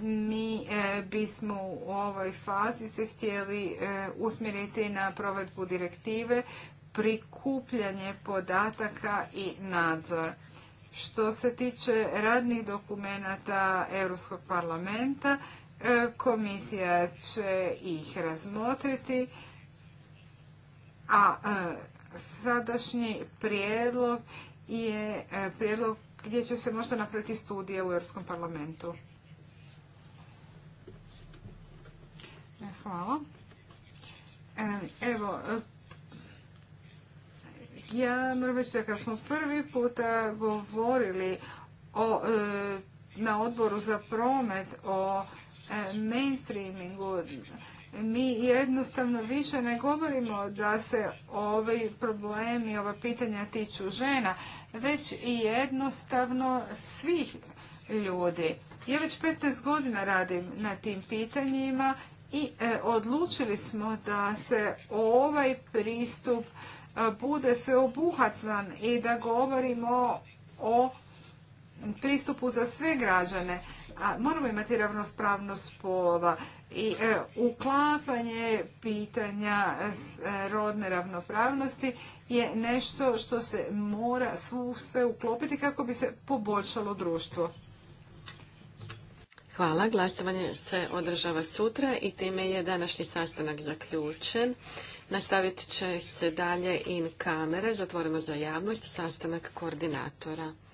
mi e, bismo u ovoj fazi se htjeli e, usmjeriti na provedbu direktive, prikupljanje podataka i nadzor. Što se tiče radnih dokumenata Europskog parlamenta, e, komisija će ih razmotriti, a sadašnji prijedlog je prijedlog gdje će se možda napraviti studije u Europskom parlamentu. E, hvala. E, evo, e, ja moram reći da kad smo prvi puta govorili o, na odboru za promet o mainstreamingu mi jednostavno više ne govorimo da se ovi problemi, ova pitanja tiču žena, već i jednostavno svih ljudi. Ja već 15 godina radim na tim pitanjima i e, odlučili smo da se ovaj pristup e, bude bude sveobuhatan i da govorimo o pristupu za sve građane. A moramo imati ravnospravnost spolova i e, uklapanje pitanja e, rodne ravnopravnosti je nešto što se mora svu sve uklopiti kako bi se poboljšalo društvo. Hvala. Glasovanje se održava sutra i time je današnji sastanak zaključen. Nastavit će se dalje in kamere. Zatvorimo za javnost sastanak koordinatora.